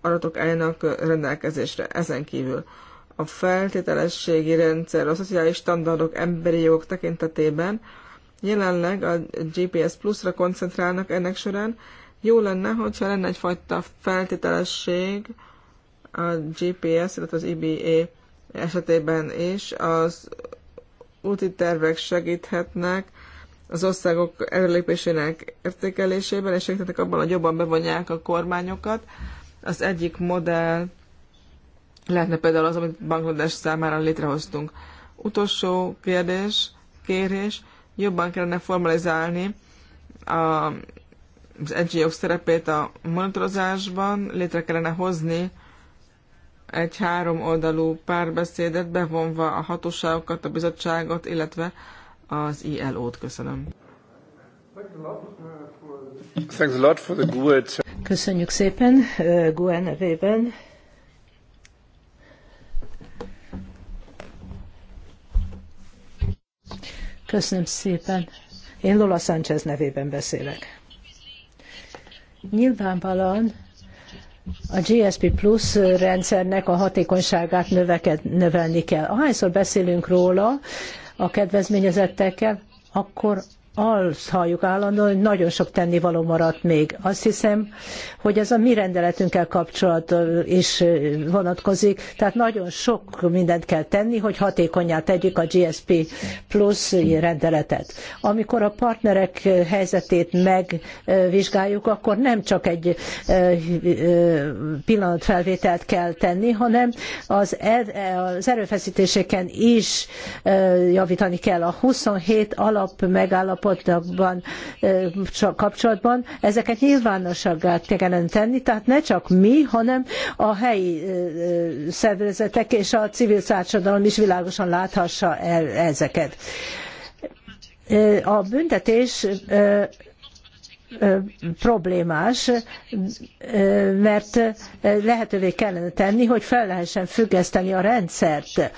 adatok álljanak rendelkezésre ezen kívül. A feltételességi rendszer, a szociális standardok, emberi jogok tekintetében jelenleg a GPS Plus-ra koncentrálnak ennek során, jó lenne, hogyha lenne egyfajta feltételesség a GPS, illetve az IBA e esetében is. Az úti tervek segíthetnek az országok előlépésének értékelésében, és segíthetnek abban, hogy jobban bevonják a kormányokat. Az egyik modell lehetne például az, amit Bangladesh számára létrehoztunk. Utolsó kérdés, kérés, jobban kellene formalizálni a az ngo szerepét a monitorozásban, létre kellene hozni egy három oldalú párbeszédet, bevonva a hatóságokat, a bizottságot, illetve az ILO-t. Köszönöm. E Köszönjük szépen GUE nevében. Köszönöm szépen. Én Lola Sánchez nevében beszélek. Nyilvánvalóan a GSP Plus rendszernek a hatékonyságát növeked, növelni kell. Ahányszor beszélünk róla a kedvezményezettekkel, akkor azt halljuk állandóan, hogy nagyon sok tennivaló maradt még. Azt hiszem, hogy ez a mi rendeletünkkel kapcsolatban is vonatkozik, tehát nagyon sok mindent kell tenni, hogy hatékonyá tegyük a GSP plusz rendeletet. Amikor a partnerek helyzetét megvizsgáljuk, akkor nem csak egy pillanatfelvételt kell tenni, hanem az, erőfeszítéseken is javítani kell. A 27 alap megállapodás állapotokban kapcsolatban, ezeket nyilvánossággá kellene tenni, tehát ne csak mi, hanem a helyi szervezetek és a civil társadalom is világosan láthassa el ezeket. A büntetés problémás, mert lehetővé kellene tenni, hogy fel lehessen függeszteni a rendszert.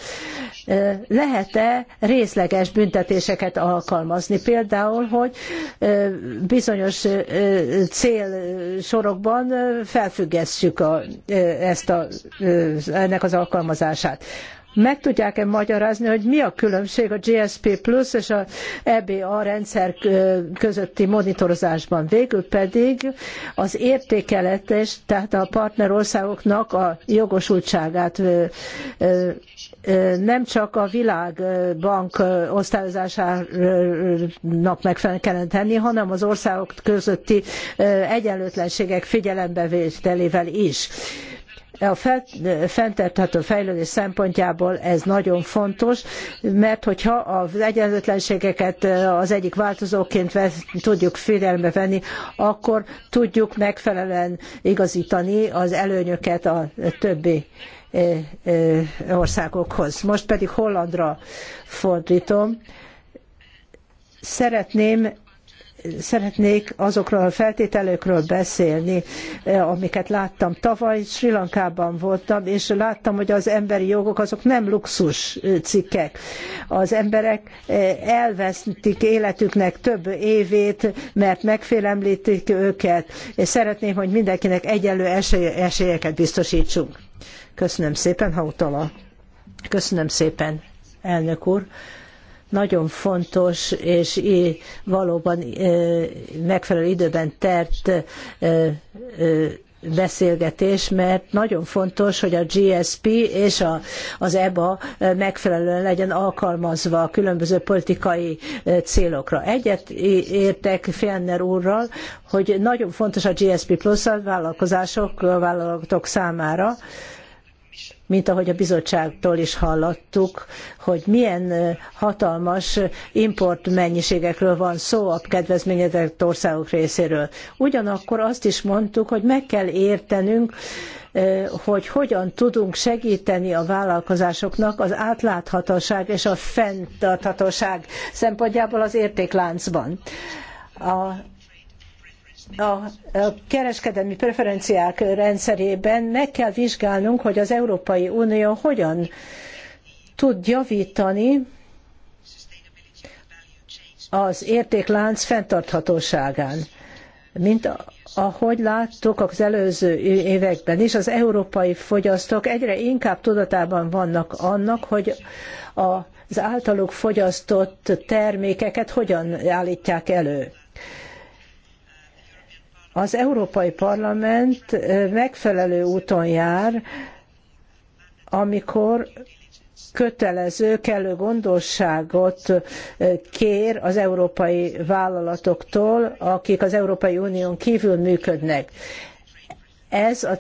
Lehet-e részleges büntetéseket alkalmazni? Például, hogy bizonyos célsorokban felfüggesszük a, ezt a, ennek az alkalmazását. Meg tudják-e magyarázni, hogy mi a különbség a GSP Plus és a EBA rendszer közötti monitorozásban? Végül pedig az értékeletes, tehát a partnerországoknak a jogosultságát nem csak a világbank osztályozásának megfelelően kellene tenni, hanem az országok közötti egyenlőtlenségek figyelembevételével is a fenntartható fejlődés szempontjából ez nagyon fontos, mert hogyha az egyenlőtlenségeket az egyik változóként tudjuk figyelembe venni, akkor tudjuk megfelelően igazítani az előnyöket a többi e, e, országokhoz. Most pedig Hollandra fordítom. Szeretném szeretnék azokról a feltételekről beszélni, eh, amiket láttam. Tavaly Sri Lankában voltam, és láttam, hogy az emberi jogok azok nem luxus eh, cikkek. Az emberek eh, elvesztik életüknek több évét, mert megfélemlítik őket, és szeretném, hogy mindenkinek egyenlő esélyeket biztosítsunk. Köszönöm szépen, Hautala. Köszönöm szépen, elnök úr nagyon fontos és valóban megfelelő időben tert beszélgetés, mert nagyon fontos, hogy a GSP és a, az EBA megfelelően legyen alkalmazva a különböző politikai célokra. Egyet értek Fjellner úrral, hogy nagyon fontos a GSP plusz a vállalkozások, a vállalatok számára, mint ahogy a bizottságtól is hallottuk, hogy milyen hatalmas import mennyiségekről van szó a kedvezményezett országok részéről. Ugyanakkor azt is mondtuk, hogy meg kell értenünk, hogy hogyan tudunk segíteni a vállalkozásoknak az átláthatóság és a fenntarthatóság szempontjából az értékláncban. A a kereskedelmi preferenciák rendszerében meg kell vizsgálnunk, hogy az Európai Unió hogyan tud javítani az értéklánc fenntarthatóságán. Mint ahogy láttuk az előző években is, az európai fogyasztók egyre inkább tudatában vannak annak, hogy az általuk fogyasztott termékeket hogyan állítják elő az Európai Parlament megfelelő úton jár, amikor kötelező, kellő gondosságot kér az európai vállalatoktól, akik az Európai Unión kívül működnek ez a,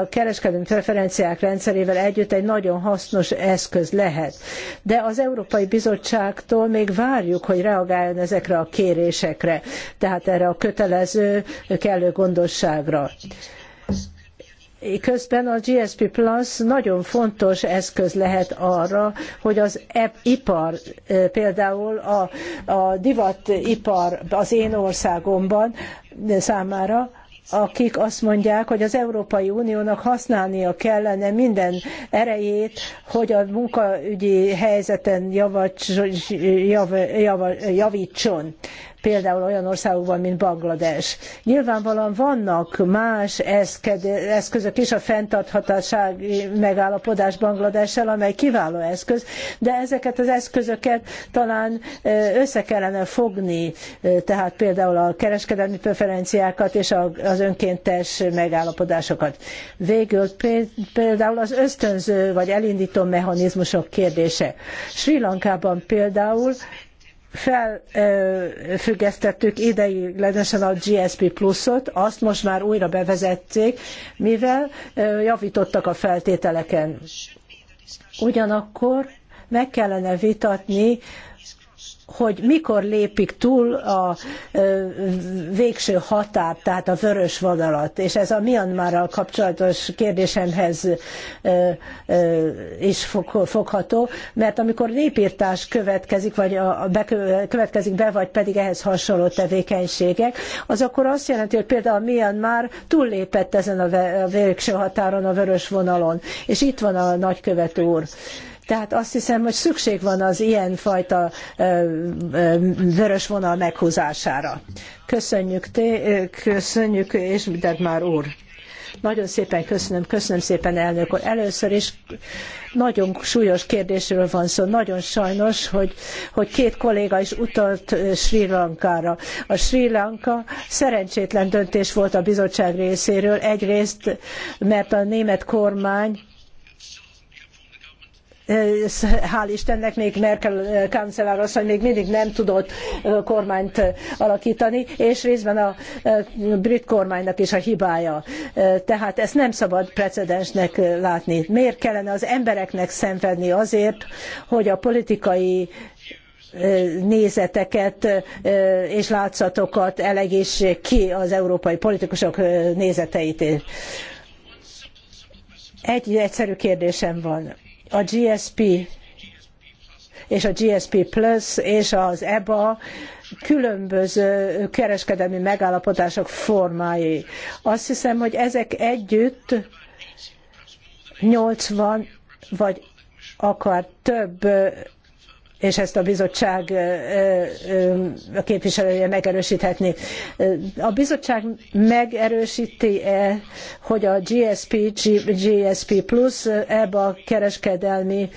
a kereskedelmi preferenciák rendszerével együtt egy nagyon hasznos eszköz lehet. De az Európai Bizottságtól még várjuk, hogy reagáljon ezekre a kérésekre, tehát erre a kötelező kellő gondosságra. Közben a GSP Plus nagyon fontos eszköz lehet arra, hogy az e- ipar, például a, a divatipar az én országomban számára, akik azt mondják, hogy az Európai Uniónak használnia kellene minden erejét, hogy a munkaügyi helyzeten javacs, jav, jav, javítson például olyan országokban, mint Banglades. Nyilvánvalóan vannak más eszközök is, a fenntarthatósági megállapodás Bangladessel, amely kiváló eszköz, de ezeket az eszközöket talán össze kellene fogni, tehát például a kereskedelmi preferenciákat és az önkéntes megállapodásokat. Végül például az ösztönző vagy elindító mechanizmusok kérdése. Sri Lankában például felfüggesztettük ideiglenesen a GSP pluszot, azt most már újra bevezették, mivel javítottak a feltételeken. Ugyanakkor meg kellene vitatni hogy mikor lépik túl a végső határt, tehát a vörös vonalat. És ez a Myanmarral kapcsolatos kérdésemhez is fogható, mert amikor népírtás következik, vagy a, következik be, vagy pedig ehhez hasonló tevékenységek, az akkor azt jelenti, hogy például a Myanmar túllépett ezen a végső határon, a vörös vonalon. És itt van a nagykövet úr. Tehát azt hiszem, hogy szükség van az ilyen fajta vörös vonal meghúzására. Köszönjük, té, köszönjük és már úr. Nagyon szépen köszönöm, köszönöm szépen elnök úr. Először is nagyon súlyos kérdésről van szó, nagyon sajnos, hogy, hogy két kolléga is utalt Sri Lankára. A Sri Lanka szerencsétlen döntés volt a bizottság részéről, egyrészt mert a német kormány hál' Istennek még Merkel kancellár asszony még mindig nem tudott kormányt alakítani, és részben a brit kormánynak is a hibája. Tehát ezt nem szabad precedensnek látni. Miért kellene az embereknek szenvedni azért, hogy a politikai nézeteket és látszatokat elegessék ki az európai politikusok nézeteit. Egy egyszerű kérdésem van a GSP és a GSP Plus és az EBA különböző kereskedelmi megállapodások formái. Azt hiszem, hogy ezek együtt 80 vagy akár több és ezt a bizottság a képviselője megerősíthetni. A bizottság megerősíti-e, hogy a GSP, GSP Plus ebbe a kereskedelmi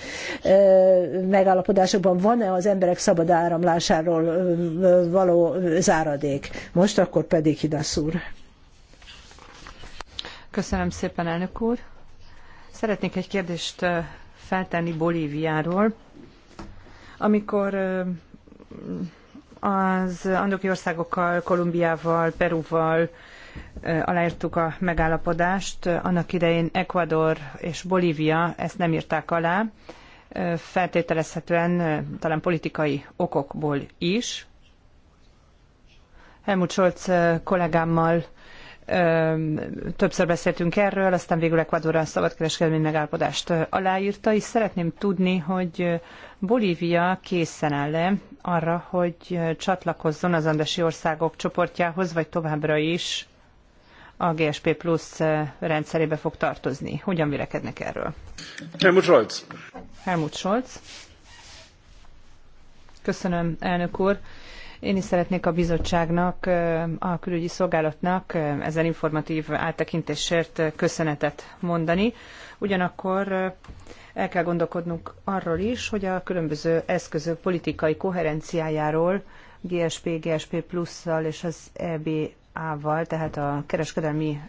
megállapodásokban van-e az emberek szabad áramlásáról való záradék? Most akkor pedig Hidasz úr. Köszönöm szépen, elnök úr. Szeretnék egy kérdést feltenni Bolíviáról amikor mm, az andoki országokkal, Kolumbiával, Peruval aláírtuk a megállapodást. Annak idején Ecuador és Bolívia ezt nem írták alá, feltételezhetően talán politikai okokból is. Helmut Scholz kollégámmal többször beszéltünk erről, aztán végül Ecuador a szabadkereskedelmi megállapodást aláírta, és szeretném tudni, hogy Bolívia készen áll-e arra, hogy csatlakozzon az andesi országok csoportjához, vagy továbbra is a GSP Plus rendszerébe fog tartozni. Hogyan vélekednek erről? Helmut Scholz. Helmut Scholz. Köszönöm, elnök úr. Én is szeretnék a bizottságnak, a külügyi szolgálatnak ezen informatív áttekintésért köszönetet mondani. Ugyanakkor el kell gondolkodnunk arról is, hogy a különböző eszközök politikai koherenciájáról GSP, GSP plusszal és az EBA-val, tehát a kereskedelmi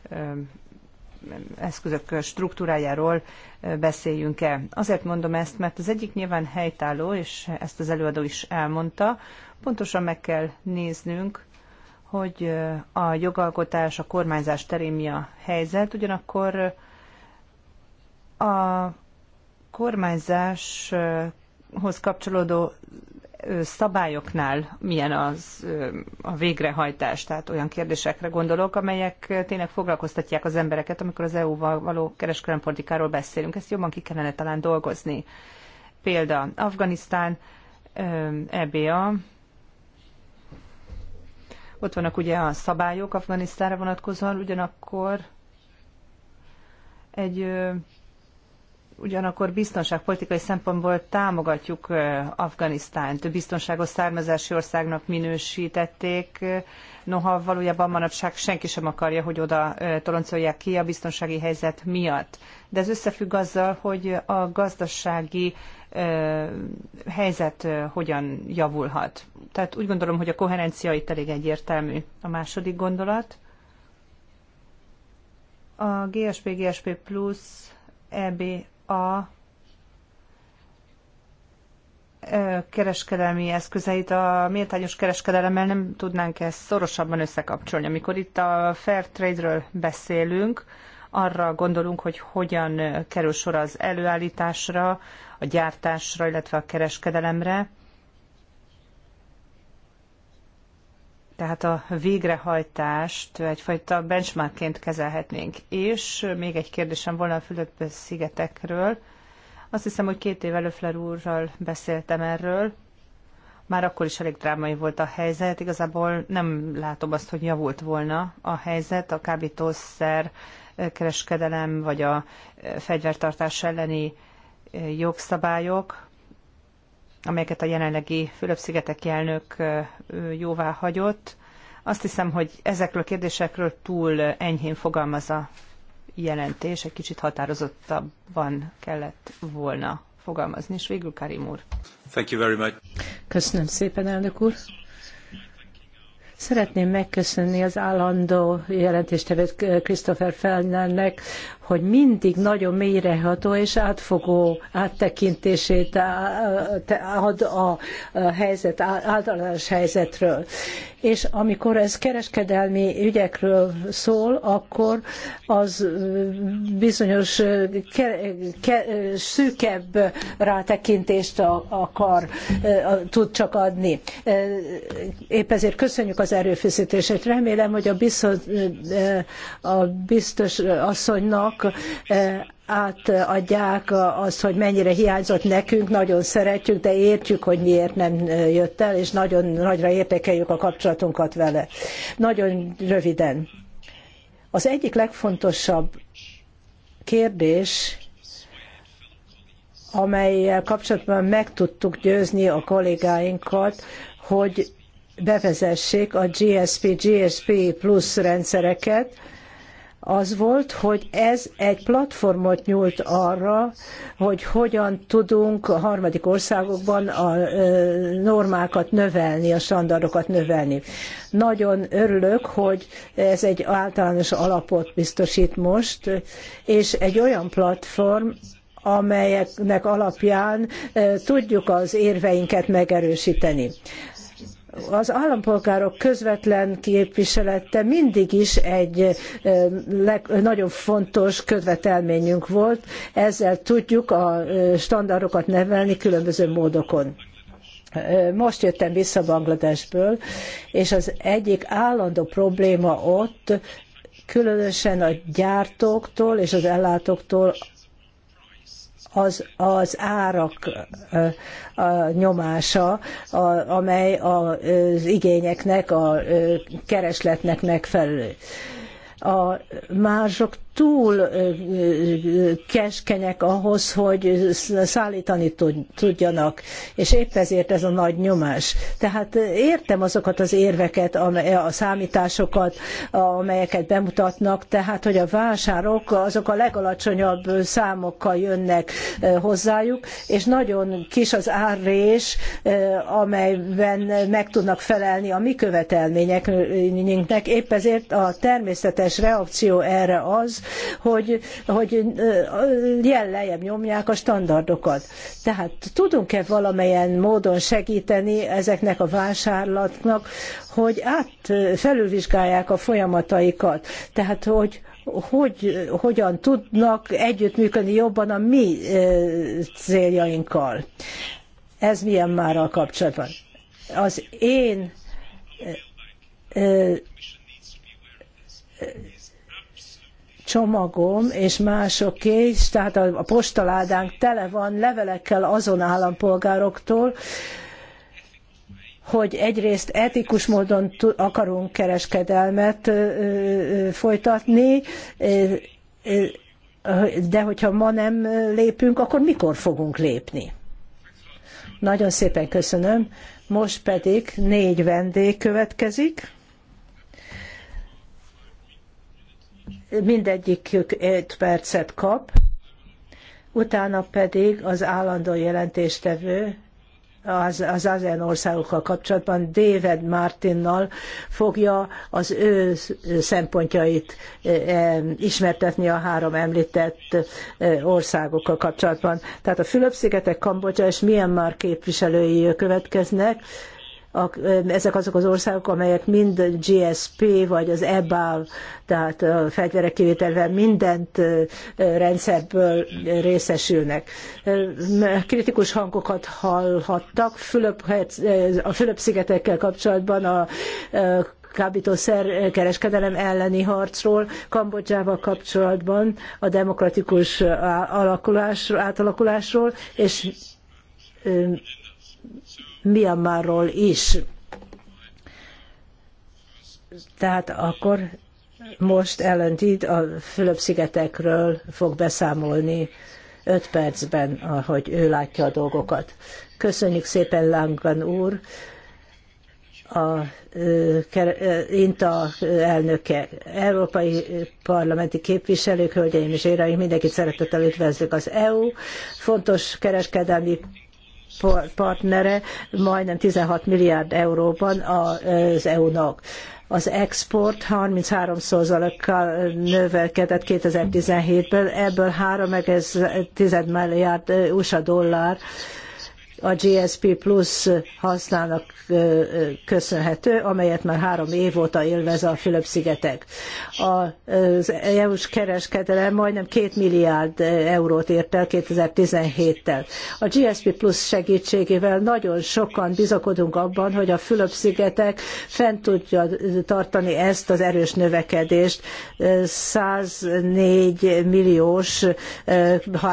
eszközök struktúrájáról beszéljünk-e. Azért mondom ezt, mert az egyik nyilván helytálló, és ezt az előadó is elmondta, Pontosan meg kell néznünk, hogy a jogalkotás, a kormányzás terén mi a helyzet, ugyanakkor a kormányzáshoz kapcsolódó szabályoknál milyen az a végrehajtás, tehát olyan kérdésekre gondolok, amelyek tényleg foglalkoztatják az embereket, amikor az EU-val való kereskedelempolitikáról beszélünk. Ezt jobban ki kellene talán dolgozni. Példa, Afganisztán, EBA, ott vannak ugye a szabályok Afganisztára vonatkozóan, ugyanakkor egy ugyanakkor biztonságpolitikai szempontból támogatjuk Afganisztánt. Biztonságos származási országnak minősítették, noha valójában manapság senki sem akarja, hogy oda toloncolják ki a biztonsági helyzet miatt. De ez összefügg azzal, hogy a gazdasági helyzet hogyan javulhat. Tehát úgy gondolom, hogy a koherencia itt elég egyértelmű. A második gondolat. A GSP-GSP plusz EB a kereskedelmi eszközeit a méltányos kereskedelemmel nem tudnánk ezt szorosabban összekapcsolni. Amikor itt a fair trade-ről beszélünk, arra gondolunk, hogy hogyan kerül sor az előállításra, a gyártásra, illetve a kereskedelemre, tehát a végrehajtást egyfajta benchmarkként kezelhetnénk. És még egy kérdésem volna a Fülöp-szigetekről. Azt hiszem, hogy két év előfler úrral beszéltem erről. Már akkor is elég drámai volt a helyzet. Igazából nem látom azt, hogy javult volna a helyzet. A kábítószer kereskedelem vagy a fegyvertartás elleni jogszabályok amelyeket a jelenlegi Fülöp-szigeteki elnök jóvá hagyott. Azt hiszem, hogy ezekről a kérdésekről túl enyhén fogalmaz a jelentés, egy kicsit határozottabban kellett volna fogalmazni, és végül Karim úr. Thank you very much. Köszönöm szépen, elnök úr. Szeretném megköszönni az állandó jelentéstevőt Christopher Fellnernek hogy mindig nagyon mélyreható és átfogó áttekintését ad a helyzet, általános helyzetről. És amikor ez kereskedelmi ügyekről szól, akkor az bizonyos ke, ke, szűkebb rátekintést akar, tud csak adni. Épp ezért köszönjük az erőfeszítését. Remélem, hogy a biztos, a biztos asszonynak tagállamoknak átadják azt, hogy mennyire hiányzott nekünk, nagyon szeretjük, de értjük, hogy miért nem jött el, és nagyon nagyra értékeljük a kapcsolatunkat vele. Nagyon röviden. Az egyik legfontosabb kérdés, amelyel kapcsolatban meg tudtuk győzni a kollégáinkat, hogy bevezessék a GSP, GSP plusz rendszereket, az volt, hogy ez egy platformot nyújt arra, hogy hogyan tudunk a harmadik országokban a normákat növelni, a standardokat növelni. Nagyon örülök, hogy ez egy általános alapot biztosít most, és egy olyan platform, amelyeknek alapján tudjuk az érveinket megerősíteni az állampolgárok közvetlen képviselete mindig is egy nagyon fontos követelményünk volt, ezzel tudjuk a standardokat nevelni különböző módokon. Most jöttem vissza Bangladesből, és az egyik állandó probléma ott, különösen a gyártóktól és az ellátóktól az, az árak a nyomása, a, amely az igényeknek, a keresletnek megfelelő. A mázsok túl keskenyek ahhoz, hogy szállítani tudjanak, és épp ezért ez a nagy nyomás. Tehát értem azokat az érveket, a számításokat, amelyeket bemutatnak, tehát hogy a vásárok azok a legalacsonyabb számokkal jönnek hozzájuk, és nagyon kis az árrés, amelyben meg tudnak felelni a mi követelményeknek. Épp ezért a természetes reakció erre az, hogy, hogy jellejem nyomják a standardokat. Tehát tudunk-e valamelyen módon segíteni ezeknek a vásárlatnak, hogy át felülvizsgálják a folyamataikat. Tehát, hogy, hogy hogyan tudnak együttműködni jobban a mi céljainkkal. Ez milyen már a kapcsolatban? Az én csomagom és másoké, és tehát a postaládánk tele van levelekkel azon állampolgároktól, hogy egyrészt etikus módon akarunk kereskedelmet folytatni, de hogyha ma nem lépünk, akkor mikor fogunk lépni? Nagyon szépen köszönöm. Most pedig négy vendég következik. mindegyikük 5 percet kap, utána pedig az állandó jelentéstevő az, az ASEAN országokkal kapcsolatban David Martinnal fogja az ő szempontjait eh, ismertetni a három említett eh, országokkal kapcsolatban. Tehát a Fülöp-szigetek, Kambodzsa és Myanmar képviselői következnek, a, ezek azok az országok, amelyek mind GSP vagy az EBAL, tehát a fegyverek kivételvel mindent rendszerből részesülnek. Kritikus hangokat hallhattak Fülöp, a Fülöp-szigetekkel kapcsolatban a kábítószer kereskedelem elleni harcról, Kambodzsával kapcsolatban a demokratikus alakulás, átalakulásról, és Myanmarról is. Tehát akkor most Ellen a Fülöp-szigetekről fog beszámolni öt percben, ahogy ő látja a dolgokat. Köszönjük szépen Langan úr, a INTA elnöke, európai parlamenti képviselők, hölgyeim és éreim, mindenkit szeretettel üdvözlök az EU. Fontos kereskedelmi partnere, majdnem 16 milliárd euróban az EU-nak. Az export 33%-kal növelkedett 2017-ben, ebből 3,1 milliárd USA dollár a GSP Plus használnak köszönhető, amelyet már három év óta élvez a Fülöp-szigetek. Az EU-s kereskedelem majdnem két milliárd eurót ért el 2017-tel. A GSP Plus segítségével nagyon sokan bizakodunk abban, hogy a Fülöp-szigetek fent tudja tartani ezt az erős növekedést 104 milliós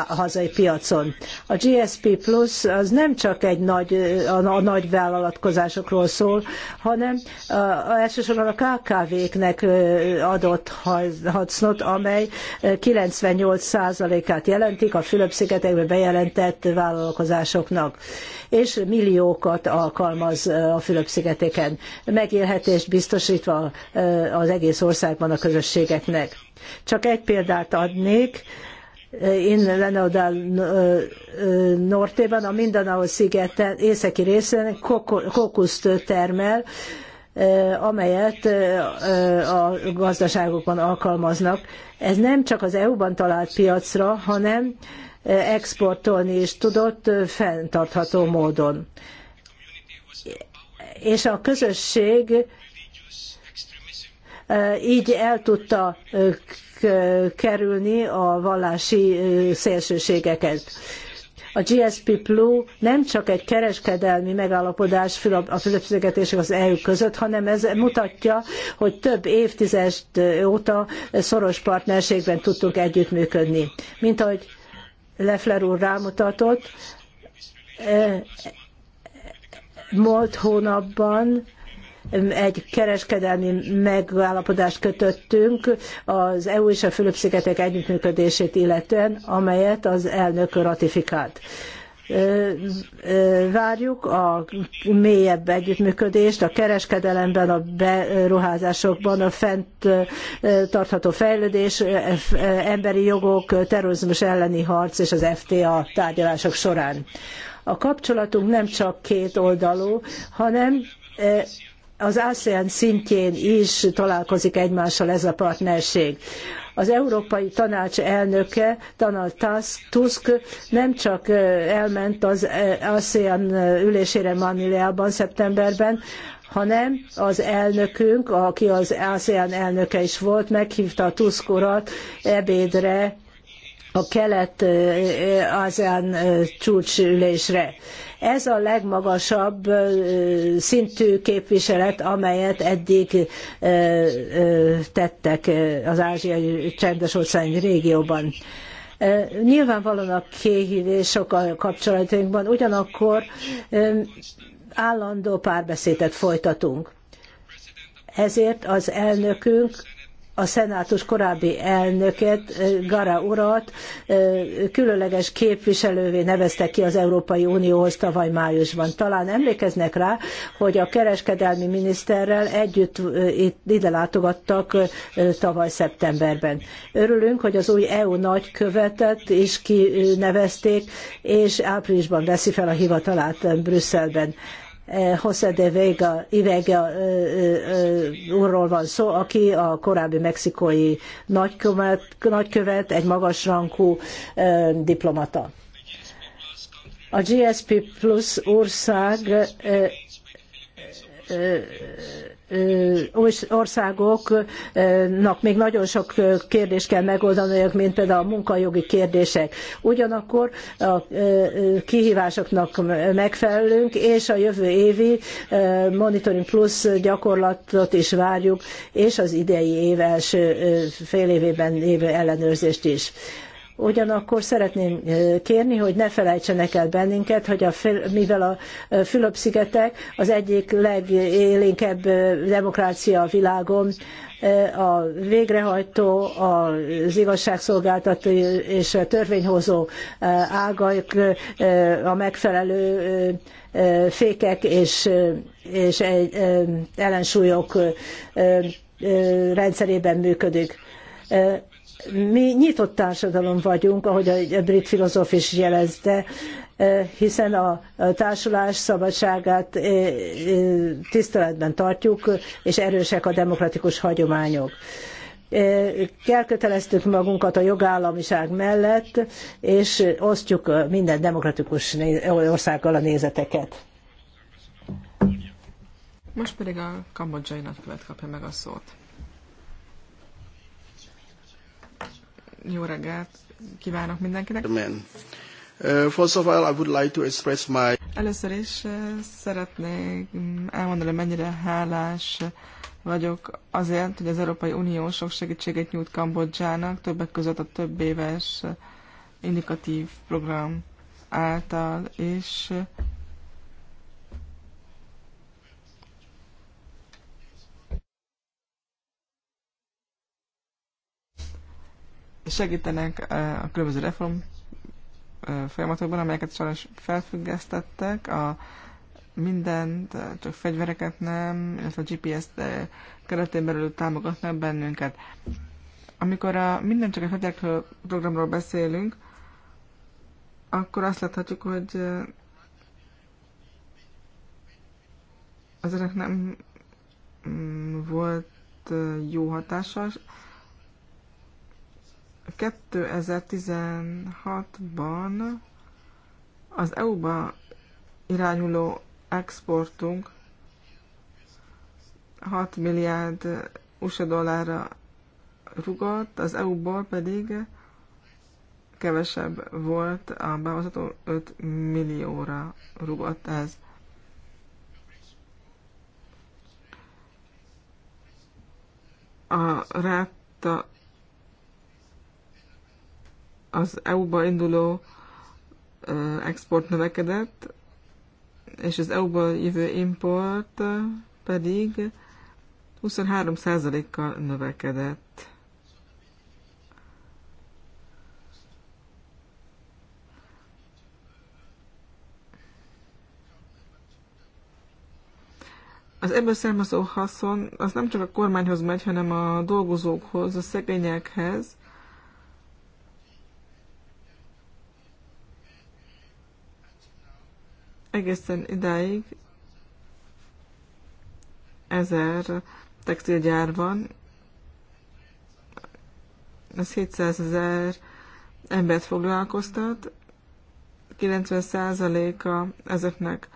hazai piacon. A GSP Plus az nem csak egy nagy, a, a nagy vállalatkozásokról szól, hanem a, a elsősorban a KKV-knek adott hasznot, amely 98%-át jelentik a Fülöp-szigetekben bejelentett vállalkozásoknak, és milliókat alkalmaz a Fülöp-szigeteken, megélhetést biztosítva az egész országban a közösségeknek. Csak egy példát adnék, innen Lenaudal Nortében, a Mindanao szigeten északi részén kokuszt termel, amelyet a gazdaságokban alkalmaznak. Ez nem csak az EU-ban talált piacra, hanem exportolni is tudott fenntartható módon. És a közösség így el tudta kerülni a vallási szélsőségeket. A GSP Plus nem csak egy kereskedelmi megállapodás a fizetések az EU között, hanem ez mutatja, hogy több évtized óta szoros partnerségben tudtunk együttműködni. Mint ahogy Leffler úr rámutatott, múlt hónapban egy kereskedelmi megállapodást kötöttünk az EU és a Fülöp-szigetek együttműködését illetően, amelyet az elnök ratifikált. Várjuk a mélyebb együttműködést a kereskedelemben, a beruházásokban, a fent tartható fejlődés, emberi jogok, terrorizmus elleni harc és az FTA tárgyalások során. A kapcsolatunk nem csak két oldalú, hanem az ASEAN szintjén is találkozik egymással ez a partnerség. Az Európai Tanács elnöke, Donald Tusk nem csak elment az ASEAN ülésére Manileában szeptemberben, hanem az elnökünk, aki az ASEAN elnöke is volt, meghívta a Tusk urat ebédre a kelet-ASEAN csúcsülésre. Ez a legmagasabb szintű képviselet, amelyet eddig tettek az ázsiai csendes óceáni régióban. Nyilvánvalóan a kihívások a kapcsolatunkban, ugyanakkor állandó párbeszédet folytatunk. Ezért az elnökünk a szenátus korábbi elnöket, Gara urat különleges képviselővé nevezte ki az Európai Unióhoz tavaly májusban. Talán emlékeznek rá, hogy a kereskedelmi miniszterrel együtt ide látogattak tavaly szeptemberben. Örülünk, hogy az új EU nagykövetet is kinevezték, és áprilisban veszi fel a hivatalát Brüsszelben Eh, José de Vega, Ivega eh, eh, úrról van szó, aki a korábbi mexikói nagykövet, nagykövet egy rangú diplomata. A GSP ország országoknak még nagyon sok kérdést kell megoldaniuk, mint például a munkajogi kérdések. Ugyanakkor a kihívásoknak megfelelünk, és a jövő évi Monitoring Plus gyakorlatot is várjuk, és az idei év első fél évében lévő ellenőrzést is. Ugyanakkor szeretném kérni, hogy ne felejtsenek el bennünket, hogy a, mivel a Fülöp-szigetek az egyik legélénkebb demokrácia a világon, a végrehajtó, az igazságszolgáltató és a törvényhozó ágaik a megfelelő fékek és, és ellensúlyok rendszerében működik mi nyitott társadalom vagyunk, ahogy a brit filozófus jelezte, eh, hiszen a társulás szabadságát eh, eh, tiszteletben tartjuk, és erősek a demokratikus hagyományok elköteleztük magunkat a jogállamiság mellett, és osztjuk minden demokratikus országgal a nézeteket. Most pedig a kambodzsai nagykövet kapja meg a szót. Jó reggelt kívánok mindenkinek. Amen. Uh, first of all, I would like to express my... Először is uh, szeretnék mm, elmondani, mennyire hálás vagyok azért, hogy az Európai Unió sok segítséget nyújt Kambodzsának, többek között a több éves uh, indikatív program által, és segítenek a különböző reform folyamatokban, amelyeket sajnos felfüggesztettek, a mindent, csak fegyvereket nem, illetve a GPS keretén belül támogatnak bennünket. Amikor a minden csak a fegyverekről programról beszélünk, akkor azt láthatjuk, hogy az ennek nem mm, volt jó hatása, 2016-ban az EU-ba irányuló exportunk 6 milliárd USA dollárra rugott, az EU-ból pedig kevesebb volt, a behozható 5 millióra rugott ez. A ráta az EU-ba induló export növekedett, és az EU-ból jövő import pedig 23%-kal növekedett. Az ebből származó haszon az nem csak a kormányhoz megy, hanem a dolgozókhoz, a szegényekhez, Egészen idáig ezer textilgyár van, ez 700 ezer embert foglalkoztat, 90%-a ezeknek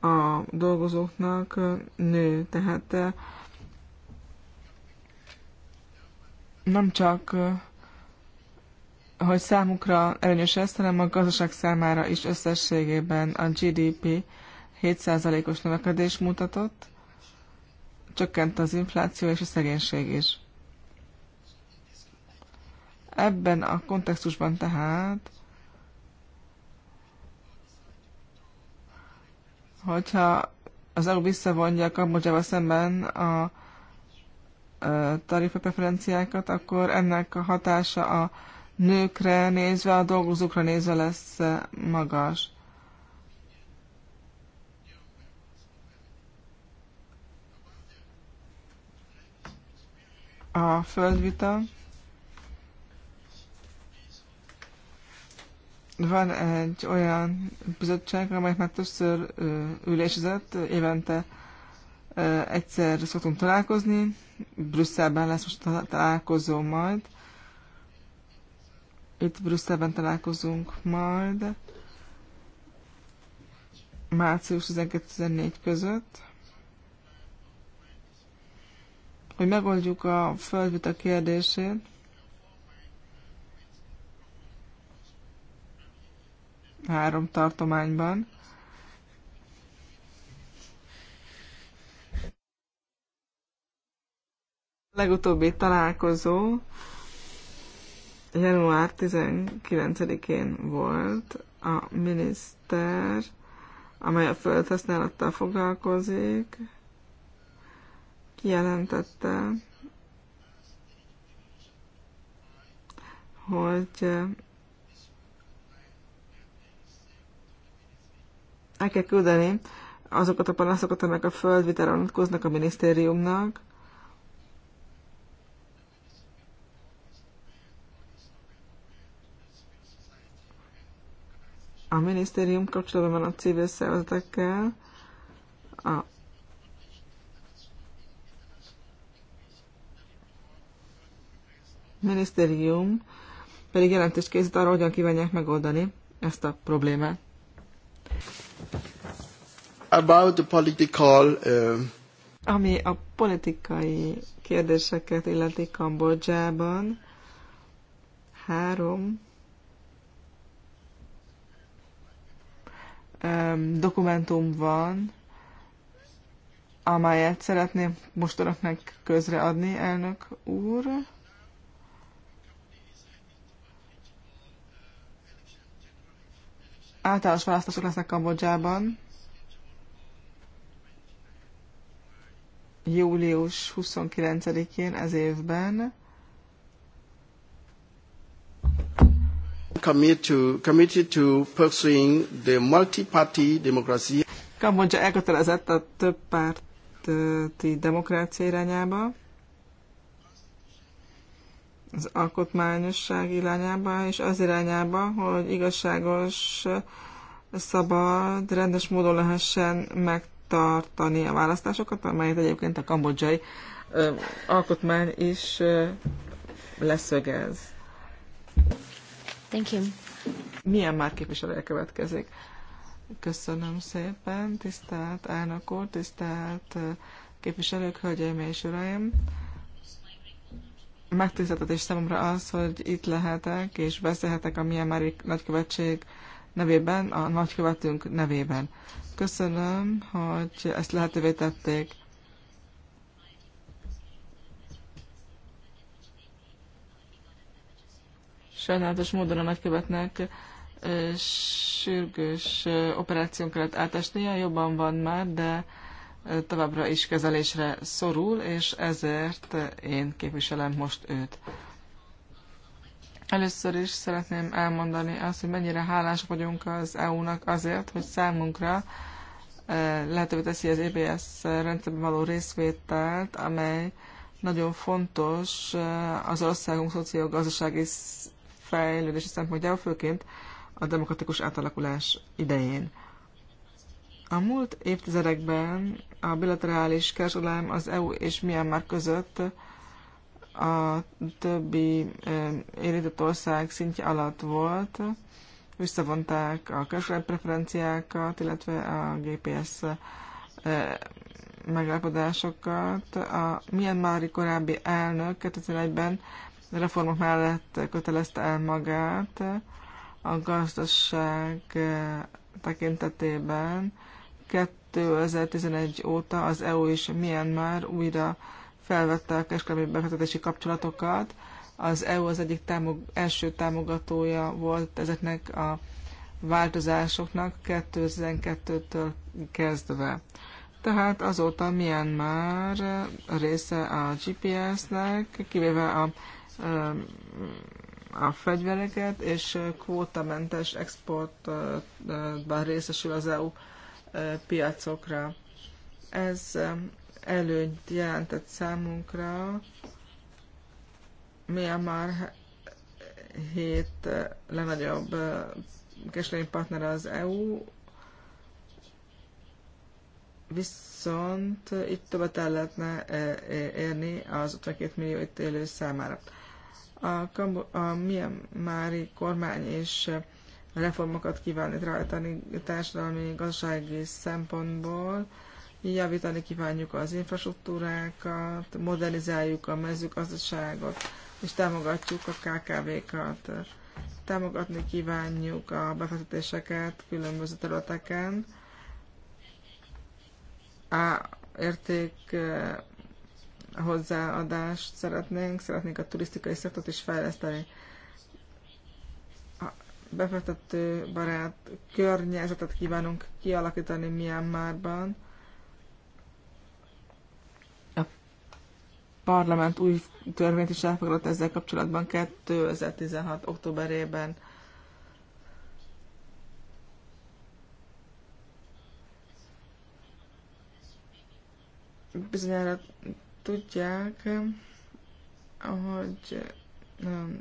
a dolgozóknak nő, tehát eh, nem csak eh, hogy számukra előnyös ez, hanem a gazdaság számára is összességében a GDP 7%-os növekedés mutatott, csökkent az infláció és a szegénység is. Ebben a kontextusban tehát, hogyha az EU visszavonja a Kambodzsával szemben a tarifa preferenciákat, akkor ennek a hatása a nőkre nézve, a dolgozókra nézve lesz eh, magas. A földvita. Van egy olyan bizottság, amelyet már többször ülésezett, évente egyszer szoktunk találkozni, Brüsszelben lesz most találkozó majd, itt Brüsszelben találkozunk majd március 12-14 között, hogy megoldjuk a földvita kérdését, három tartományban. legutóbbi találkozó január 19-én volt a miniszter, amely a földhasználattal foglalkozik, kijelentette, hogy el kell küldeni azokat a panaszokat, amelyek a földvitára vonatkoznak a minisztériumnak, A minisztérium kapcsolatban van a civil szervezetekkel, a minisztérium pedig jelentést készít arra, hogyan kívánják megoldani ezt a problémát. About the political, uh... Ami a politikai kérdéseket illeti Kambodzsában, három dokumentum van, amelyet szeretném most önöknek közreadni, elnök úr. Általános választások lesznek Kambodzsában. Július 29-én ez évben. Commit to, committed to pursuing the multi-party democracy. Kambodzsa elkötelezett a több párti demokrácia irányába, az alkotmányosság irányába, és az irányába, hogy igazságos, szabad, rendes módon lehessen megtartani a választásokat, amelyet egyébként a kambodzsai alkotmány is ö, leszögez. Thank you. Milyen már képviselője következik? Köszönöm szépen, tisztelt elnök úr, tisztelt képviselők, hölgyeim és uraim! Megtiszteltetés számomra az, hogy itt lehetek és beszélhetek a milyen már nagykövetség nevében, a nagykövetünk nevében. Köszönöm, hogy ezt lehetővé tették Sajnálatos módon a nagykövetnek sürgős operáción kellett átesnie, jobban van már, de továbbra is kezelésre szorul, és ezért én képviselem most őt. Először is szeretném elmondani azt, hogy mennyire hálás vagyunk az EU-nak azért, hogy számunkra lehetővé teszi az EBS rendszerben való részvételt, amely nagyon fontos az országunk szociogazdasági fejlődési szempontjából, főként a demokratikus átalakulás idején. A múlt évtizedekben a bilaterális kereskedelem az EU és Myanmar között a többi érintett ország szintje alatt volt. Visszavonták a kereskedelmi preferenciákat, illetve a GPS megállapodásokat. A Myanmari korábbi elnök 2001-ben reformok mellett kötelezte el magát a gazdaság eh, tekintetében. 2011 óta az EU és Myanmar újra felvette a kereskedelmi befektetési kapcsolatokat. Az EU az egyik támog- első támogatója volt ezeknek a változásoknak 2012-től kezdve. Tehát azóta milyen már része a GPS-nek, kivéve a a fegyvereket, és kvótamentes exportban részesül az EU e, piacokra. Ez e, előnyt jelentett számunkra. már hét e, legnagyobb kereskedelmi partner az EU, viszont itt többet el lehetne érni az 52 millió itt élő számára a, Kambo- a mári kormány és reformokat kívánni rajtani társadalmi, gazdasági szempontból. Javítani kívánjuk az infrastruktúrákat, modernizáljuk a mezőgazdaságot, és támogatjuk a KKV-kat. Támogatni kívánjuk a befektetéseket különböző területeken. A érték hozzáadást szeretnénk, szeretnénk a turisztikai szektort is fejleszteni. A befektető barát környezetet kívánunk kialakítani Myanmarban. A parlament új törvényt is elfogadott ezzel kapcsolatban 2016. októberében. bizonyára tudják, hogy um,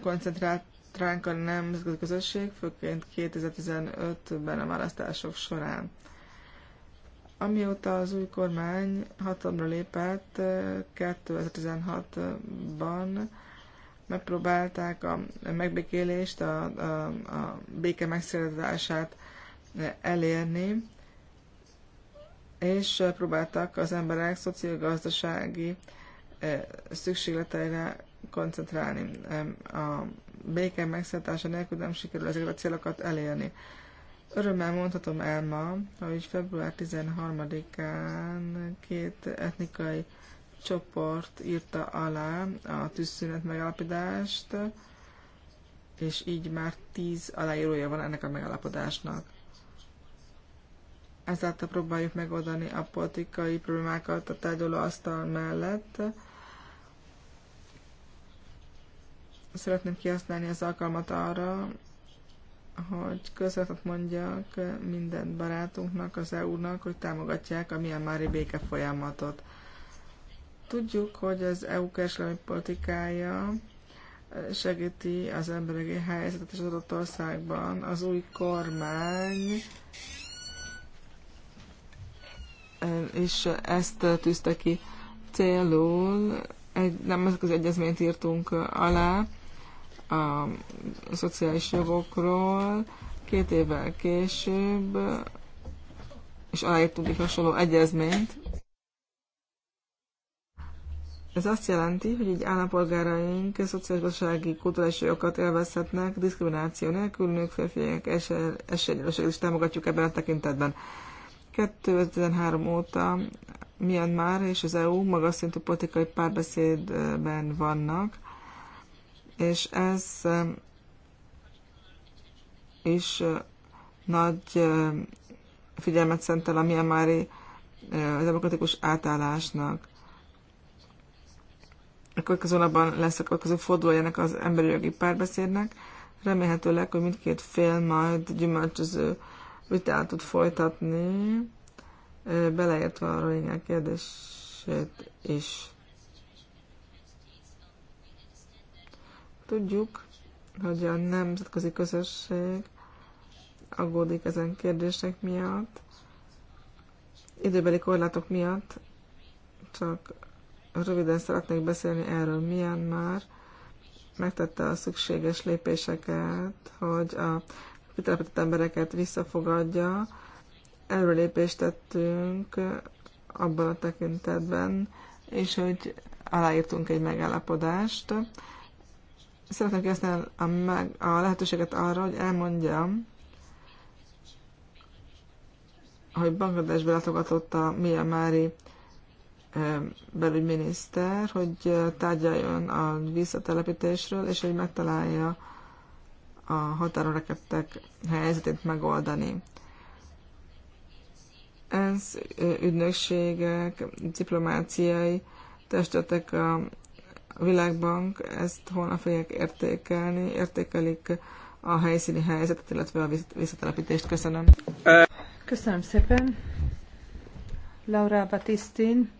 koncentrált ránk a nemzetközi közösség, főként 2015-ben a választások során. Amióta az új kormány hatalomra lépett 2016-ban, eh, megpróbálták a megbékélést, a, a, a béke megszerzését elérni, és próbáltak az emberek szociogazdasági eh, szükségleteire koncentrálni. A béke megszertása nélkül nem sikerül ezeket a célokat elérni. Örömmel mondhatom el ma, hogy február 13-án két etnikai csoport írta alá a tűzszünet megállapodást, és így már tíz aláírója van ennek a megállapodásnak ezáltal próbáljuk megoldani a politikai problémákat a asztal mellett. Szeretném kihasználni az alkalmat arra, hogy közvetet mondjak minden barátunknak, az EU-nak, hogy támogatják a mári béke folyamatot. Tudjuk, hogy az EU kereskedelmi politikája segíti az emberi helyzetet az adott országban. Az új kormány és ezt tűzte ki célul. Egy, nem ezek az egyezményt írtunk alá a szociális jogokról. Két évvel később és aláírtunk egy hasonló egyezményt. Ez azt jelenti, hogy így állampolgáraink szociálgazdasági kulturális jogokat élvezhetnek diszkrimináció nélkül, nők, férfiak esélyegyenlőséget és támogatjuk ebben a tekintetben. 2013 óta Myanmar és az EU magas szintű politikai párbeszédben vannak, és ez is nagy figyelmet szentel a Myanmari demokratikus átállásnak. A következő napban lesz a következő fordulójának az emberi jogi párbeszédnek. Remélhetőleg, hogy mindkét fél majd gyümölcsöző vitát tud folytatni, beleértve a Rohingya kérdését is. Tudjuk, hogy a nemzetközi közösség aggódik ezen kérdések miatt, időbeli korlátok miatt, csak röviden szeretnék beszélni erről, milyen már megtette a szükséges lépéseket, hogy a kitelepített embereket visszafogadja. Előrelépést tettünk abban a tekintetben, és hogy aláírtunk egy megállapodást. Szeretném kérni a, meg, a lehetőséget arra, hogy elmondjam, hogy Bangladesbe látogatott a Myanmari belügyminiszter, hogy tárgyaljon a visszatelepítésről, és hogy megtalálja a határon rekedtek helyzetét megoldani. Ez ügynökségek, diplomáciai testetek a Világbank ezt holnap fogják értékelni, értékelik a helyszíni helyzetet, illetve a visszatelepítést. Köszönöm. Köszönöm szépen. Laura Batistin,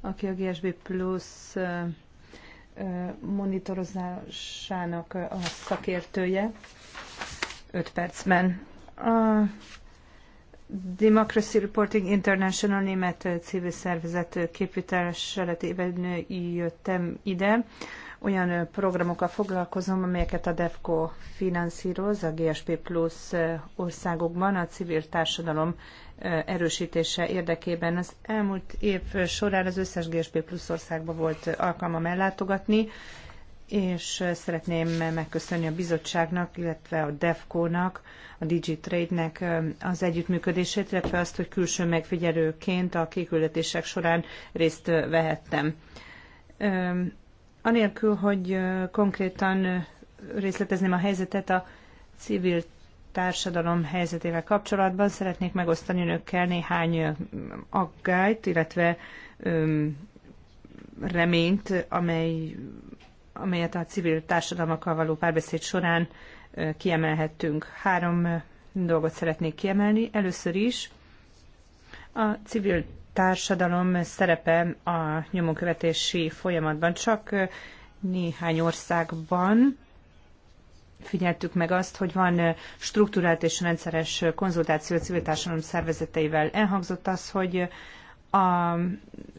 aki a GSB Plus monitorozásának a szakértője 5 percben. A Democracy Reporting International német civil szervezet képviseletében jöttem ide. Olyan programokkal foglalkozom, amelyeket a DEFCO finanszíroz a GSP Plus országokban a civil társadalom erősítése érdekében. Az elmúlt év során az összes GSP Plus országban volt alkalmam ellátogatni, és szeretném megköszönni a bizottságnak, illetve a DEFCO-nak, a DigiTrade-nek az együttműködését, illetve azt, hogy külső megfigyelőként a kiküldetések során részt vehettem. Anélkül, hogy konkrétan részletezném a helyzetet, a civil társadalom helyzetével kapcsolatban szeretnék megosztani önökkel néhány aggályt, illetve öm, reményt, amely, amelyet a civil társadalmakkal való párbeszéd során kiemelhettünk. Három dolgot szeretnék kiemelni. Először is a civil társadalom szerepe a nyomonkövetési folyamatban csak néhány országban figyeltük meg azt, hogy van struktúrált és rendszeres konzultáció a civil társadalom szervezeteivel. Elhangzott az, hogy a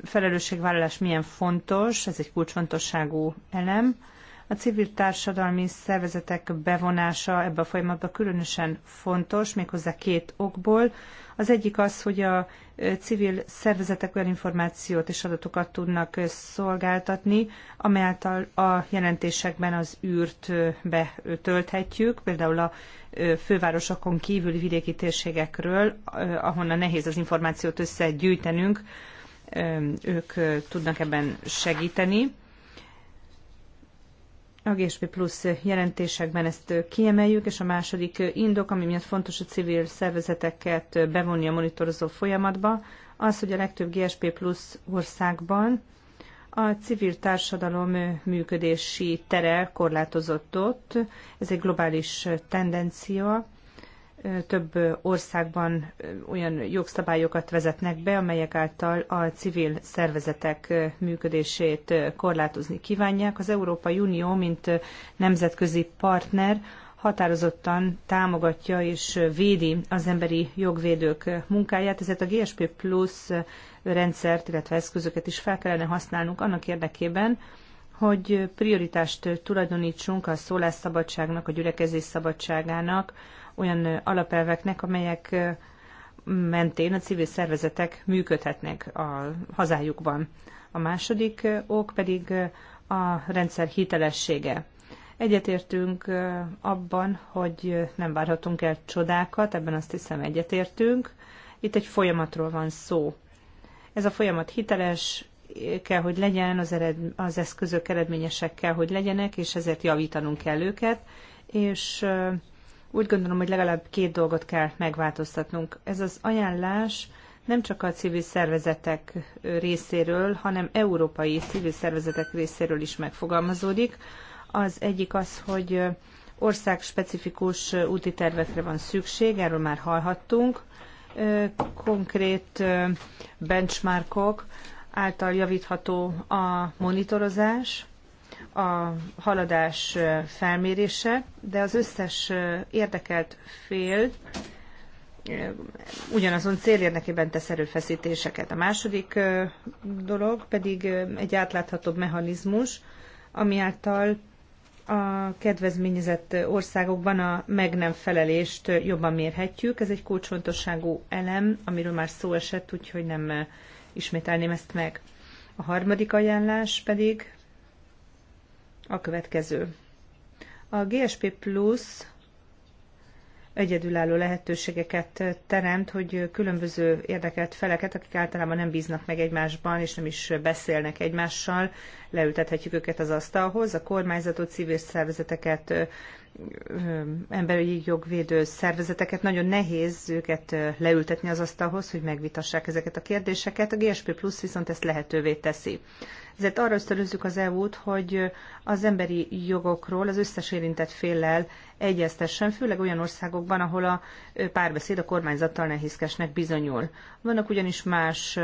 felelősségvállalás milyen fontos, ez egy kulcsfontosságú elem, a civil társadalmi szervezetek bevonása ebbe a folyamatba különösen fontos, méghozzá két okból. Az egyik az, hogy a civil szervezetek olyan információt és adatokat tudnak szolgáltatni, amelyáltal a jelentésekben az űrt betölthetjük, például a fővárosokon kívüli vidéki térségekről, ahonnan nehéz az információt összegyűjtenünk, ők tudnak ebben segíteni a GSP Plus jelentésekben ezt kiemeljük, és a második indok, ami miatt fontos a civil szervezeteket bevonni a monitorozó folyamatba, az, hogy a legtöbb GSP Plus országban a civil társadalom működési tere korlátozott ott. Ez egy globális tendencia, több országban olyan jogszabályokat vezetnek be, amelyek által a civil szervezetek működését korlátozni kívánják. Az Európai Unió, mint nemzetközi partner, határozottan támogatja és védi az emberi jogvédők munkáját, ezért a GSP Plus rendszert, illetve eszközöket is fel kellene használnunk annak érdekében, hogy prioritást tulajdonítsunk a szólásszabadságnak, a gyülekezés szabadságának, olyan alapelveknek, amelyek mentén a civil szervezetek működhetnek a hazájukban. A második ok pedig a rendszer hitelessége. Egyetértünk abban, hogy nem várhatunk el csodákat, ebben azt hiszem egyetértünk. Itt egy folyamatról van szó. Ez a folyamat hiteles, kell, hogy legyen, az, ered, az eszközök eredményesek kell, hogy legyenek, és ezért javítanunk kell őket, és úgy gondolom, hogy legalább két dolgot kell megváltoztatnunk. Ez az ajánlás nem csak a civil szervezetek részéről, hanem európai civil szervezetek részéről is megfogalmazódik. Az egyik az, hogy specifikus úti tervekre van szükség, erről már hallhattunk, konkrét benchmarkok által javítható a monitorozás, a haladás felmérése, de az összes érdekelt fél ugyanazon cél érdekében tesz erőfeszítéseket. A második dolog pedig egy átláthatóbb mechanizmus, ami által a kedvezményezett országokban a meg nem felelést jobban mérhetjük. Ez egy kulcsfontosságú elem, amiről már szó esett, úgyhogy nem ismételném ezt meg. A harmadik ajánlás pedig a következő. A GSP Plus egyedülálló lehetőségeket teremt, hogy különböző érdekelt feleket, akik általában nem bíznak meg egymásban, és nem is beszélnek egymással, leültethetjük őket az asztalhoz, a kormányzatot, civil szervezeteket, emberi jogvédő szervezeteket. Nagyon nehéz őket leültetni az asztalhoz, hogy megvitassák ezeket a kérdéseket. A GSP Plus viszont ezt lehetővé teszi. Ezért arra ösztönözzük az EU-t, hogy az emberi jogokról az összes érintett féllel egyeztessen, főleg olyan országokban, ahol a párbeszéd a kormányzattal nehézkesnek bizonyul. Vannak ugyanis más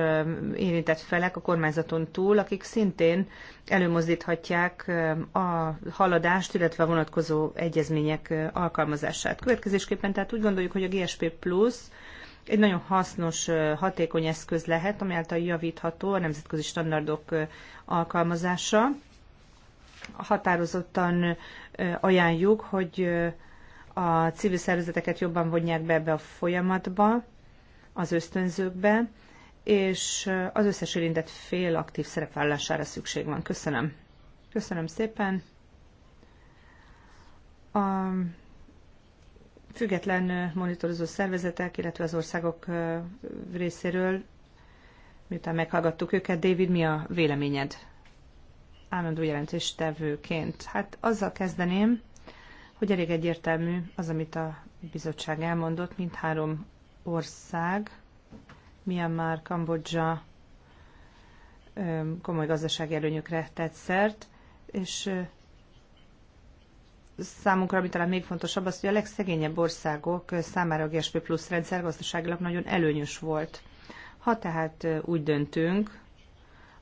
érintett felek a kormányzaton túl, akik szintén előmozdíthatják a haladást, illetve a vonatkozó egyezmények alkalmazását. Következésképpen tehát úgy gondoljuk, hogy a GSP Plus egy nagyon hasznos, hatékony eszköz lehet, ami által javítható a nemzetközi standardok alkalmazása. Határozottan ajánljuk, hogy a civil szervezeteket jobban vonják be ebbe a folyamatba, az ösztönzőkbe, és az összes érintett fél aktív szerepvállására szükség van. Köszönöm. Köszönöm szépen. A Független monitorozó szervezetek, illetve az országok részéről, miután meghallgattuk őket, David, mi a véleményed állandó jelentéstevőként? Hát azzal kezdeném, hogy elég egyértelmű az, amit a bizottság elmondott, mint három ország, Myanmar, Kambodzsa komoly gazdasági előnyökre tett szert, és számunkra, ami talán még fontosabb, az, hogy a legszegényebb országok számára a GSP Plus rendszer gazdaságilag nagyon előnyös volt. Ha tehát úgy döntünk,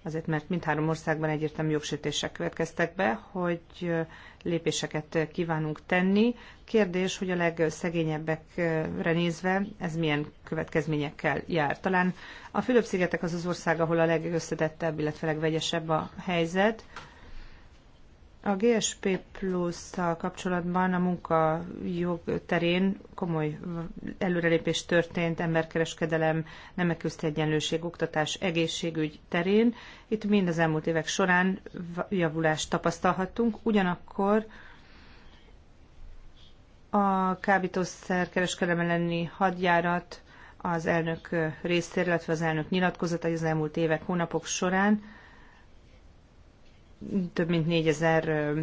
azért mert mindhárom országban egyértelmű jogsértések következtek be, hogy lépéseket kívánunk tenni. Kérdés, hogy a legszegényebbekre nézve ez milyen következményekkel jár. Talán a Fülöp-szigetek az az ország, ahol a legösszedettebb, illetve legvegyesebb a helyzet, a GSP Plus-szal kapcsolatban a munkajog terén komoly előrelépés történt emberkereskedelem, nemek közti egyenlőség, oktatás, egészségügy terén. Itt mind az elmúlt évek során javulást tapasztalhattunk, ugyanakkor a kábítószer kereskedelem elleni hadjárat az elnök részéről, illetve az elnök nyilatkozatai az elmúlt évek, hónapok során több mint négyezer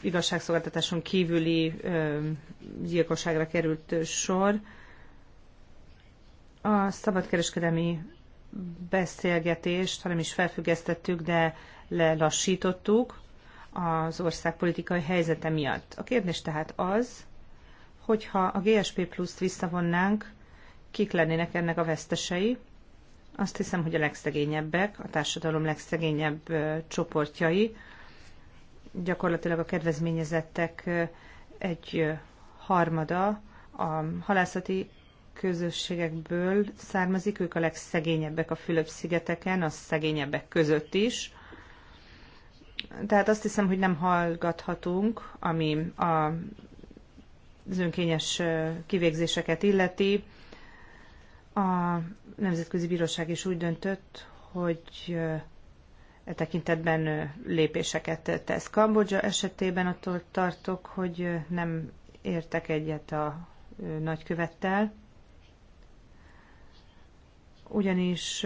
igazságszolgáltatáson kívüli gyilkosságra került sor. A szabadkereskedelmi beszélgetést, hanem is felfüggesztettük, de lelassítottuk az ország politikai helyzete miatt. A kérdés tehát az, hogyha a GSP pluszt visszavonnánk, kik lennének ennek a vesztesei, azt hiszem, hogy a legszegényebbek, a társadalom legszegényebb csoportjai, gyakorlatilag a kedvezményezettek egy harmada a halászati közösségekből származik, ők a legszegényebbek a Fülöp-szigeteken, a szegényebbek között is. Tehát azt hiszem, hogy nem hallgathatunk, ami a az önkényes kivégzéseket illeti, a Nemzetközi Bíróság is úgy döntött, hogy e tekintetben lépéseket tesz. Kambodzsa esetében attól tartok, hogy nem értek egyet a nagykövettel, ugyanis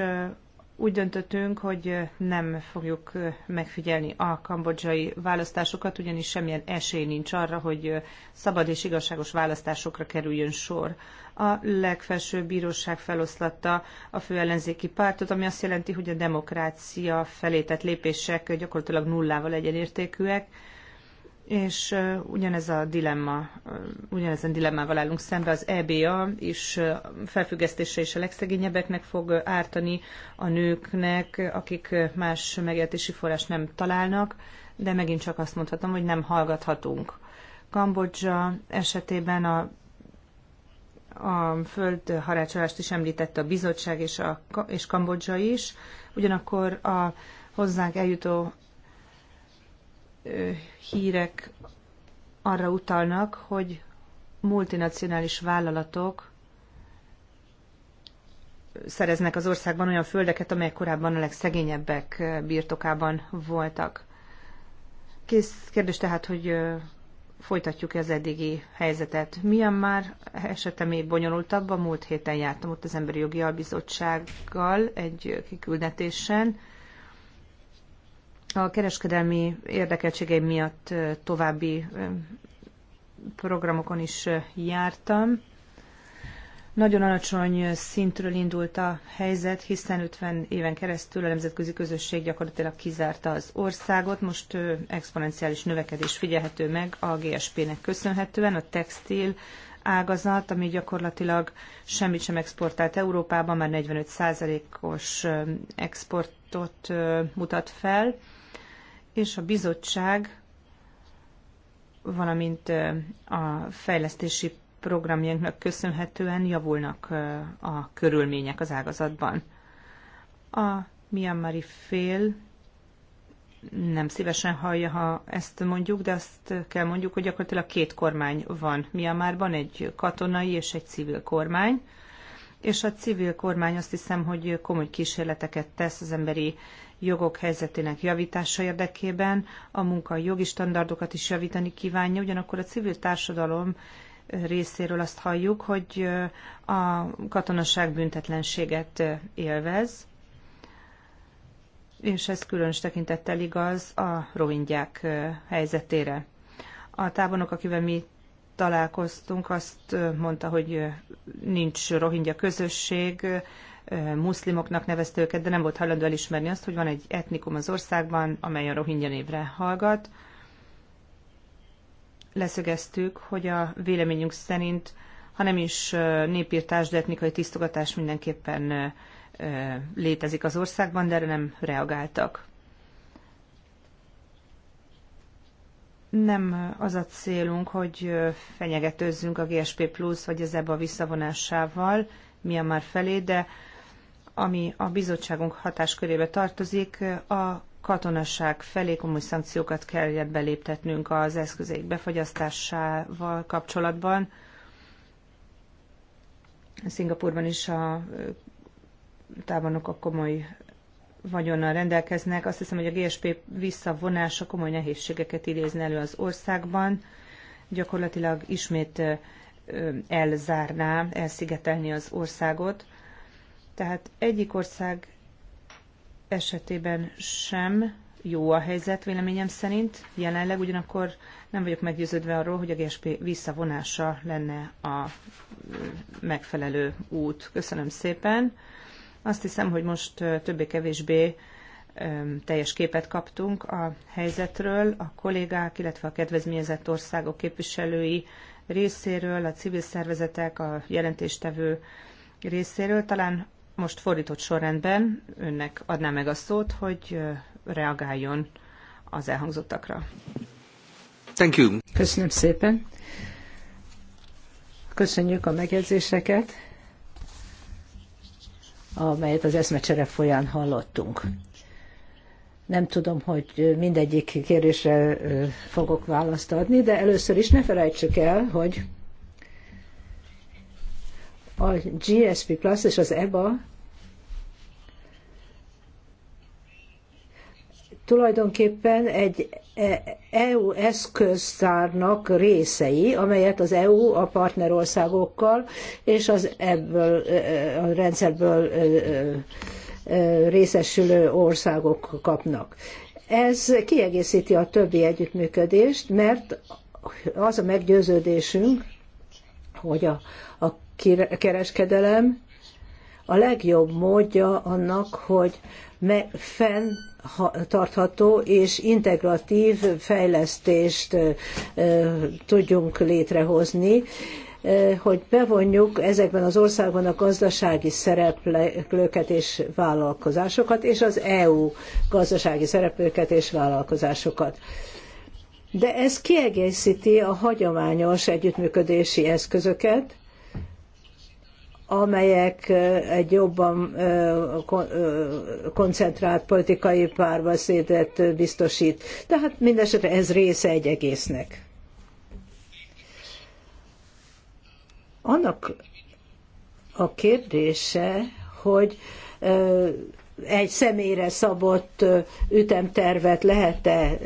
úgy döntöttünk, hogy nem fogjuk megfigyelni a kambodzsai választásokat, ugyanis semmilyen esély nincs arra, hogy szabad és igazságos választásokra kerüljön sor. A legfelsőbb bíróság feloszlatta a fő ellenzéki pártot, ami azt jelenti, hogy a demokrácia felé tett lépések gyakorlatilag nullával egyenértékűek, és ugyanez a dilemma, ugyanezen dilemmával állunk szembe, az EBA is felfüggesztése is a legszegényebbeknek fog ártani a nőknek, akik más megértési forrás nem találnak, de megint csak azt mondhatom, hogy nem hallgathatunk. Kambodzsa esetében a a földharácsolást is említette a bizottság és, a, és Kambodzsa is, ugyanakkor a hozzánk eljutó hírek arra utalnak, hogy multinacionális vállalatok szereznek az országban olyan földeket, amelyek korábban a legszegényebbek birtokában voltak. Kész kérdés tehát, hogy folytatjuk -e az eddigi helyzetet. Milyen már esete még bonyolultabb? A múlt héten jártam ott az Emberi Jogi Albizottsággal egy kiküldetésen, a kereskedelmi érdekeltségei miatt további programokon is jártam. Nagyon alacsony szintről indult a helyzet, hiszen 50 éven keresztül a nemzetközi közösség gyakorlatilag kizárta az országot. Most exponenciális növekedés figyelhető meg a GSP-nek köszönhetően. A textil ágazat, ami gyakorlatilag semmit sem exportált Európában, már 45%-os exportot mutat fel és a bizottság, valamint a fejlesztési programjainknak köszönhetően javulnak a körülmények az ágazatban. A Myanmari fél nem szívesen hallja, ha ezt mondjuk, de azt kell mondjuk, hogy gyakorlatilag két kormány van Myanmarban, egy katonai és egy civil kormány, és a civil kormány azt hiszem, hogy komoly kísérleteket tesz az emberi jogok helyzetének javítása érdekében, a munka jogi standardokat is javítani kívánja, ugyanakkor a civil társadalom részéről azt halljuk, hogy a katonaság büntetlenséget élvez, és ez különös tekintettel igaz a rohingyák helyzetére. A tábornok, akivel mi találkoztunk, azt mondta, hogy nincs rohingya közösség, muszlimoknak nevezte őket, de nem volt hajlandó elismerni azt, hogy van egy etnikum az országban, amely a rohingya névre hallgat. Leszögeztük, hogy a véleményünk szerint, ha nem is népírtás, de etnikai tisztogatás mindenképpen létezik az országban, de erre nem reagáltak. nem az a célunk, hogy fenyegetőzzünk a GSP Plus vagy az mi a visszavonásával felé, de ami a bizottságunk hatáskörébe tartozik, a katonasság felé komoly szankciókat kellett beléptetnünk az eszközeik befagyasztásával kapcsolatban. Szingapurban is a tábornokok komoly vagyonnal rendelkeznek. Azt hiszem, hogy a GSP visszavonása komoly nehézségeket idézne elő az országban. Gyakorlatilag ismét elzárná, elszigetelni az országot tehát egyik ország esetében sem jó a helyzet véleményem szerint. Jelenleg ugyanakkor nem vagyok meggyőződve arról, hogy a GSP visszavonása lenne a megfelelő út. Köszönöm szépen. Azt hiszem, hogy most többé-kevésbé teljes képet kaptunk a helyzetről, a kollégák, illetve a kedvezményezett országok képviselői részéről, a civil szervezetek, a jelentéstevő részéről. Talán most fordított sorrendben önnek adná meg a szót, hogy reagáljon az elhangzottakra. Thank you. Köszönöm szépen. Köszönjük a megjegyzéseket, amelyet az eszmecsere folyán hallottunk. Nem tudom, hogy mindegyik kérésre fogok választ adni, de először is ne felejtsük el, hogy a GSP Plus és az EBA tulajdonképpen egy EU e eszköztárnak részei, amelyet az EU a partnerországokkal és az ebből e, e, a rendszerből részesülő országok kapnak. Ez kiegészíti a többi együttműködést, mert az a meggyőződésünk, hogy a, a kereskedelem a legjobb módja annak, hogy fenn tartható és integratív fejlesztést tudjunk létrehozni, hogy bevonjuk ezekben az országban a gazdasági szereplőket és vállalkozásokat, és az EU gazdasági szereplőket és vállalkozásokat. De ez kiegészíti a hagyományos együttműködési eszközöket, amelyek egy jobban koncentrált politikai párbeszédet biztosít. Tehát mindesetre ez része egy egésznek. Annak a kérdése, hogy egy személyre szabott ütemtervet lehet-e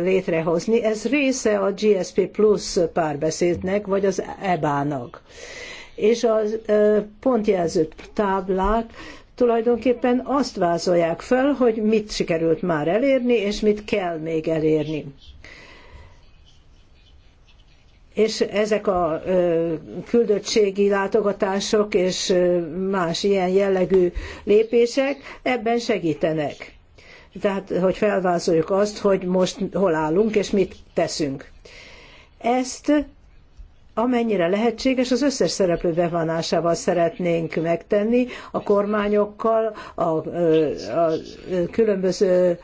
létrehozni, ez része a GSP Plus párbeszédnek, vagy az EBA-nak és a pontjelző táblák tulajdonképpen azt vázolják fel, hogy mit sikerült már elérni, és mit kell még elérni. És ezek a küldöttségi látogatások és más ilyen jellegű lépések ebben segítenek. Tehát, hogy felvázoljuk azt, hogy most hol állunk és mit teszünk. Ezt amennyire lehetséges, az összes szereplő bevonásával szeretnénk megtenni, a kormányokkal, a, a, a különböző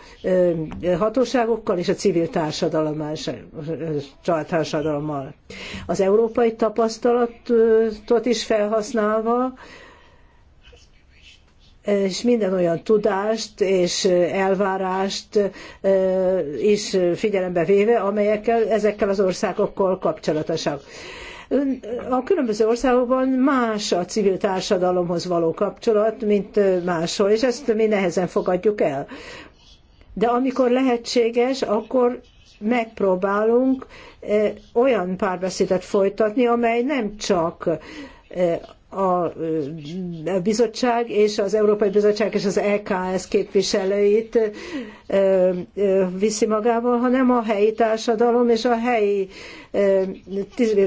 hatóságokkal és a civil társadalommal. Az európai tapasztalatot is felhasználva, és minden olyan tudást és elvárást is figyelembe véve, amelyekkel ezekkel az országokkal kapcsolatosak. A különböző országokban más a civil társadalomhoz való kapcsolat, mint máshol, és ezt mi nehezen fogadjuk el. De amikor lehetséges, akkor megpróbálunk olyan párbeszédet folytatni, amely nem csak a bizottság és az Európai Bizottság és az EKS képviselőit viszi magával, hanem a helyi társadalom és a helyi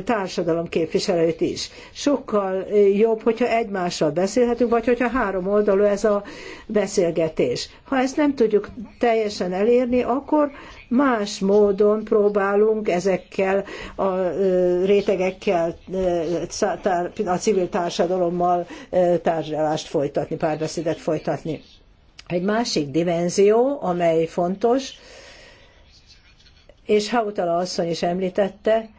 társadalom képviselőit is. Sokkal jobb, hogyha egymással beszélhetünk, vagy hogyha három oldalú ez a beszélgetés. Ha ezt nem tudjuk teljesen elérni, akkor más módon próbálunk ezekkel a rétegekkel, a civil társadalommal tárgyalást folytatni, párbeszédet folytatni. Egy másik dimenzió, amely fontos, és Hautala asszony is említette,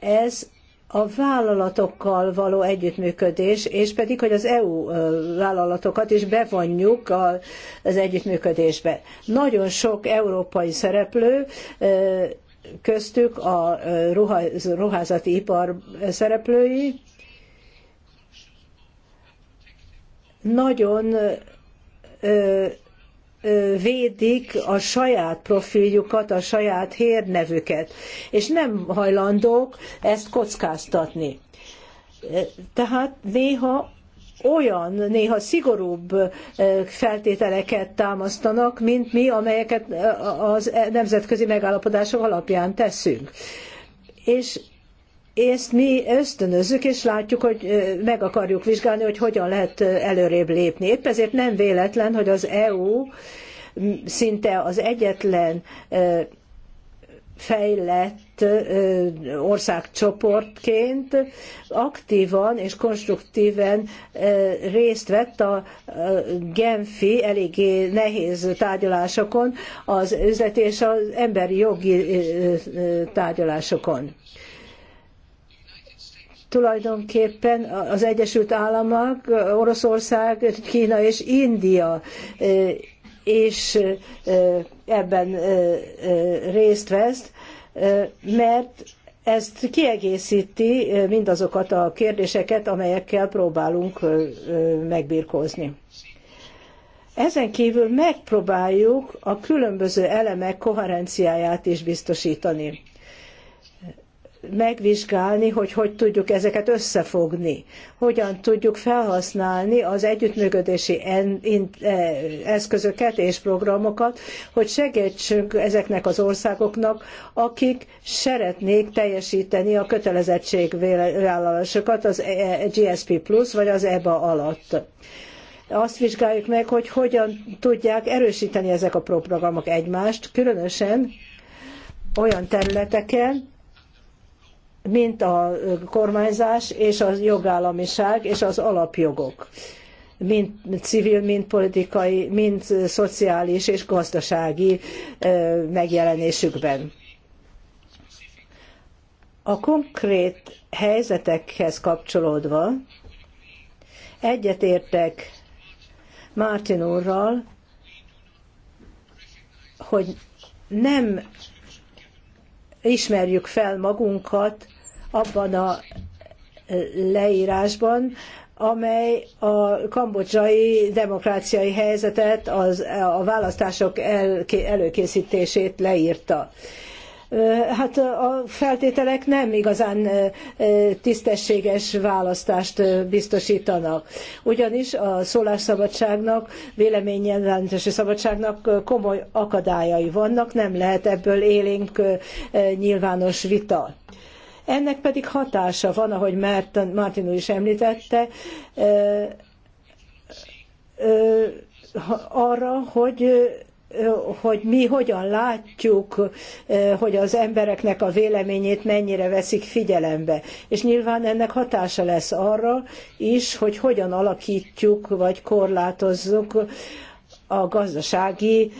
ez a vállalatokkal való együttműködés, és pedig, hogy az EU vállalatokat is bevonjuk az együttműködésbe. Nagyon sok európai szereplő köztük a ruházati ipar szereplői, nagyon védik a saját profiljukat, a saját hírnevüket, és nem hajlandók ezt kockáztatni. Tehát néha olyan, néha szigorúbb feltételeket támasztanak, mint mi, amelyeket az nemzetközi megállapodások alapján teszünk. És ezt mi ösztönözzük, és látjuk, hogy meg akarjuk vizsgálni, hogy hogyan lehet előrébb lépni. Épp ezért nem véletlen, hogy az EU szinte az egyetlen fejlett országcsoportként aktívan és konstruktíven részt vett a Genfi eléggé nehéz tárgyalásokon, az üzleti és az emberi jogi tárgyalásokon tulajdonképpen az Egyesült Államok, Oroszország, Kína és India és ebben részt vesz, mert ezt kiegészíti mindazokat a kérdéseket, amelyekkel próbálunk megbirkózni. Ezen kívül megpróbáljuk a különböző elemek koherenciáját is biztosítani megvizsgálni, hogy hogy tudjuk ezeket összefogni, hogyan tudjuk felhasználni az együttműködési e, eszközöket és programokat, hogy segítsünk ezeknek az országoknak, akik szeretnék teljesíteni a kötelezettségvállalásokat az e- e- GSP Plus vagy az EBA alatt. Azt vizsgáljuk meg, hogy hogyan tudják erősíteni ezek a programok egymást, különösen olyan területeken, mint a kormányzás és a jogállamiság és az alapjogok, mind civil, mind politikai, mind szociális és gazdasági megjelenésükben. A konkrét helyzetekhez kapcsolódva egyetértek Martin úrral, hogy nem ismerjük fel magunkat abban a e, leírásban, amely a kambodzsai demokráciai helyzetet, az, a választások el, előkészítését leírta. E, hát a feltételek nem igazán e, tisztességes választást biztosítanak. Ugyanis a szólásszabadságnak, véleményjelentési szabadságnak komoly akadályai vannak, nem lehet ebből élénk nyilvános vita ennek pedig hatása van, ahogy Martin úr is említette, arra, hogy hogy mi hogyan látjuk, hogy az embereknek a véleményét mennyire veszik figyelembe. És nyilván ennek hatása lesz arra is, hogy hogyan alakítjuk vagy korlátozzuk a gazdasági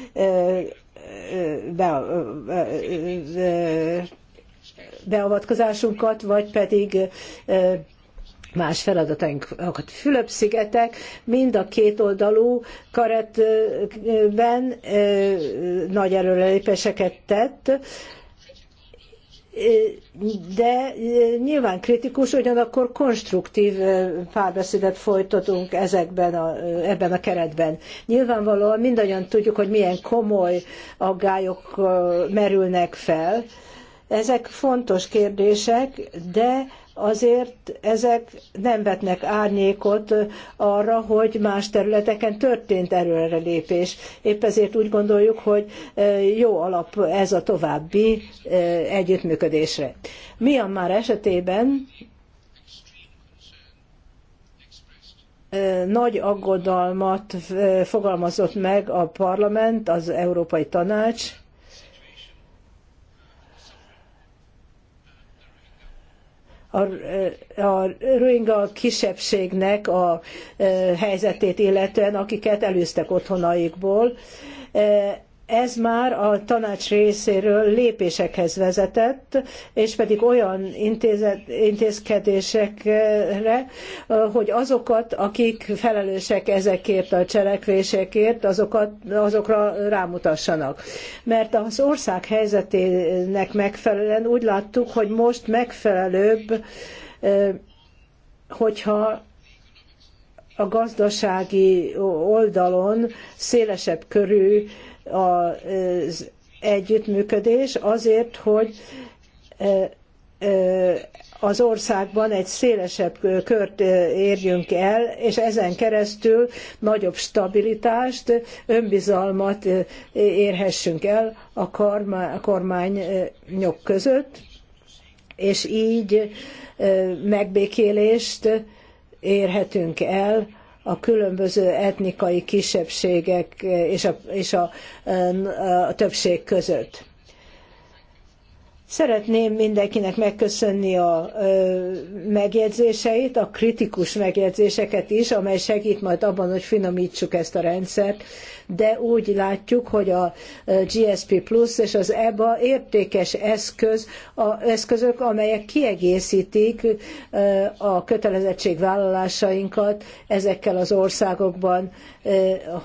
beavatkozásunkat, vagy pedig más feladatainkat. Fülöp-szigetek mind a két oldalú karetben nagy előrelépéseket tett, de nyilván kritikus, ugyanakkor konstruktív párbeszédet folytatunk ezekben a, ebben a keretben. Nyilvánvalóan mindannyian tudjuk, hogy milyen komoly aggályok merülnek fel, ezek fontos kérdések, de azért ezek nem vetnek árnyékot arra, hogy más területeken történt lépés. Épp ezért úgy gondoljuk, hogy e, jó alap ez a további e, együttműködésre. már esetében e, nagy aggodalmat fogalmazott meg a parlament, az Európai Tanács, a, a Rohingya kisebbségnek a e, helyzetét illetően, akiket elűztek otthonaikból e, ez már a tanács részéről lépésekhez vezetett, és pedig olyan intézet, intézkedésekre, hogy azokat, akik felelősek ezekért a cselekvésekért, azokat, azokra rámutassanak. Mert az ország helyzetének megfelelően úgy láttuk, hogy most megfelelőbb, hogyha a gazdasági oldalon szélesebb körű az együttműködés azért, hogy az országban egy szélesebb kört érjünk el, és ezen keresztül nagyobb stabilitást, önbizalmat érhessünk el a kormányok között, és így megbékélést érhetünk el a különböző etnikai kisebbségek és a, és a, a többség között. Szeretném mindenkinek megköszönni a megjegyzéseit, a kritikus megjegyzéseket is, amely segít majd abban, hogy finomítsuk ezt a rendszert, de úgy látjuk, hogy a GSP Plus és az EBA értékes eszköz, a eszközök, amelyek kiegészítik a kötelezettségvállalásainkat ezekkel az országokban,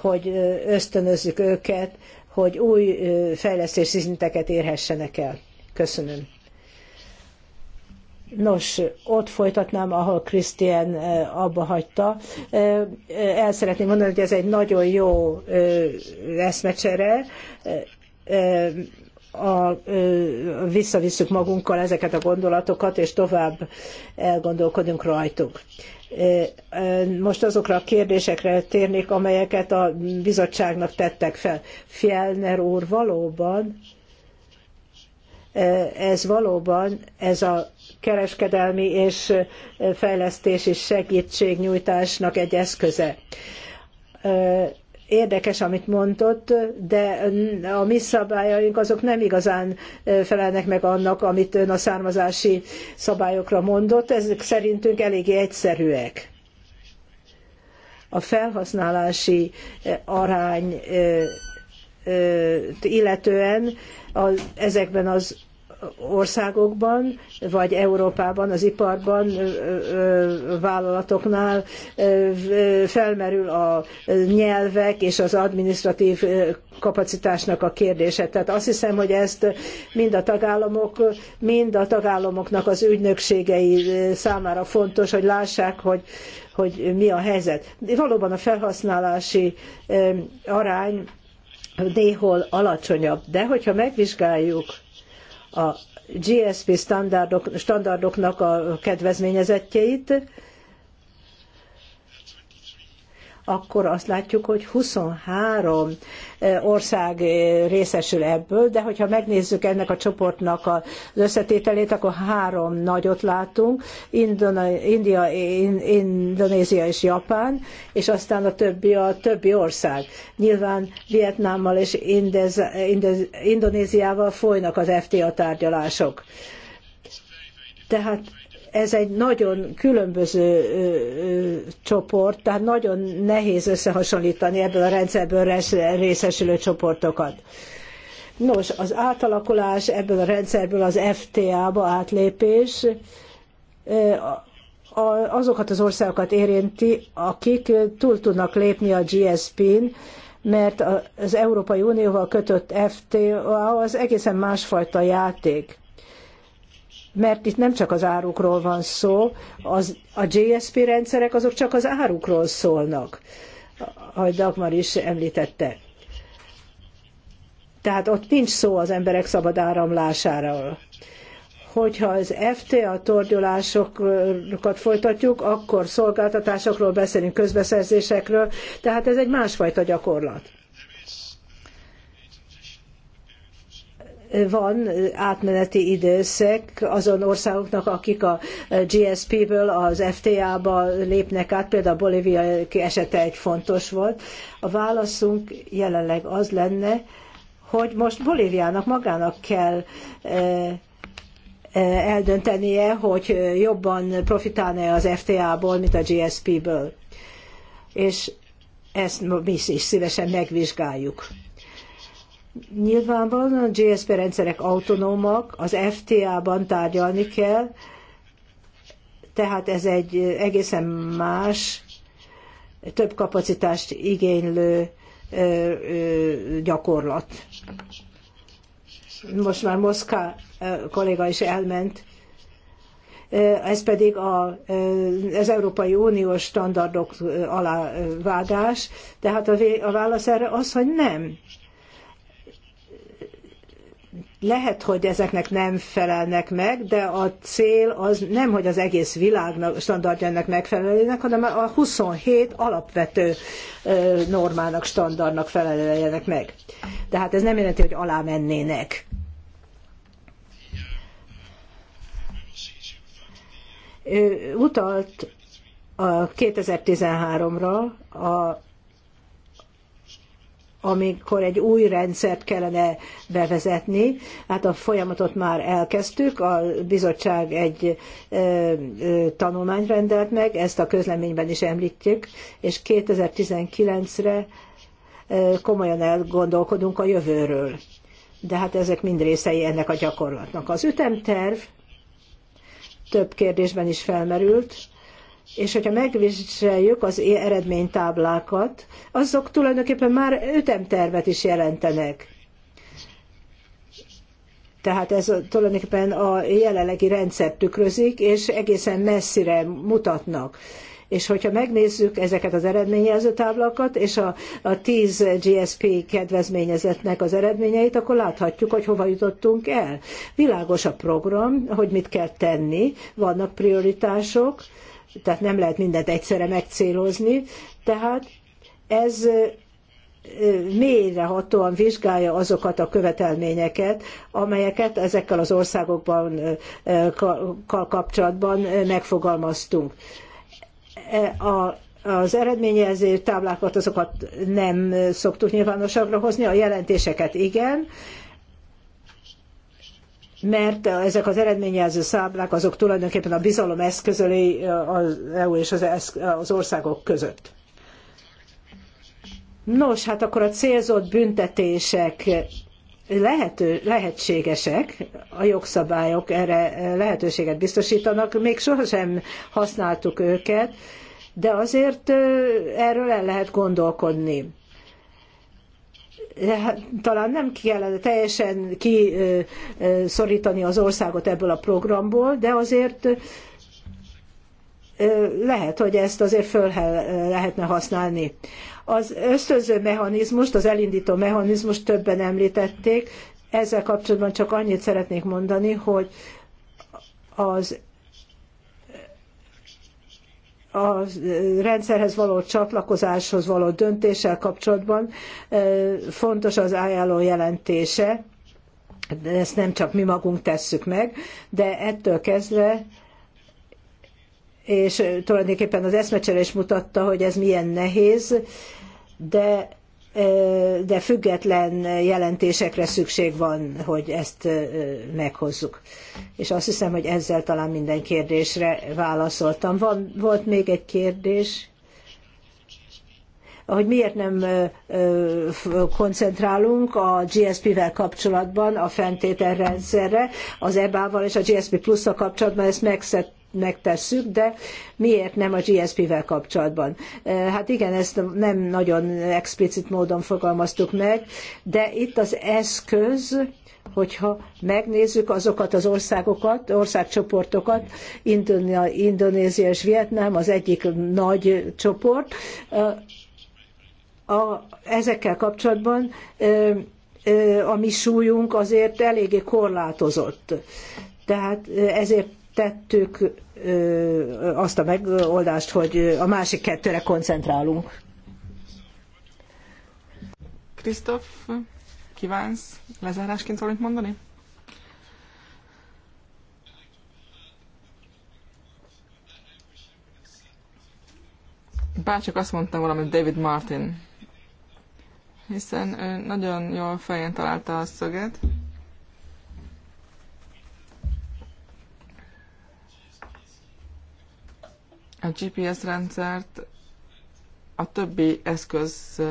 hogy ösztönözzük őket, hogy új fejlesztési szinteket érhessenek el. Köszönöm. Nos, ott folytatnám, ahol Krisztián eh, abba hagyta. Eh, el szeretném mondani, hogy ez egy nagyon jó eh, eszmecsere. A, visszavisszük magunkkal ezeket a gondolatokat, és tovább elgondolkodunk rajtuk. Most azokra a kérdésekre térnék, amelyeket a bizottságnak tettek fel. Fjellner úr valóban ez valóban ez a kereskedelmi és fejlesztési segítségnyújtásnak egy eszköze. Érdekes, amit mondott, de a mi szabályaink azok nem igazán felelnek meg annak, amit ön a származási szabályokra mondott, ezek szerintünk eléggé egyszerűek. A felhasználási arány illetően az, ezekben az országokban, vagy Európában, az iparban, vállalatoknál felmerül a nyelvek és az administratív kapacitásnak a kérdése. Tehát azt hiszem, hogy ezt mind a tagállamok, mind a tagállamoknak az ügynökségei számára fontos, hogy lássák, hogy hogy mi a helyzet. Valóban a felhasználási arány néhol alacsonyabb. De hogyha megvizsgáljuk a GSP standardok, standardoknak a kedvezményezettjeit, akkor azt látjuk, hogy 23 e, ország e, részesül ebből, de hogyha megnézzük ennek a csoportnak az összetételét, akkor három nagyot látunk, India, Indonézia és Japán, és aztán a többi a többi ország. Nyilván Vietnámmal és Indez, Indez, Indonéziával folynak az FTA tárgyalások. Tehát ez egy nagyon különböző csoport, tehát nagyon nehéz összehasonlítani ebből a rendszerből részesülő csoportokat. Nos, az átalakulás ebből a rendszerből az FTA-ba átlépés azokat az országokat érinti, akik túl tudnak lépni a GSP-n, mert az Európai Unióval kötött FTA az egészen másfajta játék mert itt nem csak az árukról van szó, az, a GSP rendszerek azok csak az árukról szólnak, ahogy Dagmar is említette. Tehát ott nincs szó az emberek szabad áramlásáról. Hogyha az FTA tordulásokat folytatjuk, akkor szolgáltatásokról beszélünk, közbeszerzésekről, tehát ez egy másfajta gyakorlat. van átmeneti időszak azon országoknak, akik a GSP-ből az FTA-ba lépnek át, például Bolívia esete egy fontos volt. A válaszunk jelenleg az lenne, hogy most Bolíviának magának kell e, e, eldöntenie, hogy jobban profitálna az FTA-ból, mint a GSP-ből. És ezt mi is szívesen megvizsgáljuk. Nyilvánvalóan a GSP rendszerek autonómak, az FTA-ban tárgyalni kell, tehát ez egy egészen más, több kapacitást igénylő gyakorlat. Most már Moszká kolléga is elment, ez pedig a, az Európai Uniós standardok alávágás, tehát a válasz erre az, hogy nem lehet, hogy ezeknek nem felelnek meg, de a cél az nem, hogy az egész világ standardjának megfeleljenek, hanem a 27 alapvető normának, standardnak feleljenek meg. Tehát ez nem jelenti, hogy alá mennének. Ő utalt a 2013-ra a amikor egy új rendszert kellene bevezetni. Hát a folyamatot már elkezdtük, a bizottság egy ö, ö, tanulmányt rendelt meg, ezt a közleményben is említjük, és 2019-re komolyan elgondolkodunk a jövőről. De hát ezek mind részei ennek a gyakorlatnak. Az ütemterv több kérdésben is felmerült és hogyha megvizsgáljuk az eredménytáblákat, azok tulajdonképpen már ütemtervet is jelentenek. Tehát ez tulajdonképpen a jelenlegi rendszer tükrözik, és egészen messzire mutatnak. És hogyha megnézzük ezeket az eredményjelző táblakat, és a, a 10 GSP kedvezményezetnek az eredményeit, akkor láthatjuk, hogy hova jutottunk el. Világos a program, hogy mit kell tenni, vannak prioritások, tehát nem lehet mindent egyszerre megcélozni, tehát ez mélyrehatóan vizsgálja azokat a követelményeket, amelyeket ezekkel az országokban kapcsolatban megfogalmaztunk. E, a az eredményjelző táblákat azokat nem szoktuk nyilvánosságra hozni, a jelentéseket igen, mert ezek az eredményjelző számlák azok tulajdonképpen a bizalom eszközei az EU és az országok között. Nos, hát akkor a célzott büntetések lehető, lehetségesek, a jogszabályok erre lehetőséget biztosítanak, még sohasem használtuk őket, de azért erről el lehet gondolkodni. Hát, talán nem kellene teljesen kiszorítani az országot ebből a programból, de azért lehet, hogy ezt azért föl lehetne használni. Az ösztönző mechanizmust, az elindító mechanizmust többen említették, ezzel kapcsolatban csak annyit szeretnék mondani, hogy az a rendszerhez való csatlakozáshoz való döntéssel kapcsolatban fontos az ajánló jelentése, de ezt nem csak mi magunk tesszük meg, de ettől kezdve és tulajdonképpen az eszmecsere is mutatta, hogy ez milyen nehéz, de de független jelentésekre szükség van, hogy ezt meghozzuk. És azt hiszem, hogy ezzel talán minden kérdésre válaszoltam. Van, volt még egy kérdés, hogy miért nem koncentrálunk a GSP-vel kapcsolatban a feltételrendszerre, az EBA-val és a GSP Plus-szal kapcsolatban ezt megtesszük, de miért nem a GSP-vel kapcsolatban? Hát igen, ezt nem nagyon explicit módon fogalmaztuk meg, de itt az eszköz, hogyha megnézzük azokat az országokat, országcsoportokat, Indonézia, és Vietnám az egyik nagy csoport, a, ezekkel kapcsolatban a mi súlyunk azért eléggé korlátozott. Tehát ezért tettük azt a megoldást, hogy a másik kettőre koncentrálunk. Krisztof, kívánsz lezárásként valamit mondani? Bárcsak azt mondtam valamit David Martin, hiszen ő nagyon jól fején találta a szöget. a GPS rendszert a többi eszköz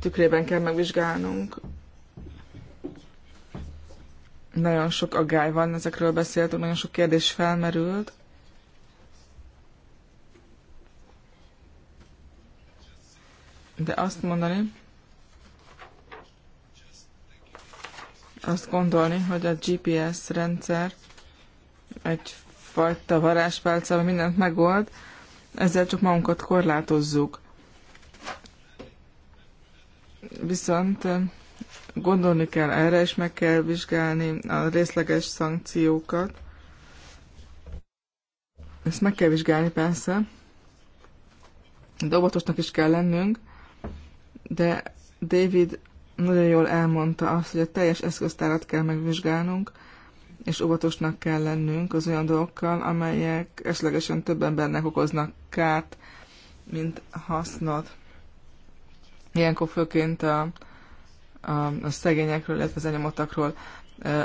tükrében kell megvizsgálnunk. Nagyon sok agály van, ezekről beszéltünk, nagyon sok kérdés felmerült. De azt mondani, azt gondolni, hogy a GPS rendszer egy fajta varázspálca, ami mindent megold, ezzel csak magunkat korlátozzuk. Viszont eh, gondolni kell erre, és meg kell vizsgálni a részleges szankciókat. Ezt meg kell vizsgálni persze. De is kell lennünk, de David nagyon jól elmondta azt, hogy a teljes eszköztárat kell megvizsgálnunk, és óvatosnak kell lennünk az olyan dolgokkal, amelyek eslegesen több embernek okoznak kárt, mint hasznot. Ilyenkor főként a, a, a szegényekről, illetve az enyomottakról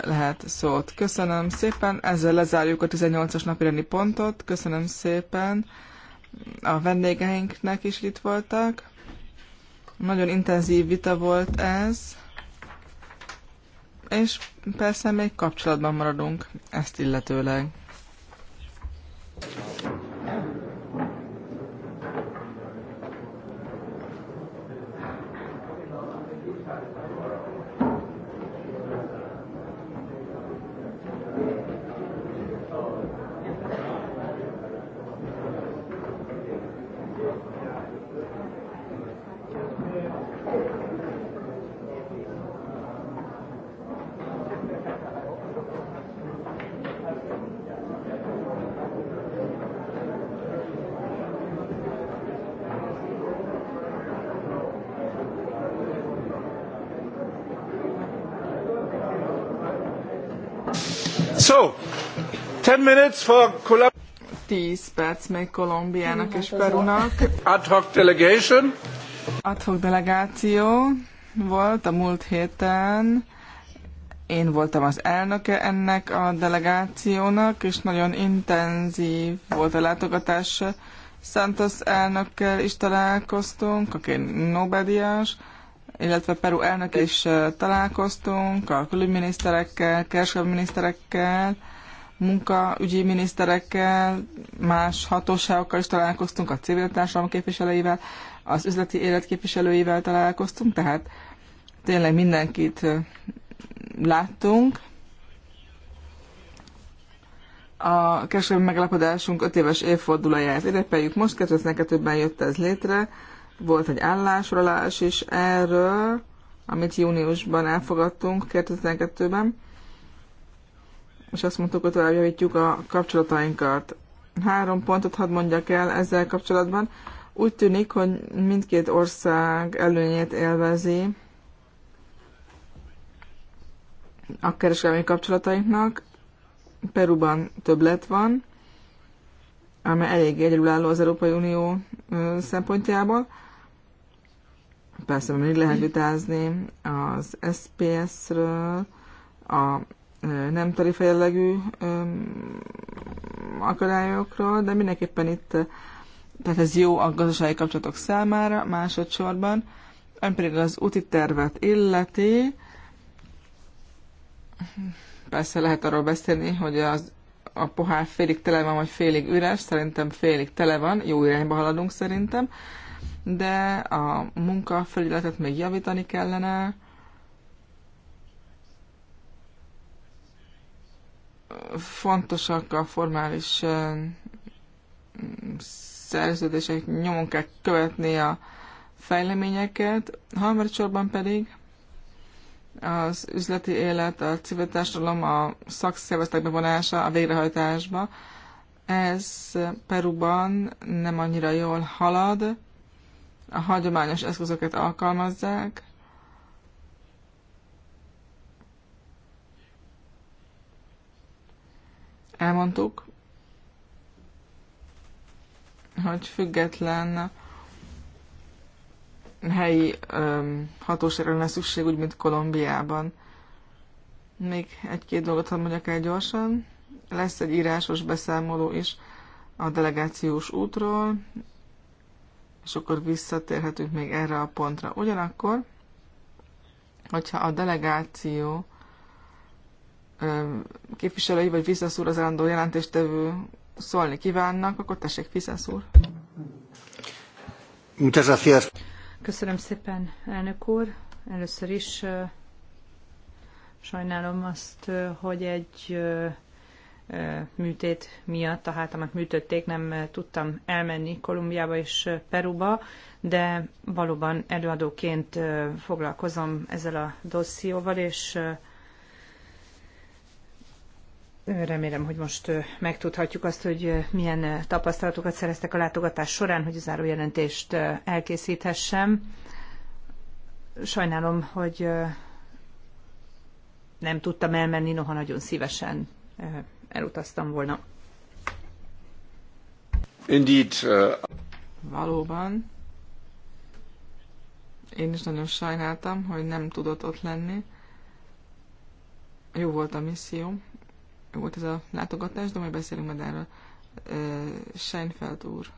lehet szót. Köszönöm szépen, ezzel lezárjuk a 18-as napirendi pontot. Köszönöm szépen a vendégeinknek is itt voltak. Nagyon intenzív vita volt ez és persze még kapcsolatban maradunk ezt illetőleg. So, 10 minutes for Colombia. 10 perc még Kolumbiának és hát Perunak. Ad hoc delegation. Ad hoc delegáció volt a múlt héten. Én voltam az elnöke ennek a delegációnak, és nagyon intenzív volt a látogatás. Santos elnökkel is találkoztunk, aki Nobediás illetve Peru elnöke is találkoztunk, a külügyminiszterekkel, kereskedelmi miniszterekkel, munkaügyi miniszterekkel, más hatóságokkal is találkoztunk, a civil társadalom képviselőivel, az üzleti élet képviselőivel találkoztunk, tehát tényleg mindenkit láttunk. A kereskedelmi megállapodásunk 5 éves évfordulóját ünnepeljük most, 2002-ben jött ez létre, volt egy állásolás is erről, amit júniusban elfogadtunk 2012-ben, és azt mondtuk, hogy tovább javítjuk a kapcsolatainkat. Három pontot hadd mondjak el ezzel kapcsolatban. Úgy tűnik, hogy mindkét ország előnyét élvezi a kereskedelmi kapcsolatainknak. Peruban többlet van, amely elég egyedülálló az Európai Unió szempontjából. Persze még lehet vitázni az SPS-ről, a nem tarifajellegű akadályokról, de mindenképpen itt tehát ez jó a gazdasági kapcsolatok számára másodszorban, ön pedig az úti tervet illeti. Persze lehet arról beszélni, hogy az, a pohár félig tele van, vagy félig üres, szerintem félig tele van, jó irányba haladunk szerintem de a munkafelületet még javítani kellene. Fontosak a formális szerződések, nyomon kell követni a fejleményeket, harmadsorban pedig az üzleti élet, a civil társadalom, a szakszervezetek bevonása a végrehajtásba. Ez Peruban nem annyira jól halad, a hagyományos eszközöket alkalmazzák. Elmondtuk, hogy független helyi hatóságra lenne szükség, úgy, mint Kolumbiában. Még egy-két dolgot hadd mondjak el gyorsan. Lesz egy írásos beszámoló is a delegációs útról, és akkor visszatérhetünk még erre a pontra. Ugyanakkor, hogyha a delegáció képviselői vagy Vizesz úr az állandó jelentéstevő szólni kívánnak, akkor tessék, Vizesz úr. Köszönöm szépen, elnök úr. Először is sajnálom azt, hogy egy műtét miatt, a hátamat műtötték, nem tudtam elmenni Kolumbiába és Peruba, de valóban előadóként foglalkozom ezzel a dosszióval, és remélem, hogy most megtudhatjuk azt, hogy milyen tapasztalatokat szereztek a látogatás során, hogy a zárójelentést elkészíthessem. Sajnálom, hogy nem tudtam elmenni, noha nagyon szívesen elutaztam volna. Indeed. Uh... Valóban. Én is nagyon sajnáltam, hogy nem tudott ott lenni. Jó volt a misszió, jó volt ez a látogatás, de majd beszélünk majd erről. Uh, Seinfeld úr.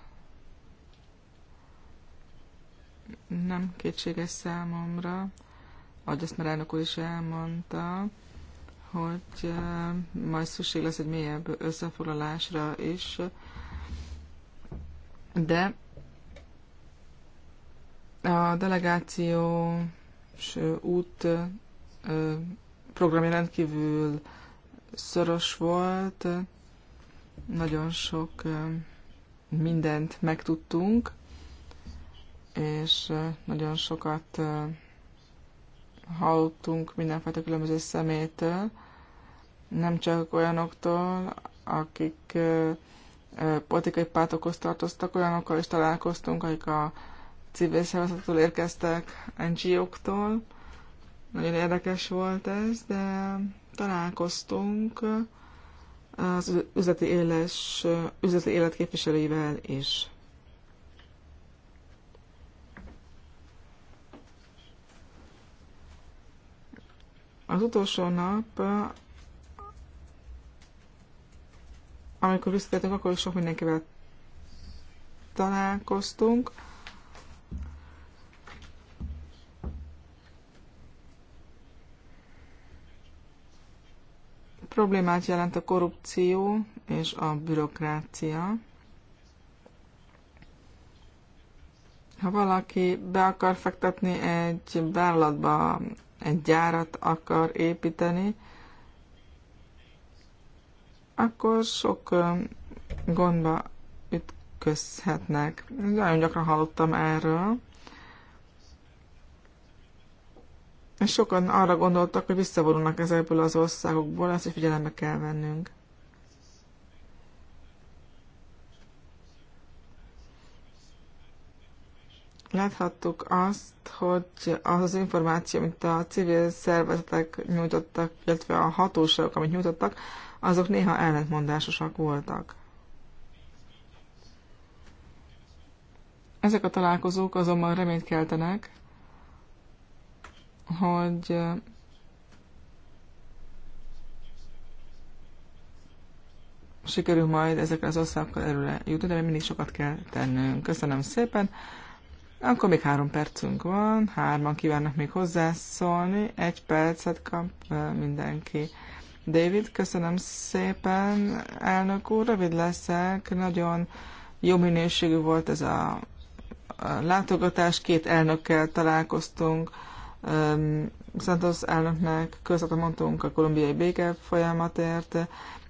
Nem kétséges számomra, ahogy ezt már elnök úr is elmondta, hogy majd szükség lesz egy mélyebb összefoglalásra is, de a delegáció út programja rendkívül szoros volt, nagyon sok mindent megtudtunk, és nagyon sokat hallottunk mindenfajta különböző szemétől, nem csak olyanoktól, akik politikai pártokhoz tartoztak, olyanokkal is találkoztunk, akik a civil szervezettől érkeztek, NGO-któl. Nagyon érdekes volt ez, de találkoztunk az üzleti, éles, üzleti élet képviselőivel is. Az utolsó nap, amikor visszatértünk, akkor is sok mindenkivel találkoztunk. Problémát jelent a korrupció és a bürokrácia. Ha valaki be akar fektetni egy vállalatba, egy gyárat akar építeni, akkor sok gondba ütközhetnek. Nagyon gyakran hallottam erről. És sokan arra gondoltak, hogy visszavonulnak ezekből az országokból, ezt is figyelembe kell vennünk. Láthattuk azt, hogy az az információ, amit a civil szervezetek nyújtottak, illetve a hatóságok, amit nyújtottak, azok néha ellentmondásosak voltak. Ezek a találkozók azonban reményt keltenek, hogy sikerül majd ezekre az országokkal előre jutni, de még mindig sokat kell tennünk. Köszönöm szépen! Akkor még három percünk van, hárman kívánnak még hozzászólni, egy percet kap mindenki. David, köszönöm szépen, elnök úr, rövid leszek, nagyon jó minőségű volt ez a látogatás, két elnökkel találkoztunk, Santos elnöknek közvetlenül mondtunk a kolumbiai béke folyamatért,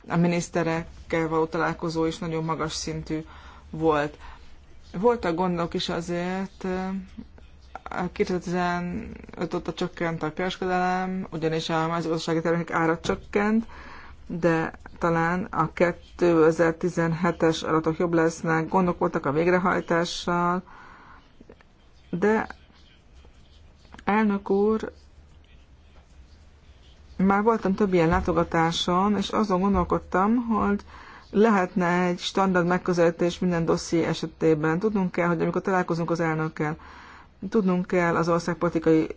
a miniszterekkel való találkozó is nagyon magas szintű volt. Voltak gondok is azért, 2015 óta csökkent a kereskedelem, ugyanis a mezőgazdasági termékek ára csökkent, de talán a 2017-es adatok jobb lesznek, gondok voltak a végrehajtással, de elnök úr, már voltam több ilyen látogatáson, és azon gondolkodtam, hogy lehetne egy standard megközelítés minden dosszié esetében. Tudnunk kell, hogy amikor találkozunk az elnökkel, tudnunk kell az ország politikai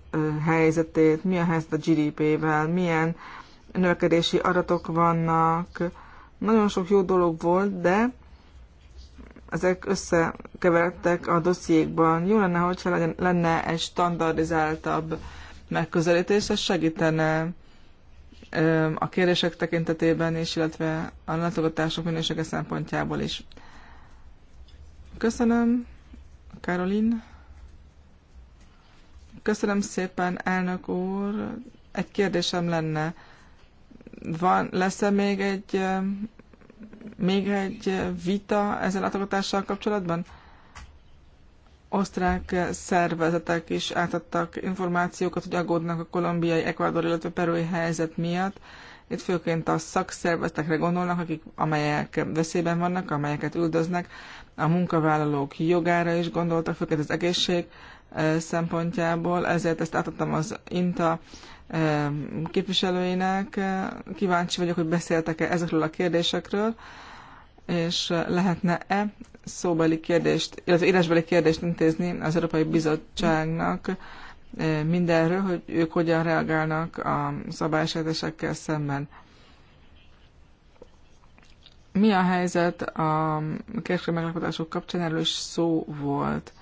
helyzetét, milyen helyzet a GDP-vel, milyen növekedési adatok vannak. Nagyon sok jó dolog volt, de ezek összekeveredtek a dossziékban. Jó lenne, hogyha lenne egy standardizáltabb megközelítés, ez segítene a kérések tekintetében is, illetve a látogatások minősége szempontjából is. Köszönöm, Karolin. Köszönöm szépen, elnök úr. Egy kérdésem lenne. Van, lesz-e még egy, még egy vita ezzel látogatással kapcsolatban? osztrák szervezetek is átadtak információkat, hogy aggódnak a kolumbiai, ekvádori, illetve perui helyzet miatt. Itt főként a szakszervezetekre gondolnak, akik, amelyek veszélyben vannak, amelyeket üldöznek. A munkavállalók jogára is gondoltak, főként az egészség eh, szempontjából, ezért ezt átadtam az INTA eh, képviselőinek. Eh, kíváncsi vagyok, hogy beszéltek-e ezekről a kérdésekről, és lehetne-e szóbeli kérdést, illetve írásbeli kérdést intézni az Európai Bizottságnak eh, mindenről, hogy ők hogyan reagálnak a szabálysértésekkel szemben. Mi a helyzet a kereskedelmi megállapodások kapcsán? Erről is szó volt.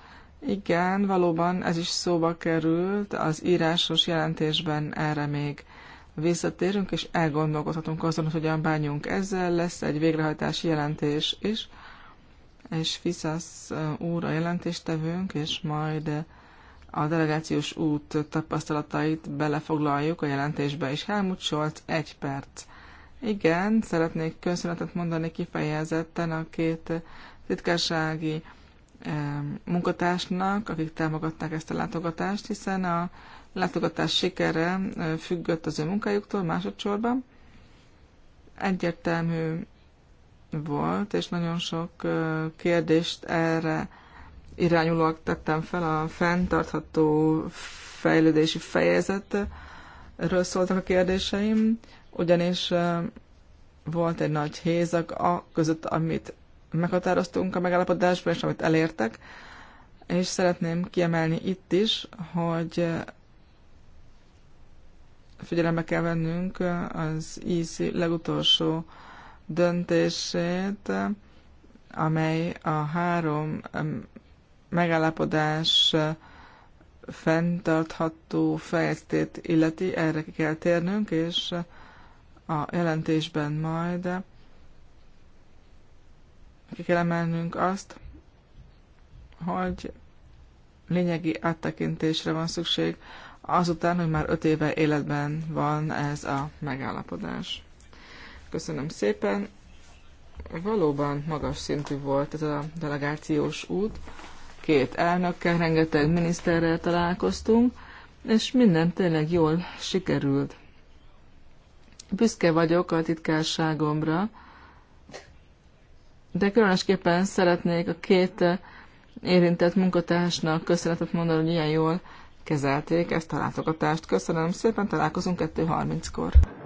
Igen, valóban ez is szóba került, az írásos jelentésben erre még visszatérünk, és elgondolkodhatunk azon, hogy hogyan bánjunk ezzel, lesz egy végrehajtási jelentés is, és Fisasz uh, úr a jelentéstevőnk, és majd a delegációs út tapasztalatait belefoglaljuk a jelentésbe, és Helmut Scholz egy perc. Igen, szeretnék köszönetet mondani kifejezetten a két titkársági munkatársnak, akik támogatták ezt a látogatást, hiszen a látogatás sikere függött az ő munkájuktól másodszorban. Egyértelmű volt, és nagyon sok kérdést erre irányulóak tettem fel a fenntartható fejlődési fejezetről szóltak a kérdéseim, ugyanis volt egy nagy hézak a között, amit meghatároztunk a megállapodásban, és amit elértek, és szeretném kiemelni itt is, hogy figyelembe kell vennünk az ízi legutolsó döntését, amely a három megállapodás fenntartható fejeztét illeti, erre ki kell térnünk, és a jelentésben majd ki kell emelnünk azt, hogy lényegi áttekintésre van szükség azután, hogy már öt éve életben van ez a megállapodás. Köszönöm szépen. Valóban magas szintű volt ez a delegációs út. Két elnökkel, rengeteg miniszterrel találkoztunk, és minden tényleg jól sikerült. Büszke vagyok a titkárságomra, de különösképpen szeretnék a két érintett munkatársnak köszönetet mondani, hogy ilyen jól kezelték ezt a látogatást. Köszönöm szépen, találkozunk 2.30-kor.